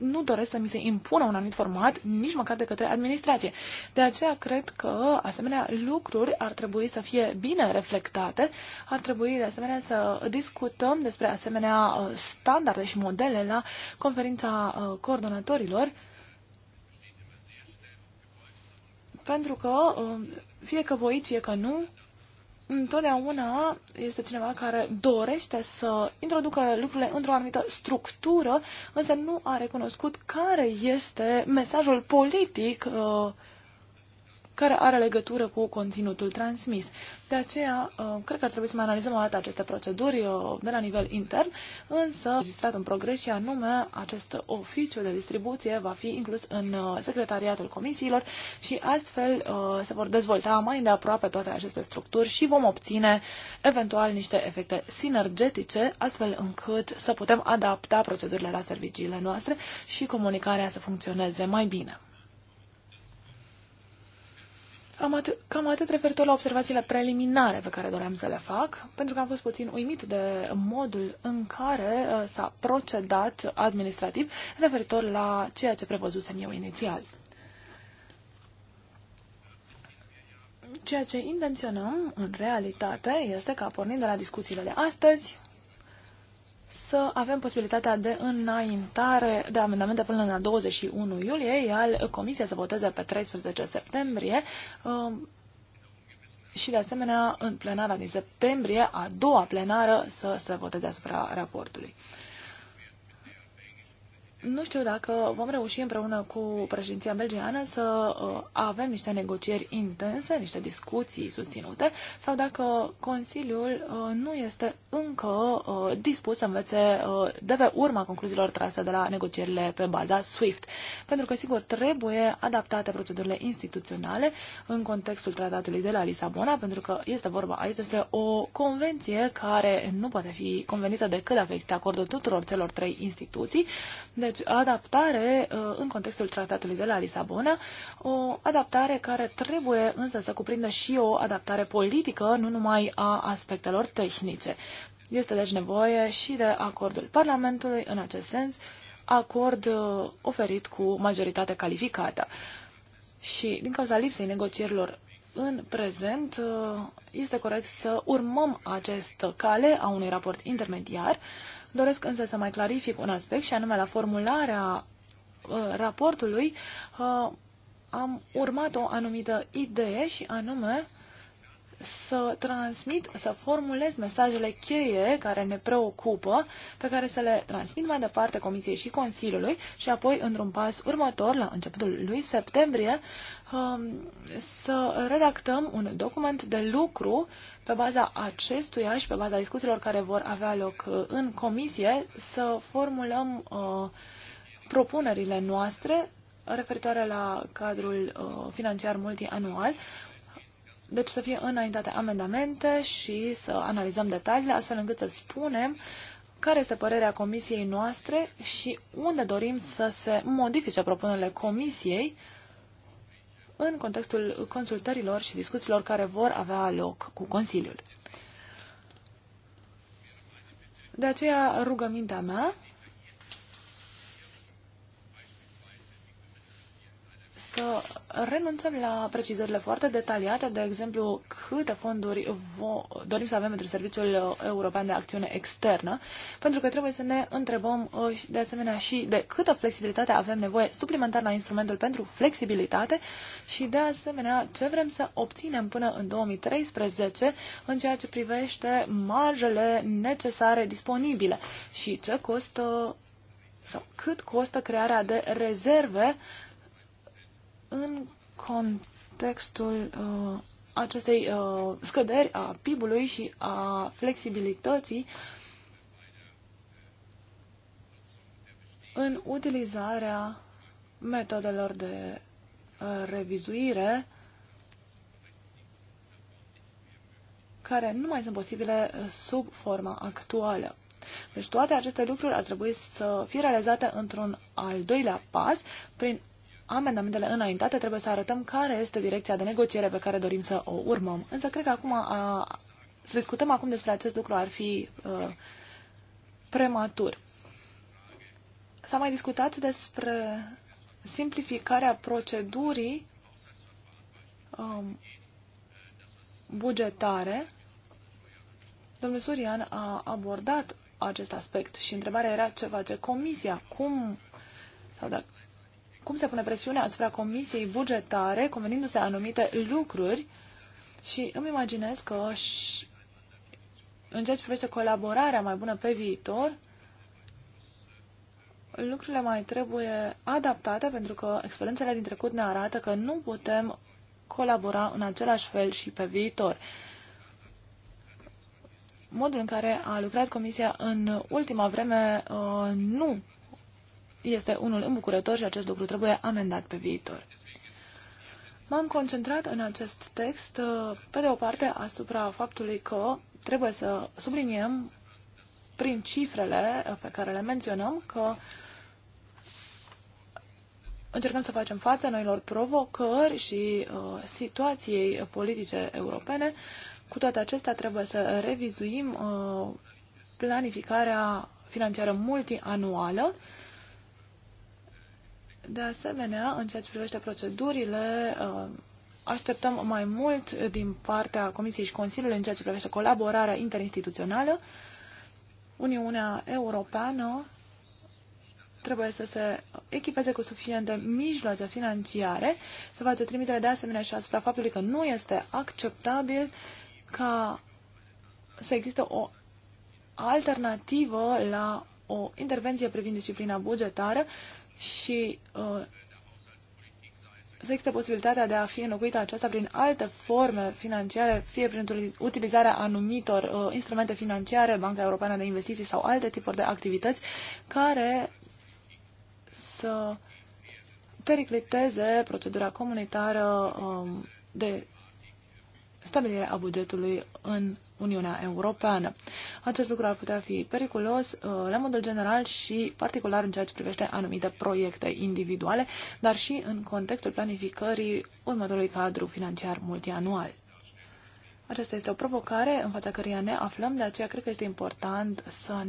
nu doresc să mi se impună un anumit format, nici măcar de către administrație. De aceea cred că asemenea lucruri ar trebui să fie bine reflectate, ar trebui de asemenea să discutăm despre asemenea uh, standarde și modele la conferința uh, coordonatorilor, pentru că uh, fie că voi, fie că nu, întotdeauna este cineva care dorește să introducă lucrurile într-o anumită structură, însă nu a recunoscut care este mesajul politic uh, care are legătură cu conținutul transmis. De aceea, uh, cred că ar trebui să mai analizăm o dată aceste proceduri uh, de la nivel intern, însă registrat un progres și anume acest oficiu de distribuție va fi inclus în uh, secretariatul comisiilor și astfel se vor dezvolta mai îndeaproape toate aceste structuri și vom obține eventual niște efecte sinergetice, astfel încât să putem adapta procedurile la serviciile noastre și comunicarea să funcționeze mai bine. Am at- cam atât referitor la observațiile preliminare pe care doream să le fac, pentru că am fost puțin uimit de modul în care uh, s-a procedat administrativ referitor la ceea ce prevăzusem eu inițial. Ceea ce intenționăm, în realitate, este ca pornind de la discuțiile de astăzi, să avem posibilitatea de înaintare de amendamente până la 21 iulie, iar comisia să voteze pe 13 septembrie um, și, de asemenea, în plenara din septembrie, a doua plenară, să se voteze asupra raportului. Nu știu dacă vom reuși împreună cu președinția belgiană să uh, avem niște negocieri intense, niște discuții susținute, sau dacă Consiliul uh, nu este încă uh, dispus să învețe de pe urma concluziilor trase de la negocierile pe baza SWIFT. Pentru că, sigur, trebuie adaptate procedurile instituționale în contextul tratatului de la Lisabona, pentru că este vorba aici despre o convenție care nu poate fi convenită decât dacă există acordul tuturor celor trei instituții. De deci, deci, adaptare uh, în contextul tratatului de la Lisabona, o adaptare care trebuie însă să cuprindă și o adaptare politică, nu numai a aspectelor tehnice. Este deci nevoie și de acordul Parlamentului în acest sens, acord uh, oferit cu majoritate calificată. Și din cauza lipsei negocierilor în prezent, uh, este corect să urmăm această cale a unui raport intermediar Doresc însă să mai clarific un aspect și anume la formularea uh, raportului uh, am urmat o anumită idee și anume să transmit, să formulez mesajele cheie care ne preocupă, pe care să le transmit mai departe Comisiei și Consiliului și apoi, într-un pas următor, la începutul lui septembrie, um, să redactăm un document de lucru pe baza acestuia și pe baza discuțiilor care vor avea loc uh, în comisie, să formulăm uh, propunerile noastre referitoare la cadrul uh, financiar multianual, deci să fie înaintate amendamente și să analizăm detaliile, astfel încât să spunem care este părerea comisiei noastre și unde dorim să se modifice propunerile comisiei în contextul consultărilor și discuțiilor care vor avea loc cu Consiliul. De aceea, rugămintea mea să renunțăm la precizările foarte detaliate, de exemplu, câte fonduri dorim să avem pentru Serviciul European de Acțiune Externă, pentru că trebuie să ne întrebăm uh, de asemenea și de câtă flexibilitate avem nevoie suplimentar la instrumentul pentru flexibilitate și de asemenea ce vrem să obținem până în 2013 în ceea ce privește marjele necesare disponibile și ce costă sau cât costă crearea de rezerve uh, în contextul uh, acestei uh, scăderi a PIB-ului și a flexibilității în utilizarea metodelor de uh, revizuire care nu mai sunt posibile uh, sub forma actuală. Deci toate aceste lucruri ar trebui să fie realizate într-un al doilea pas prin amendamentele înaintate, trebuie să arătăm care este direcția de negociere pe care dorim să o urmăm. Însă cred că acum a, să discutăm acum despre acest lucru ar fi uh, prematur. S-a mai discutat despre simplificarea procedurii um, bugetare. Domnul Surian a abordat acest aspect și întrebarea era ce face comisia, cum sau dacă cum se pune presiunea asupra Comisiei Bugetare, convenindu-se anumite lucruri și îmi imaginez că în ceea ce privește colaborarea mai bună pe viitor, lucrurile mai trebuie adaptate pentru că experiențele din trecut ne arată că nu putem colabora în același fel și pe viitor. Modul în care a lucrat Comisia în ultima vreme uh, nu este unul îmbucurător și acest lucru trebuie amendat pe viitor. M-am concentrat în acest text, uh, pe de o parte, asupra faptului că trebuie să subliniem prin cifrele uh, pe care le menționăm că încercăm să facem față noilor provocări și uh, situației politice europene. Cu toate acestea trebuie să revizuim uh, planificarea financiară multianuală de asemenea, în ceea ce privește procedurile, uh, așteptăm mai mult din partea Comisiei și Consiliului în ceea ce privește colaborarea interinstituțională. Uniunea Europeană trebuie să se echipeze cu suficiente mijloace financiare, să face trimitere de asemenea și asupra faptului că nu este acceptabil ca să există o alternativă la o intervenție privind disciplina bugetară și uh, să există posibilitatea de a fi înlocuită aceasta prin alte forme financiare, fie prin utilizarea anumitor uh, instrumente financiare, Banca Europeană de Investiții sau alte tipuri de activități care să pericliteze procedura comunitară uh, de stabilirea bugetului în Uniunea Europeană. Acest lucru ar putea fi periculos uh, la modul general și particular în ceea ce privește anumite proiecte individuale, dar și în contextul planificării următorului cadru financiar multianual. Aceasta este o provocare în fața căreia ne aflăm, de aceea cred că este important să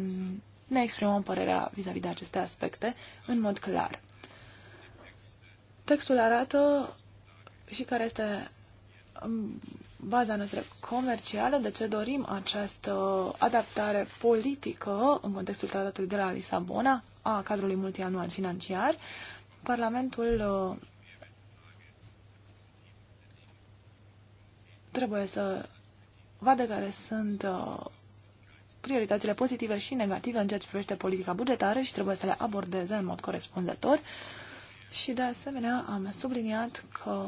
ne exprimăm părerea vis-a-vis -vis de aceste aspecte în mod clar. Textul arată și care este um, baza noastră comercială, de ce dorim această adaptare politică în contextul tratatului de la Lisabona a cadrului multianual financiar. Parlamentul uh, trebuie să vadă care sunt uh, prioritățile pozitive și negative în ceea ce privește politica bugetară și trebuie să le abordeze în mod corespunzător. Și de asemenea am subliniat că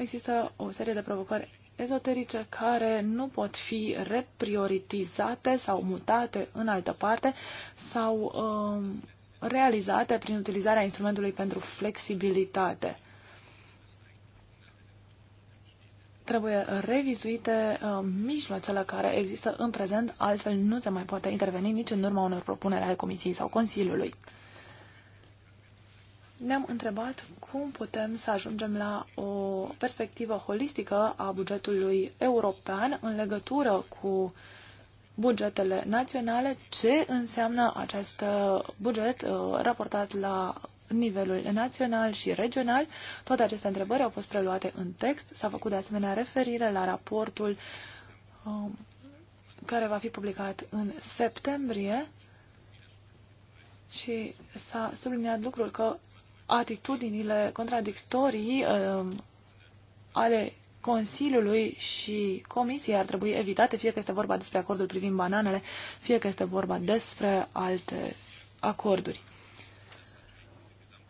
există o serie de provocări ezoterice care nu pot fi reprioritizate sau mutate în altă parte sau um, realizate prin utilizarea instrumentului pentru flexibilitate. Trebuie revizuite uh, mijloacele care există în prezent, altfel nu se mai poate interveni nici în urma unor propuneri ale Comisiei sau Consiliului ne-am întrebat cum putem să ajungem la o perspectivă holistică a bugetului european în legătură cu bugetele naționale, ce înseamnă acest uh, buget uh, raportat la nivelul național și regional. Toate aceste întrebări au fost preluate în text. S-a făcut de asemenea referire la raportul um, care va fi publicat în septembrie și s-a subliniat lucrul că atitudinile contradictorii uh, ale Consiliului și Comisiei ar trebui evitate, fie că este vorba despre acordul privind bananele, fie că este vorba despre alte acorduri.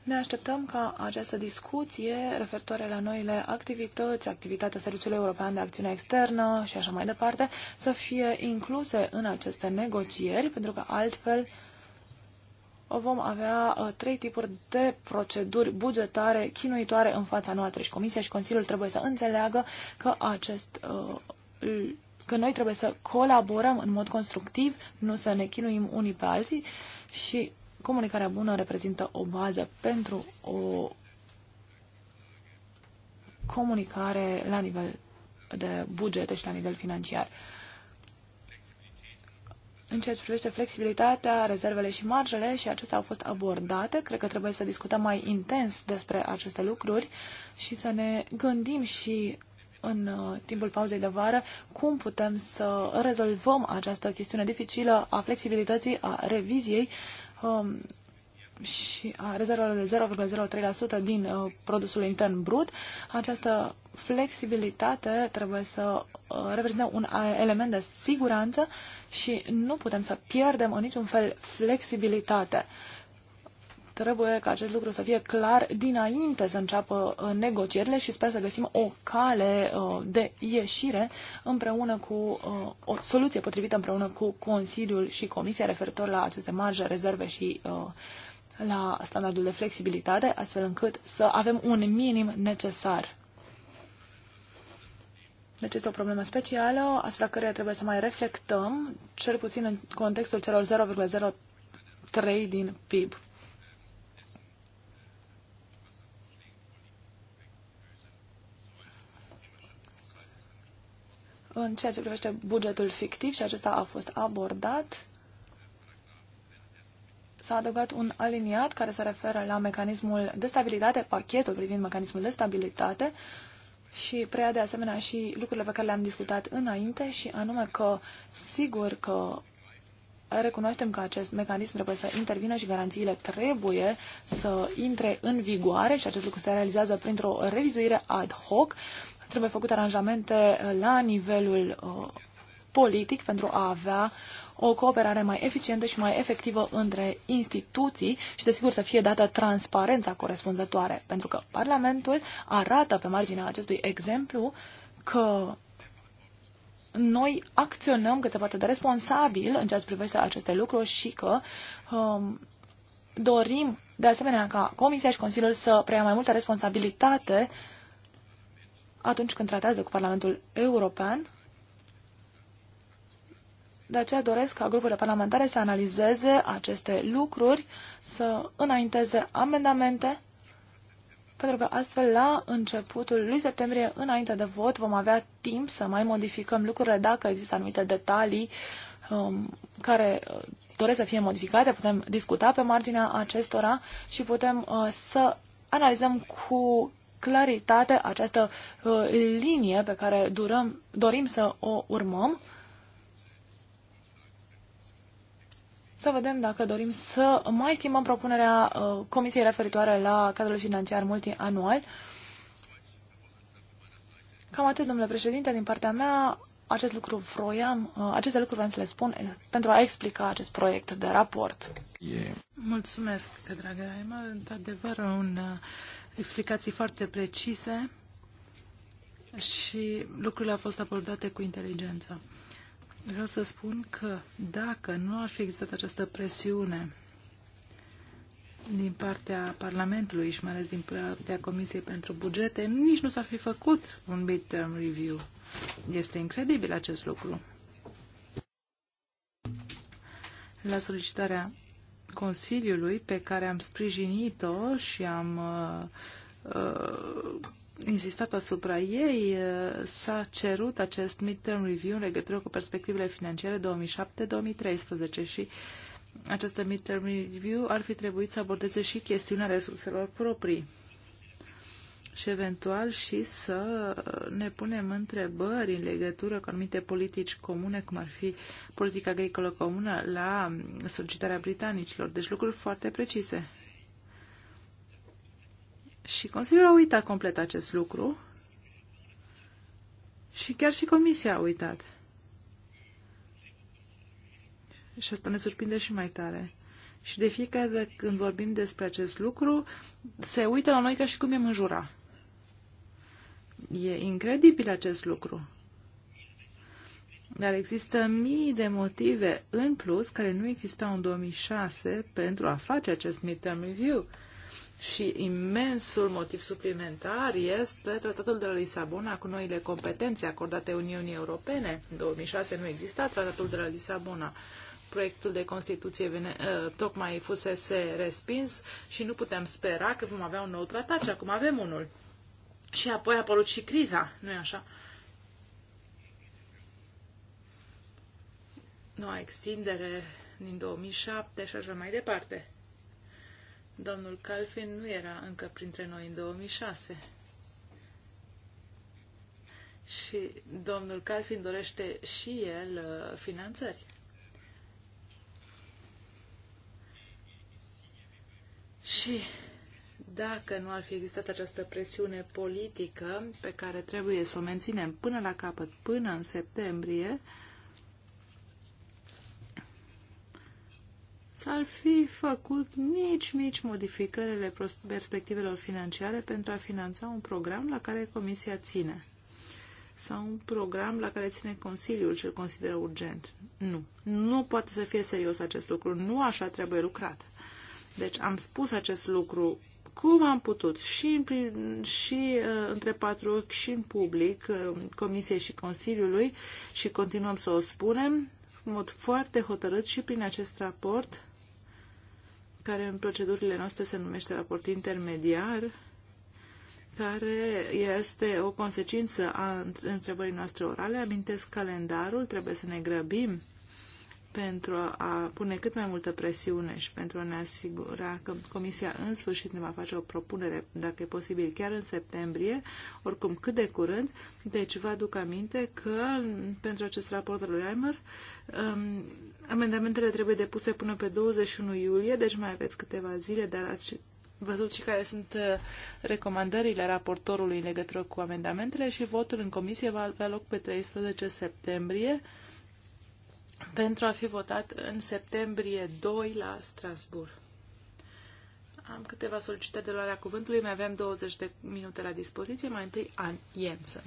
Ne așteptăm ca această discuție referitoare la noile activități, activitatea Serviciului European de Acțiune Externă și așa mai departe, să fie incluse în aceste negocieri, pentru că altfel uh, vom avea uh, trei tipuri de proceduri bugetare chinuitoare în fața noastră și Comisia și Consiliul trebuie să înțeleagă că acest uh, că noi trebuie să colaborăm în mod constructiv, nu să ne chinuim unii pe alții și comunicarea bună reprezintă o bază pentru o comunicare la nivel de bugete și la nivel financiar în ceea ce privește flexibilitatea, rezervele și marjele, și acestea au fost abordate. Cred că trebuie să discutăm mai intens despre aceste lucruri și să ne gândim și în uh, timpul pauzei de vară cum putem să rezolvăm această chestiune dificilă a flexibilității, a reviziei um, și a rezervelor de 0,03% din uh, produsul intern brut. Această flexibilitate trebuie să uh, reprezintă un element de siguranță și nu putem să pierdem în niciun fel flexibilitate. Trebuie ca acest lucru să fie clar dinainte să înceapă uh, negocierile și sper să găsim o cale uh, de ieșire împreună cu o soluție potrivită împreună cu Consiliul și Comisia referitor la aceste marje, rezerve și la standardul de flexibilitate, astfel încât să avem un minim necesar deci este o problemă specială asupra căreia trebuie să mai reflectăm, cel puțin în contextul celor 0,03 din PIB. În ceea ce privește bugetul fictiv, și acesta a fost abordat, s-a adăugat un aliniat care se referă la mecanismul de stabilitate, pachetul privind mecanismul de stabilitate, și preia de asemenea și lucrurile pe care le-am discutat înainte și anume că sigur că recunoaștem că acest mecanism trebuie să intervină și garanțiile trebuie să intre în vigoare și acest lucru se realizează printr-o revizuire ad hoc. Trebuie făcut aranjamente la nivelul uh, politic pentru a avea uh, o cooperare mai eficientă și mai efectivă între instituții și, desigur, să fie dată transparența corespunzătoare, pentru că Parlamentul arată pe marginea acestui exemplu că noi acționăm cât se poate de responsabil în ceea ce privește aceste lucruri și că um, dorim, de asemenea, ca Comisia și Consiliul să preia mai multă responsabilitate atunci când tratează cu Parlamentul European de aceea doresc ca grupurile parlamentare să analizeze aceste lucruri, să înainteze amendamente, pentru că astfel la începutul lui septembrie, înainte de vot, vom avea timp să mai modificăm lucrurile dacă există anumite detalii um, care uh, doresc să fie modificate, putem discuta pe marginea acestora și putem uh, să analizăm cu claritate această uh, linie pe care durăm, dorim să o urmăm să vedem dacă dorim să mai schimbăm propunerea uh, Comisiei referitoare la cadrul financiar multianual. Cam atât, domnule președinte, din partea mea, acest lucru vroiam, uh, aceste lucruri vreau să le spun uh, pentru a explica acest proiect de raport. Yeah. Mulțumesc, dragă Emma, într-adevăr, un explicații foarte precise și lucrurile au fost abordate cu inteligență. Vreau să spun că dacă nu ar fi existat această presiune din partea Parlamentului și mai ales din partea Comisiei pentru Bugete, nici nu s-ar fi făcut un midterm review. Este incredibil acest lucru. La solicitarea Consiliului pe care am sprijinit-o și am uh, uh, insistat asupra ei, uh, s-a cerut acest midterm review în legătură cu perspectivele financiare 2007-2013 și această midterm review ar fi trebuit să abordeze și chestiunea resurselor proprii și eventual și să ne punem întrebări în legătură cu anumite politici comune, cum ar fi politica agricolă comună la solicitarea britanicilor. Deci lucruri foarte precise. Și Consiliul a uitat complet acest lucru și chiar și Comisia a uitat. Și asta ne surprinde și mai tare. Și de fiecare dată când vorbim despre acest lucru, se uită la noi ca și cum e am înjura. E incredibil acest lucru. Dar există mii de motive în plus care nu existau în 2006 pentru a face acest midterm review. Și imensul motiv suplimentar este tratatul de la Lisabona cu noile competențe acordate Uniunii Europene. În 2006 nu exista tratatul de la Lisabona. Proiectul de Constituție vine, ă, tocmai fusese respins și nu putem spera că vom avea un nou tratat și acum avem unul. Și apoi a apărut și criza, nu-i așa? Noua extindere din 2007 și așa mai departe. Domnul Calfin nu era încă printre noi în 2006. Și domnul Calfin dorește și el uh, finanțări. Și dacă nu ar fi existat această presiune politică pe care trebuie să o menținem până la capăt, până în septembrie, uh, s-ar fi făcut mici, mici modificările perspectivelor financiare pentru a finanța un program la care Comisia ține sau un program la care ține Consiliul și îl consideră urgent. Nu. Nu poate să fie serios acest lucru. Nu așa trebuie lucrat. Deci am spus acest lucru cum am putut și, în, și uh, între patru ochi și în public, uh, Comisiei și Consiliului și continuăm să o spunem în mod foarte hotărât și prin acest raport care în procedurile noastre se numește raport intermediar, care este o consecință a întrebării noastre orale. Amintesc calendarul, trebuie să ne grăbim pentru a pune cât mai multă presiune și pentru a ne asigura că Comisia în sfârșit ne va face o propunere, dacă e posibil, chiar în septembrie, oricum cât de curând. Deci vă aduc aminte că pentru acest raport lui Reimer um, Amendamentele trebuie depuse până pe 21 iulie, deci mai aveți câteva zile, dar ați văzut și care sunt uh, recomandările raportorului în legătură cu amendamentele și votul în comisie va avea loc pe 13 septembrie pentru a fi votat în septembrie 2 la Strasbourg. Am câteva solicitări de luarea cuvântului, mai avem 20 de minute la dispoziție. Mai întâi, Ann Jensen.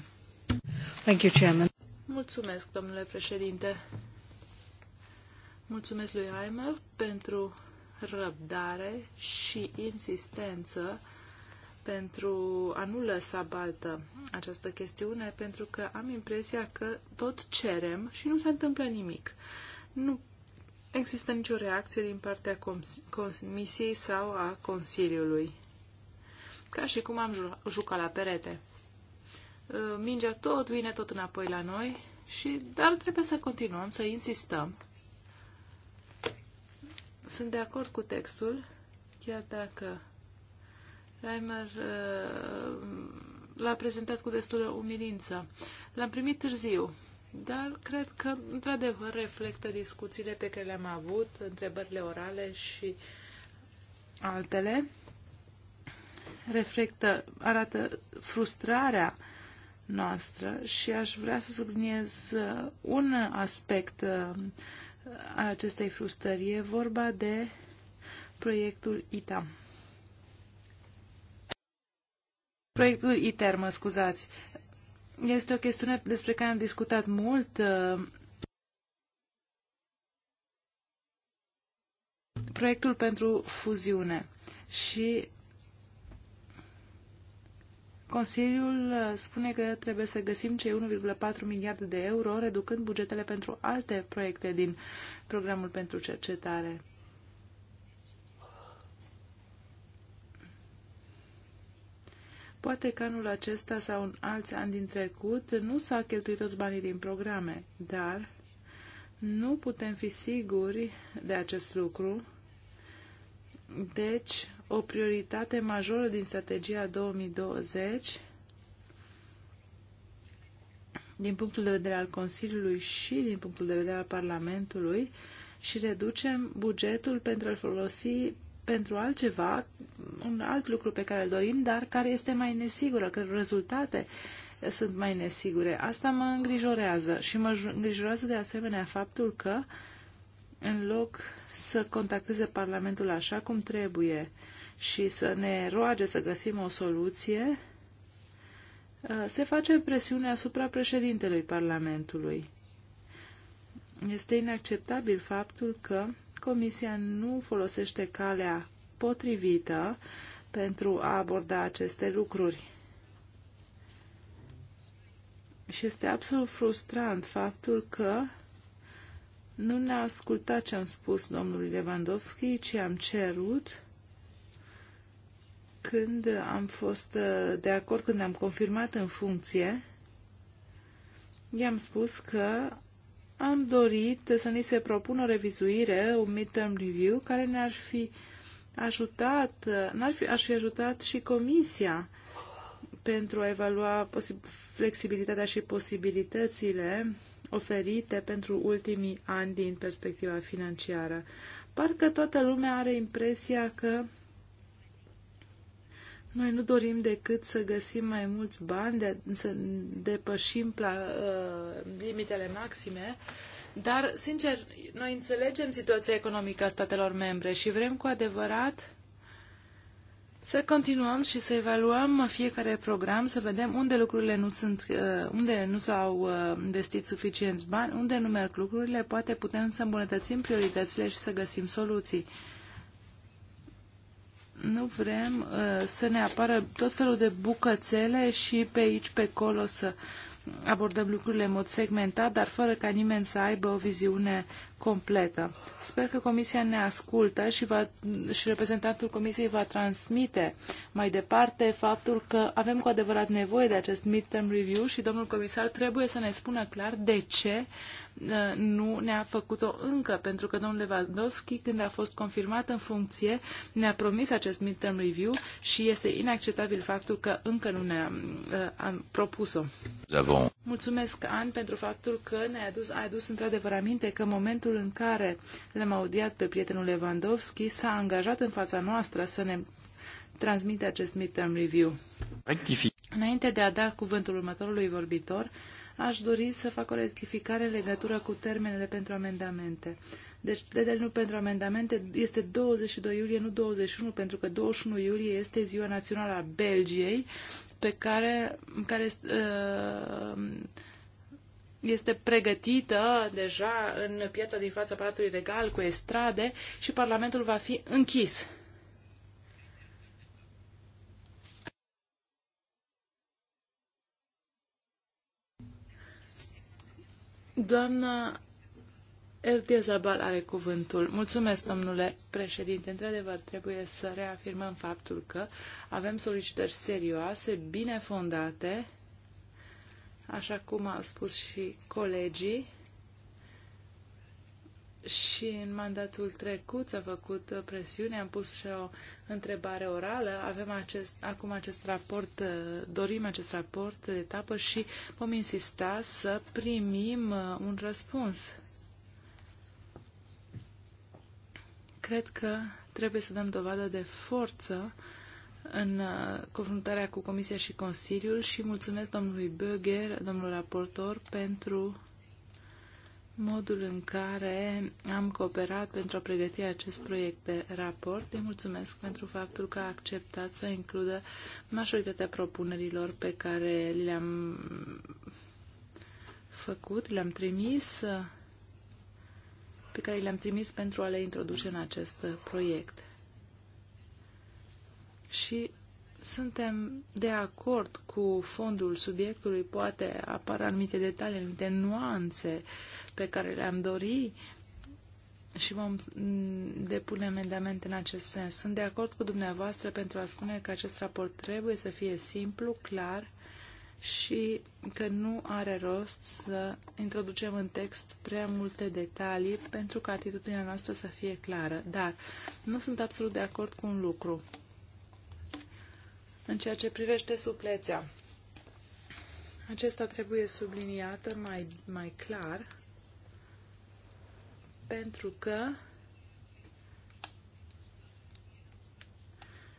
Thank you, Chairman. Mulțumesc, domnule președinte. Mulțumesc lui Aimer pentru răbdare și insistență pentru a nu lăsa baltă această chestiune, pentru că am impresia că tot cerem și nu se întâmplă nimic. Nu există nicio reacție din partea Comisiei sau a Consiliului. Ca și cum am jucat la perete. Ă, mingea tot vine tot înapoi la noi și dar trebuie să continuăm să insistăm sunt de acord cu textul, chiar dacă Reimer uh, l-a prezentat cu destulă umilință. L-am primit târziu, dar cred că, într-adevăr, reflectă discuțiile pe care le-am avut, întrebările orale și altele. Reflectă, arată frustrarea noastră și aș vrea să subliniez uh, un aspect uh, a acestei frustrări. E vorba de proiectul ITAM. Proiectul ITER, mă scuzați. Este o chestiune despre care am discutat mult. Uh, proiectul pentru fuziune. Și Consiliul uh, spune că trebuie să găsim cei 1,4 miliarde de euro, reducând bugetele pentru alte proiecte din programul pentru cercetare. Poate că anul acesta sau în alți ani din trecut nu s-a cheltuit toți banii din programe, dar nu putem fi siguri de acest lucru. Deci, o prioritate majoră din strategia 2020 din punctul de vedere al Consiliului și din punctul de vedere al Parlamentului și reducem bugetul pentru a-l folosi pentru altceva, un alt lucru pe care îl dorim, dar care este mai nesigură, că rezultate sunt mai nesigure. Asta mă îngrijorează și mă îngrijorează de asemenea faptul că în loc să contacteze Parlamentul așa cum trebuie și să ne roage să găsim o soluție, uh, se face presiune asupra președintelui Parlamentului. Este inacceptabil faptul că Comisia nu folosește calea potrivită pentru a aborda aceste lucruri. Și este absolut frustrant faptul că nu ne-a ascultat ce am spus domnului Lewandowski, ci am cerut când am fost uh, de acord, când am confirmat în funcție, i-am spus că am dorit să ni se propună o revizuire, un midterm review, care ne-ar fi ajutat, uh, n-ar fi, aș fi ajutat și comisia pentru a evalua flexibilitatea și posibilitățile oferite pentru ultimii ani din perspectiva financiară. Parcă toată lumea are impresia că noi nu dorim decât să găsim mai mulți bani, de, să depășim pla, uh, limitele maxime, dar, sincer, noi înțelegem situația economică a statelor membre și vrem cu adevărat să continuăm și să evaluăm fiecare program, să vedem unde lucrurile nu sunt, uh, unde nu s-au uh, investit suficienți bani, unde nu merg lucrurile, poate putem să îmbunătățim prioritățile și să găsim soluții. Nu vrem uh, să ne apară tot felul de bucățele și pe aici, pe acolo să abordăm lucrurile în mod segmentat, dar fără ca nimeni să aibă o viziune completă. Sper că Comisia ne ascultă și, va, și reprezentantul Comisiei va transmite mai departe faptul că avem cu adevărat nevoie de acest midterm review și domnul comisar trebuie să ne spună clar de ce Ă, nu ne-a făcut-o încă, pentru că domnul Lewandowski, când a fost confirmat în funcție, ne-a promis acest midterm review și este inacceptabil faptul că încă nu ne-a ă, propus-o. Mulțumesc, An, pentru faptul că ne-ai adus, ai adus într-adevăr aminte că momentul în care l-am audiat pe prietenul Lewandowski, s-a angajat în fața noastră să ne transmite acest midterm review. Rectific. Înainte de a da cuvântul următorului vorbitor, Aș dori să fac o rectificare în legătură cu termenele pentru amendamente. Deci, de nu pentru amendamente este 22 iulie, nu 21, pentru că 21 iulie este ziua națională a Belgiei, pe care, care uh, este pregătită deja în piața din fața Palatului Regal cu estrade și Parlamentul va fi închis Doamna Ertie Zabal are cuvântul. Mulțumesc, domnule președinte. Într-adevăr, trebuie să reafirmăm faptul că avem solicitări serioase, bine fondate, așa cum a spus și colegii. Și în mandatul trecut s-a făcut presiune, am pus și o întrebare orală. Avem acest, acum acest raport, uh, dorim acest raport de etapă și vom insista să primim uh, un răspuns. Cred că trebuie să dăm dovadă de forță în uh, confruntarea cu Comisia și Consiliul și mulțumesc domnului Böger, domnul raportor, pentru modul în care am cooperat pentru a pregăti acest proiect de raport. Îi mulțumesc pentru faptul că a acceptat să includă majoritatea propunerilor pe care le-am făcut, le-am trimis, pe care le-am trimis pentru a le introduce în acest proiect. Și suntem de acord cu fondul subiectului, poate apar anumite detalii, anumite nuanțe uh, pe care le-am dori și vom depune amendamente în acest sens. Sunt de acord cu dumneavoastră pentru a spune că acest raport trebuie să fie simplu, clar și că nu are rost să introducem în text prea multe detalii pentru ca atitudinea noastră să fie clară. Dar nu sunt absolut de acord cu un lucru. În ceea ce privește suplețea, acesta trebuie subliniată mai, mai clar pentru că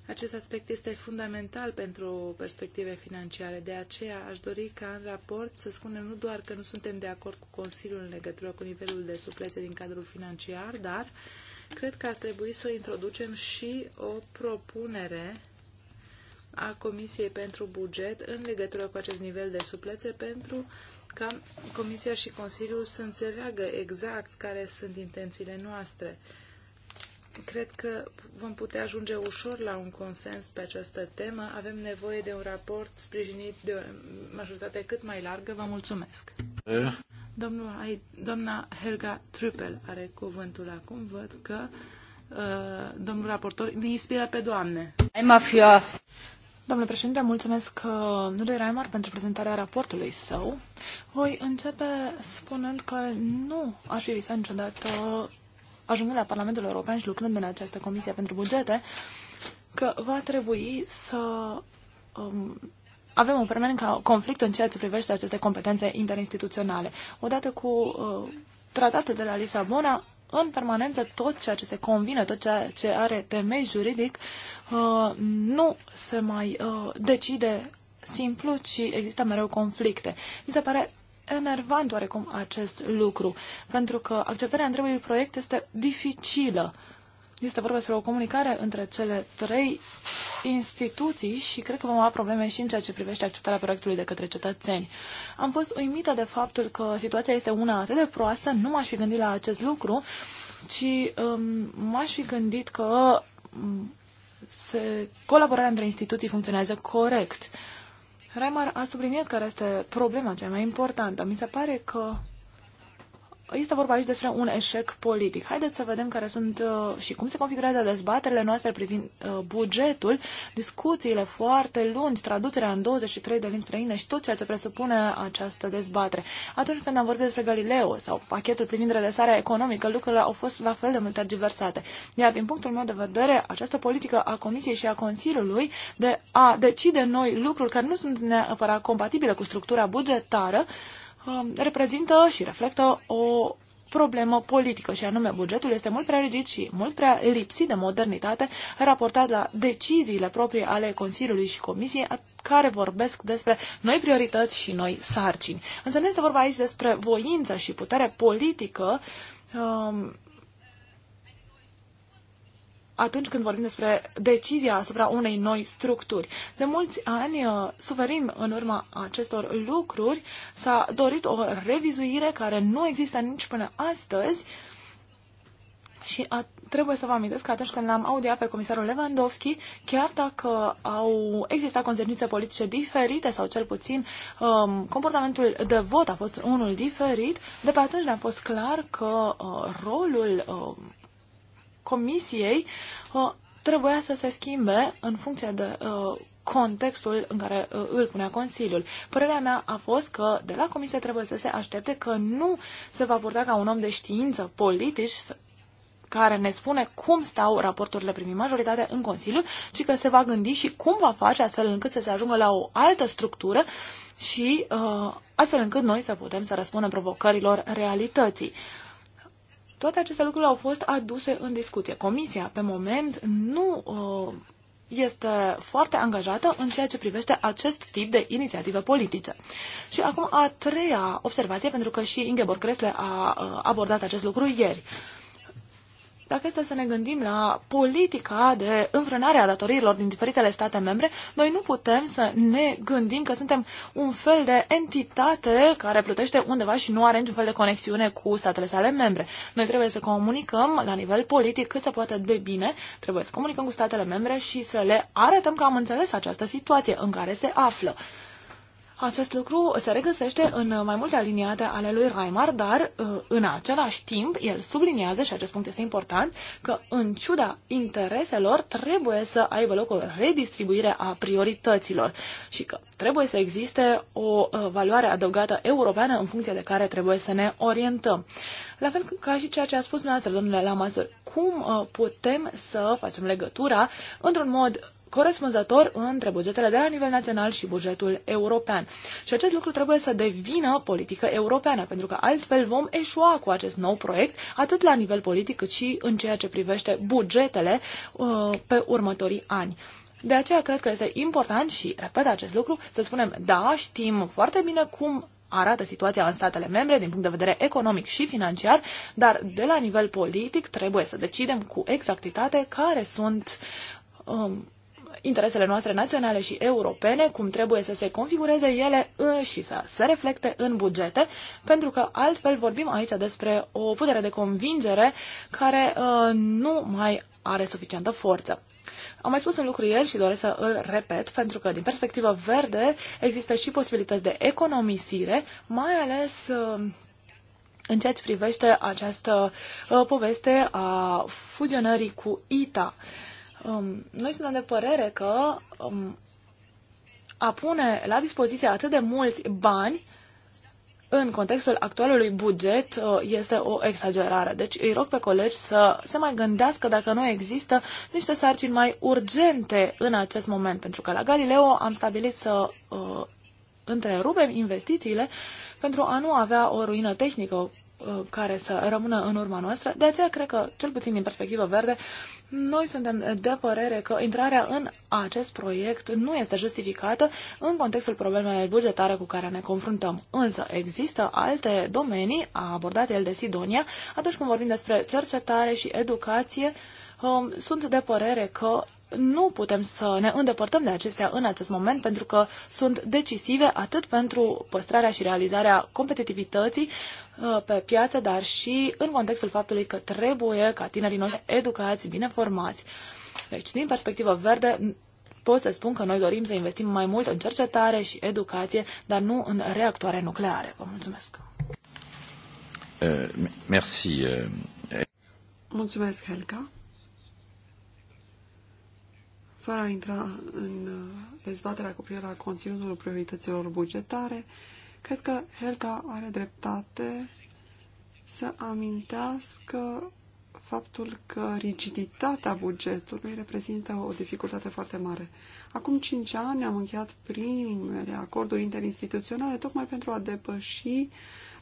acest aspect este fundamental pentru perspective financiare. De aceea aș dori ca în raport să spunem nu doar că nu suntem de acord cu Consiliul în legătură cu nivelul de suplețe din cadrul financiar, dar cred că ar trebui să introducem și o propunere a Comisiei pentru Buget în legătură cu acest nivel de suplețe pentru ca Comisia și Consiliul să înțeleagă exact care sunt intențiile noastre. Cred că vom putea ajunge ușor la un consens pe această temă. Avem nevoie de un raport sprijinit de o majoritate cât mai largă. Vă mulțumesc. Domnul, doamna Helga Trupel are cuvântul acum. Văd că uh, domnul raportor ne inspiră pe doamne. Domnule președinte, mulțumesc lui uh, Raimar pentru prezentarea raportului său. Voi începe spunând că nu aș fi visat niciodată, ajungând la Parlamentul European și lucrând în această comisie pentru bugete, că va trebui să um, avem un permanent conflict în ceea ce privește aceste competențe interinstituționale. Odată cu uh, tratatul de la Lisabona, în permanență tot ceea ce se convine, tot ceea ce are temei juridic, uh, nu se mai uh, decide simplu, ci există mereu conflicte. Mi se pare enervant oarecum acest lucru, pentru că acceptarea întrebării proiect este dificilă. Este vorba despre o comunicare între cele trei instituții și cred că vom avea probleme și în ceea ce privește acceptarea proiectului de către cetățeni. Am fost uimită de faptul că situația este una atât de proastă, nu m-aș fi gândit la acest lucru, ci um, m-aș fi gândit că um, se, colaborarea între instituții funcționează corect. Reimer a subliniat care este problema cea mai importantă. Mi se pare că este vorba aici despre un eșec politic. Haideți să vedem care sunt uh, și cum se configurează dezbaterile noastre privind uh, bugetul, discuțiile foarte lungi, traducerea în 23 de limbi străine și tot ceea ce presupune această dezbatere. Atunci când am vorbit despre Galileo sau pachetul privind redresarea economică, lucrurile au fost la fel de mult tergiversate. Iar din punctul meu de vedere, această politică a Comisiei și a Consiliului de a decide noi lucruri care nu sunt neapărat compatibile cu structura bugetară, uh, Um, reprezintă și reflectă o problemă politică și anume bugetul este mult prea rigid și mult prea lipsit de modernitate raportat la deciziile proprii ale Consiliului și Comisiei care vorbesc despre noi priorități și noi sarcini. Însă nu este vorba aici despre voință și putere politică um, atunci când vorbim despre decizia asupra unei noi structuri. De mulți ani uh, suferim în urma acestor lucruri, s-a dorit o revizuire care nu există nici până astăzi și a, trebuie să vă amintesc că atunci când l-am audiat pe comisarul Lewandowski, chiar dacă au existat consecințe politice diferite sau cel puțin um, comportamentul de vot a fost unul diferit, de pe atunci ne-a fost clar că uh, rolul uh, comisiei uh, trebuia să se schimbe în funcție de uh, contextul în care uh, îl punea Consiliul. Părerea mea a fost că de la Comisie trebuie să se aștepte că nu se va purta ca un om de știință politici care ne spune cum stau raporturile primii majoritate în Consiliu, ci că se va gândi și cum va face astfel încât să se ajungă la o altă structură și uh, astfel încât noi să putem să răspundem provocărilor realității. Uh, toate aceste lucruri au fost aduse în discuție. Comisia, pe moment, nu uh, este foarte angajată în ceea ce privește acest tip de inițiative politice. Și acum a treia observație, pentru că și Ingeborg Cresle a uh, abordat acest lucru ieri. Uh, dacă este să ne gândim la politica de înfrânare a datoriilor din diferitele state membre, noi nu putem să ne gândim că suntem un fel de entitate care plutește undeva și nu are niciun fel de conexiune cu statele sale membre. Noi trebuie să comunicăm la nivel politic cât se poate de bine, trebuie să comunicăm cu statele membre și să le arătăm că am înțeles această situație în care se află. Acest lucru se regăsește în mai multe aliniate ale lui Raimar, dar uh, în același timp el subliniază, și acest punct este important, că în ciuda intereselor trebuie să aibă loc o redistribuire a priorităților și că trebuie să existe o uh, valoare adăugată europeană în funcție de care trebuie să ne orientăm. La fel ca și ceea ce a spus dumneavoastră, domnule Lamazur, cum uh, putem să facem legătura într-un mod corespunzător între bugetele de la nivel național și bugetul european. Și acest lucru trebuie să devină politică europeană, pentru că altfel vom eșua cu acest nou proiect, atât la nivel politic cât și în ceea ce privește bugetele uh, pe următorii ani. De aceea cred că este important și repet acest lucru, să spunem da, știm foarte bine cum arată situația în statele membre din punct de vedere economic și financiar, dar de la nivel politic trebuie să decidem cu exactitate care sunt um, interesele noastre naționale și europene, cum trebuie să se configureze ele și să se reflecte în bugete, pentru că altfel vorbim aici despre o putere de convingere care uh, nu mai are suficientă forță. Am mai spus un lucru ieri și doresc să îl repet, pentru că din perspectivă verde există și posibilități de economisire, mai ales uh, în ceea ce privește această uh, poveste a fuzionării cu ITA. Uh, Um, noi suntem de părere că um, a pune la dispoziție atât de mulți bani în contextul actualului buget uh, este o exagerare. Deci îi rog pe colegi să se mai gândească dacă nu există niște sarcini mai urgente în acest moment, pentru că la Galileo am stabilit să uh, întrerupem investițiile pentru a nu avea o ruină tehnică Uh, care să rămână în urma noastră. De aceea, cred că, cel puțin din perspectivă verde, noi suntem de părere că intrarea în acest proiect nu este justificată în contextul problemelor bugetare cu care ne confruntăm. Însă, există alte domenii, a abordat el de Sidonia, atunci când vorbim despre cercetare și educație, um, sunt de părere că nu putem să ne îndepărtăm de acestea în acest moment pentru că sunt decisive atât pentru păstrarea și realizarea competitivității uh, pe piață, dar și în contextul faptului că trebuie ca tinerii noștri educați, bine formați. Deci, din perspectivă verde, pot să spun că noi dorim să investim mai mult în cercetare și educație, dar nu în reactoare nucleare. Vă mulțumesc! Uh, merci. Uh... Mulțumesc, Helga. Fără a intra în uh, dezbaterea cu privire la conținutul priorităților bugetare, cred că Helga are dreptate să amintească faptul că rigiditatea bugetului reprezintă o dificultate foarte mare. Acum cinci ani am încheiat primele acorduri interinstituționale tocmai pentru a depăși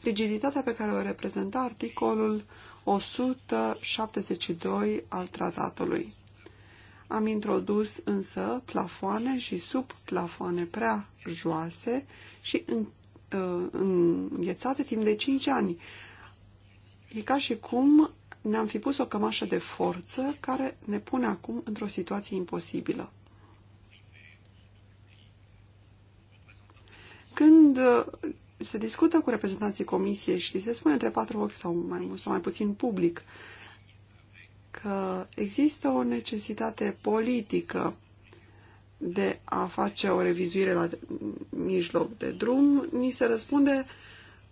rigiditatea pe care o reprezenta articolul 172 al tratatului. Am introdus însă plafoane și subplafoane prea joase și în, uh, înghețate timp de 5 ani. E ca și cum ne-am fi pus o cămașă de forță care ne pune acum într-o situație imposibilă. Când uh, se discută cu reprezentanții comisiei și se spune între patru ochi sau mai mult sau mai puțin public că există o necesitate politică de a face o revizuire la mijloc de drum, ni se răspunde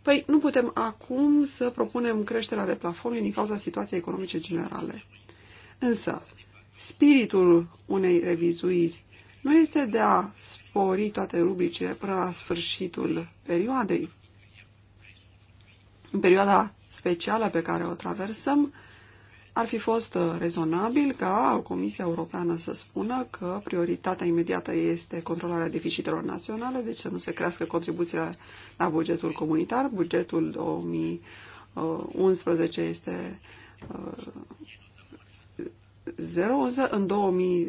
Păi nu putem acum să propunem creșterea de plafonului din cauza situației economice generale. Însă, spiritul unei revizuiri nu este de a spori toate rubricile până la sfârșitul perioadei. În perioada specială pe care o traversăm, ar fi fost uh, rezonabil ca Comisia Europeană să spună că prioritatea imediată este controlarea deficitelor naționale, deci să nu se crească contribuția la bugetul comunitar. Bugetul 2011 uh, este uh, însă în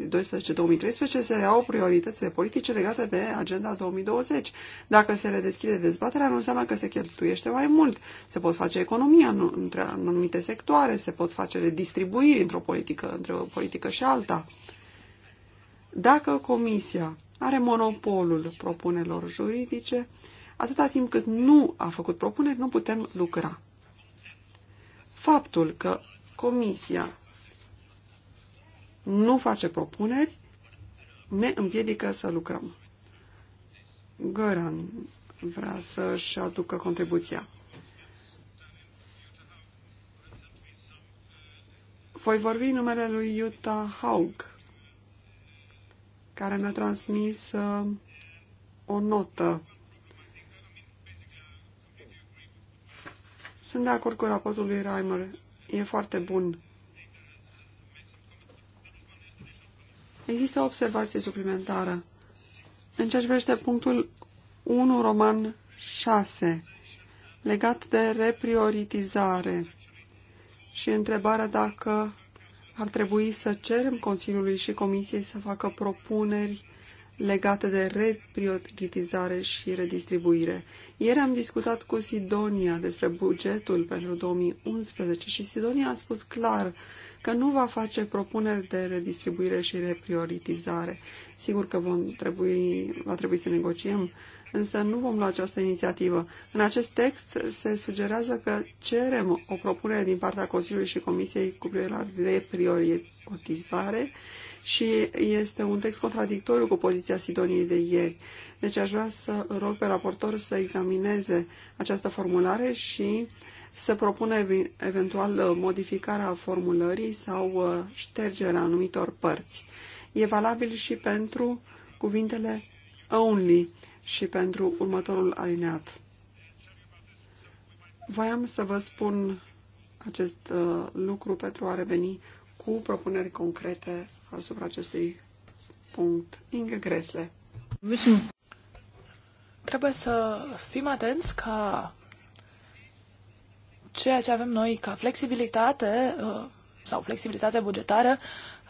2012-2013 se reau prioritățile politice legate de Agenda 2020. Dacă se redeschide dezbaterea, nu înseamnă că se cheltuiește mai mult. Se pot face economia în, între anumite sectoare, se pot face redistribuiri într-o politică, între o politică și alta. Dacă Comisia are monopolul propunerilor juridice, atâta timp cât nu a făcut propuneri, nu putem lucra. Faptul că Comisia nu face propuneri, ne împiedică să lucrăm. Goran vrea să-și aducă contribuția. Voi vorbi în numele lui Jutta Haug, care mi-a transmis uh, o notă. Sunt de acord cu raportul lui Reimer. E foarte bun. Există o observație suplimentară. În ceea ce privește punctul 1 roman 6, legat de reprioritizare și întrebarea dacă ar trebui să cerem Consiliului și Comisiei să facă propuneri legate de reprioritizare și redistribuire. Ieri am discutat cu Sidonia despre bugetul pentru 2011 și Sidonia a spus clar că nu va face propuneri de redistribuire și reprioritizare. Sigur că vom trebui, va trebui să negociem, însă nu vom lua această inițiativă. În acest text se sugerează că cerem o propunere din partea Consiliului și Comisiei cu privire la reprioritizare și este un text contradictoriu cu poziția Sidoniei de ieri. Deci aș vrea să rog pe raportor să examineze această formulare și să propună eventual uh, modificarea formulării sau uh, ștergerea anumitor părți. E valabil și pentru cuvintele only și pentru următorul alineat. Voiam să vă spun acest uh, lucru pentru a reveni cu propuneri concrete asupra acestui punct. Inge Gresle. Trebuie să fim atenți ca ceea ce avem noi ca flexibilitate uh, sau flexibilitate bugetară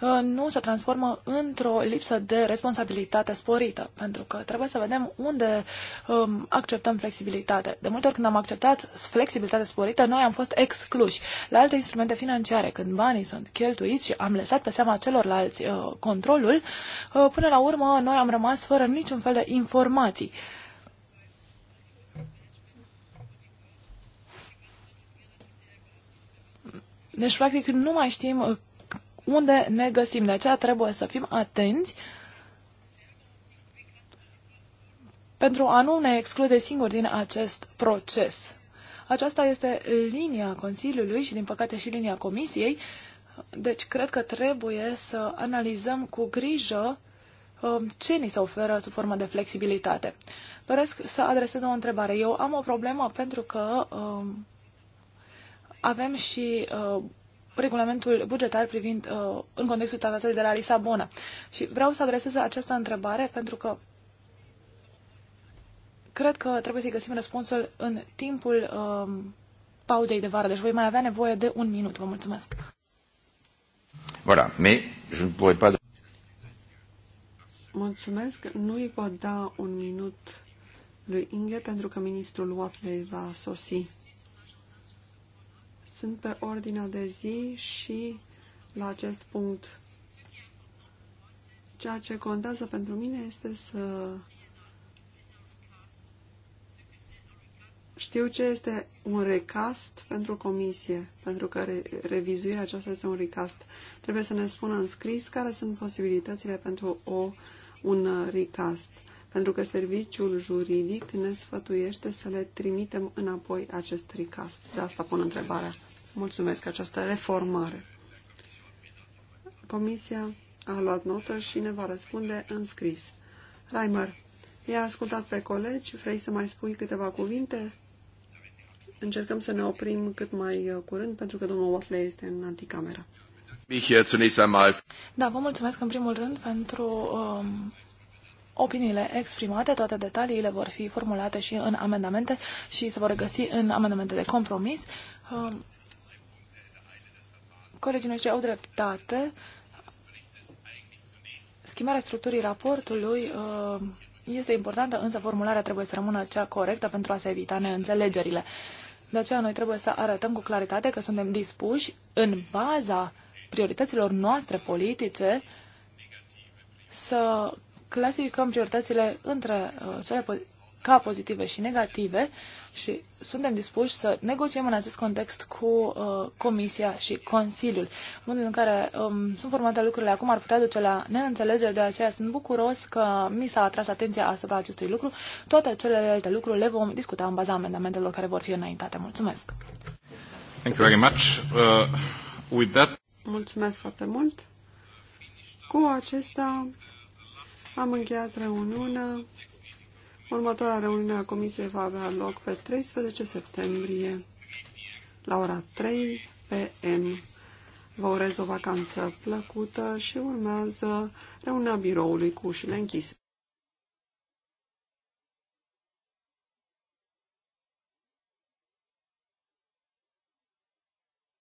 Uh, nu se transformă într-o lipsă de responsabilitate sporită, pentru că trebuie să vedem unde um, acceptăm flexibilitate. De multe ori când am acceptat flexibilitate sporită, noi am fost excluși. La alte instrumente financiare, când banii sunt cheltuiți și am lăsat pe seama celorlalți uh, controlul, uh, până la urmă noi am rămas fără niciun fel de informații. Deci, practic, nu mai știm unde ne găsim. De aceea trebuie să fim atenți pentru a nu ne exclude singur din acest proces. Aceasta este linia Consiliului și, din păcate, și linia Comisiei. Deci, cred că trebuie să analizăm cu grijă um, ce ni se oferă sub formă de flexibilitate. Doresc să adresez o întrebare. Eu am o problemă pentru că um, avem și uh, regulamentul bugetar privind uh, în contextul tratatului de la Lisabona. Și vreau să adresez această întrebare pentru că cred că trebuie să-i găsim răspunsul în timpul uh, pauzei de vară. Deci voi mai avea nevoie de un minut. Vă mulțumesc. Voilà, mais je ne pourrais pas... Mulțumesc. Nu îi pot da un minut lui Inge pentru că ministrul Watley va sosi sunt pe ordinea de zi și la acest punct. Ceea ce contează pentru mine este să știu ce este un recast pentru comisie, pentru că re revizuirea aceasta este un recast. Trebuie să ne spună în scris care sunt posibilitățile pentru o, un recast, pentru că serviciul juridic ne sfătuiește să le trimitem înapoi acest recast. De asta pun întrebarea mulțumesc această reformare. Comisia a luat notă și ne va răspunde în scris. Reimer, i-a ascultat pe colegi, vrei să mai spui câteva cuvinte? Încercăm să ne oprim cât mai uh, curând, pentru că domnul Watley este în anticameră. Da, vă mulțumesc în primul rând pentru um, opiniile exprimate. Toate detaliile vor fi formulate și în amendamente și se vor găsi în amendamente de compromis. Um, colegii noștri au dreptate. Schimbarea structurii raportului uh, este importantă, însă formularea trebuie să rămână cea corectă pentru a se evita neînțelegerile. De aceea noi trebuie să arătăm cu claritate că suntem dispuși, în baza priorităților noastre politice, să clasificăm prioritățile între uh, cele ca pozitive și negative și suntem dispuși să negociem în acest context cu uh, Comisia și Consiliul. Modul în care um, sunt formate lucrurile acum ar putea duce la neînțelegere, de aceea sunt bucuros că mi s-a atras atenția asupra acestui lucru. Toate celelalte lucruri le vom discuta în baza amendamentelor care vor fi înaintate. Mulțumesc! Thank you very much. Uh, with that... Mulțumesc foarte mult! Cu acesta am încheiat reuniunea. Următoarea reuniune a Comisiei va avea loc pe 13 septembrie la ora 3 p.m. Vă urez o vacanță plăcută și urmează reuniunea biroului cu ușile închise.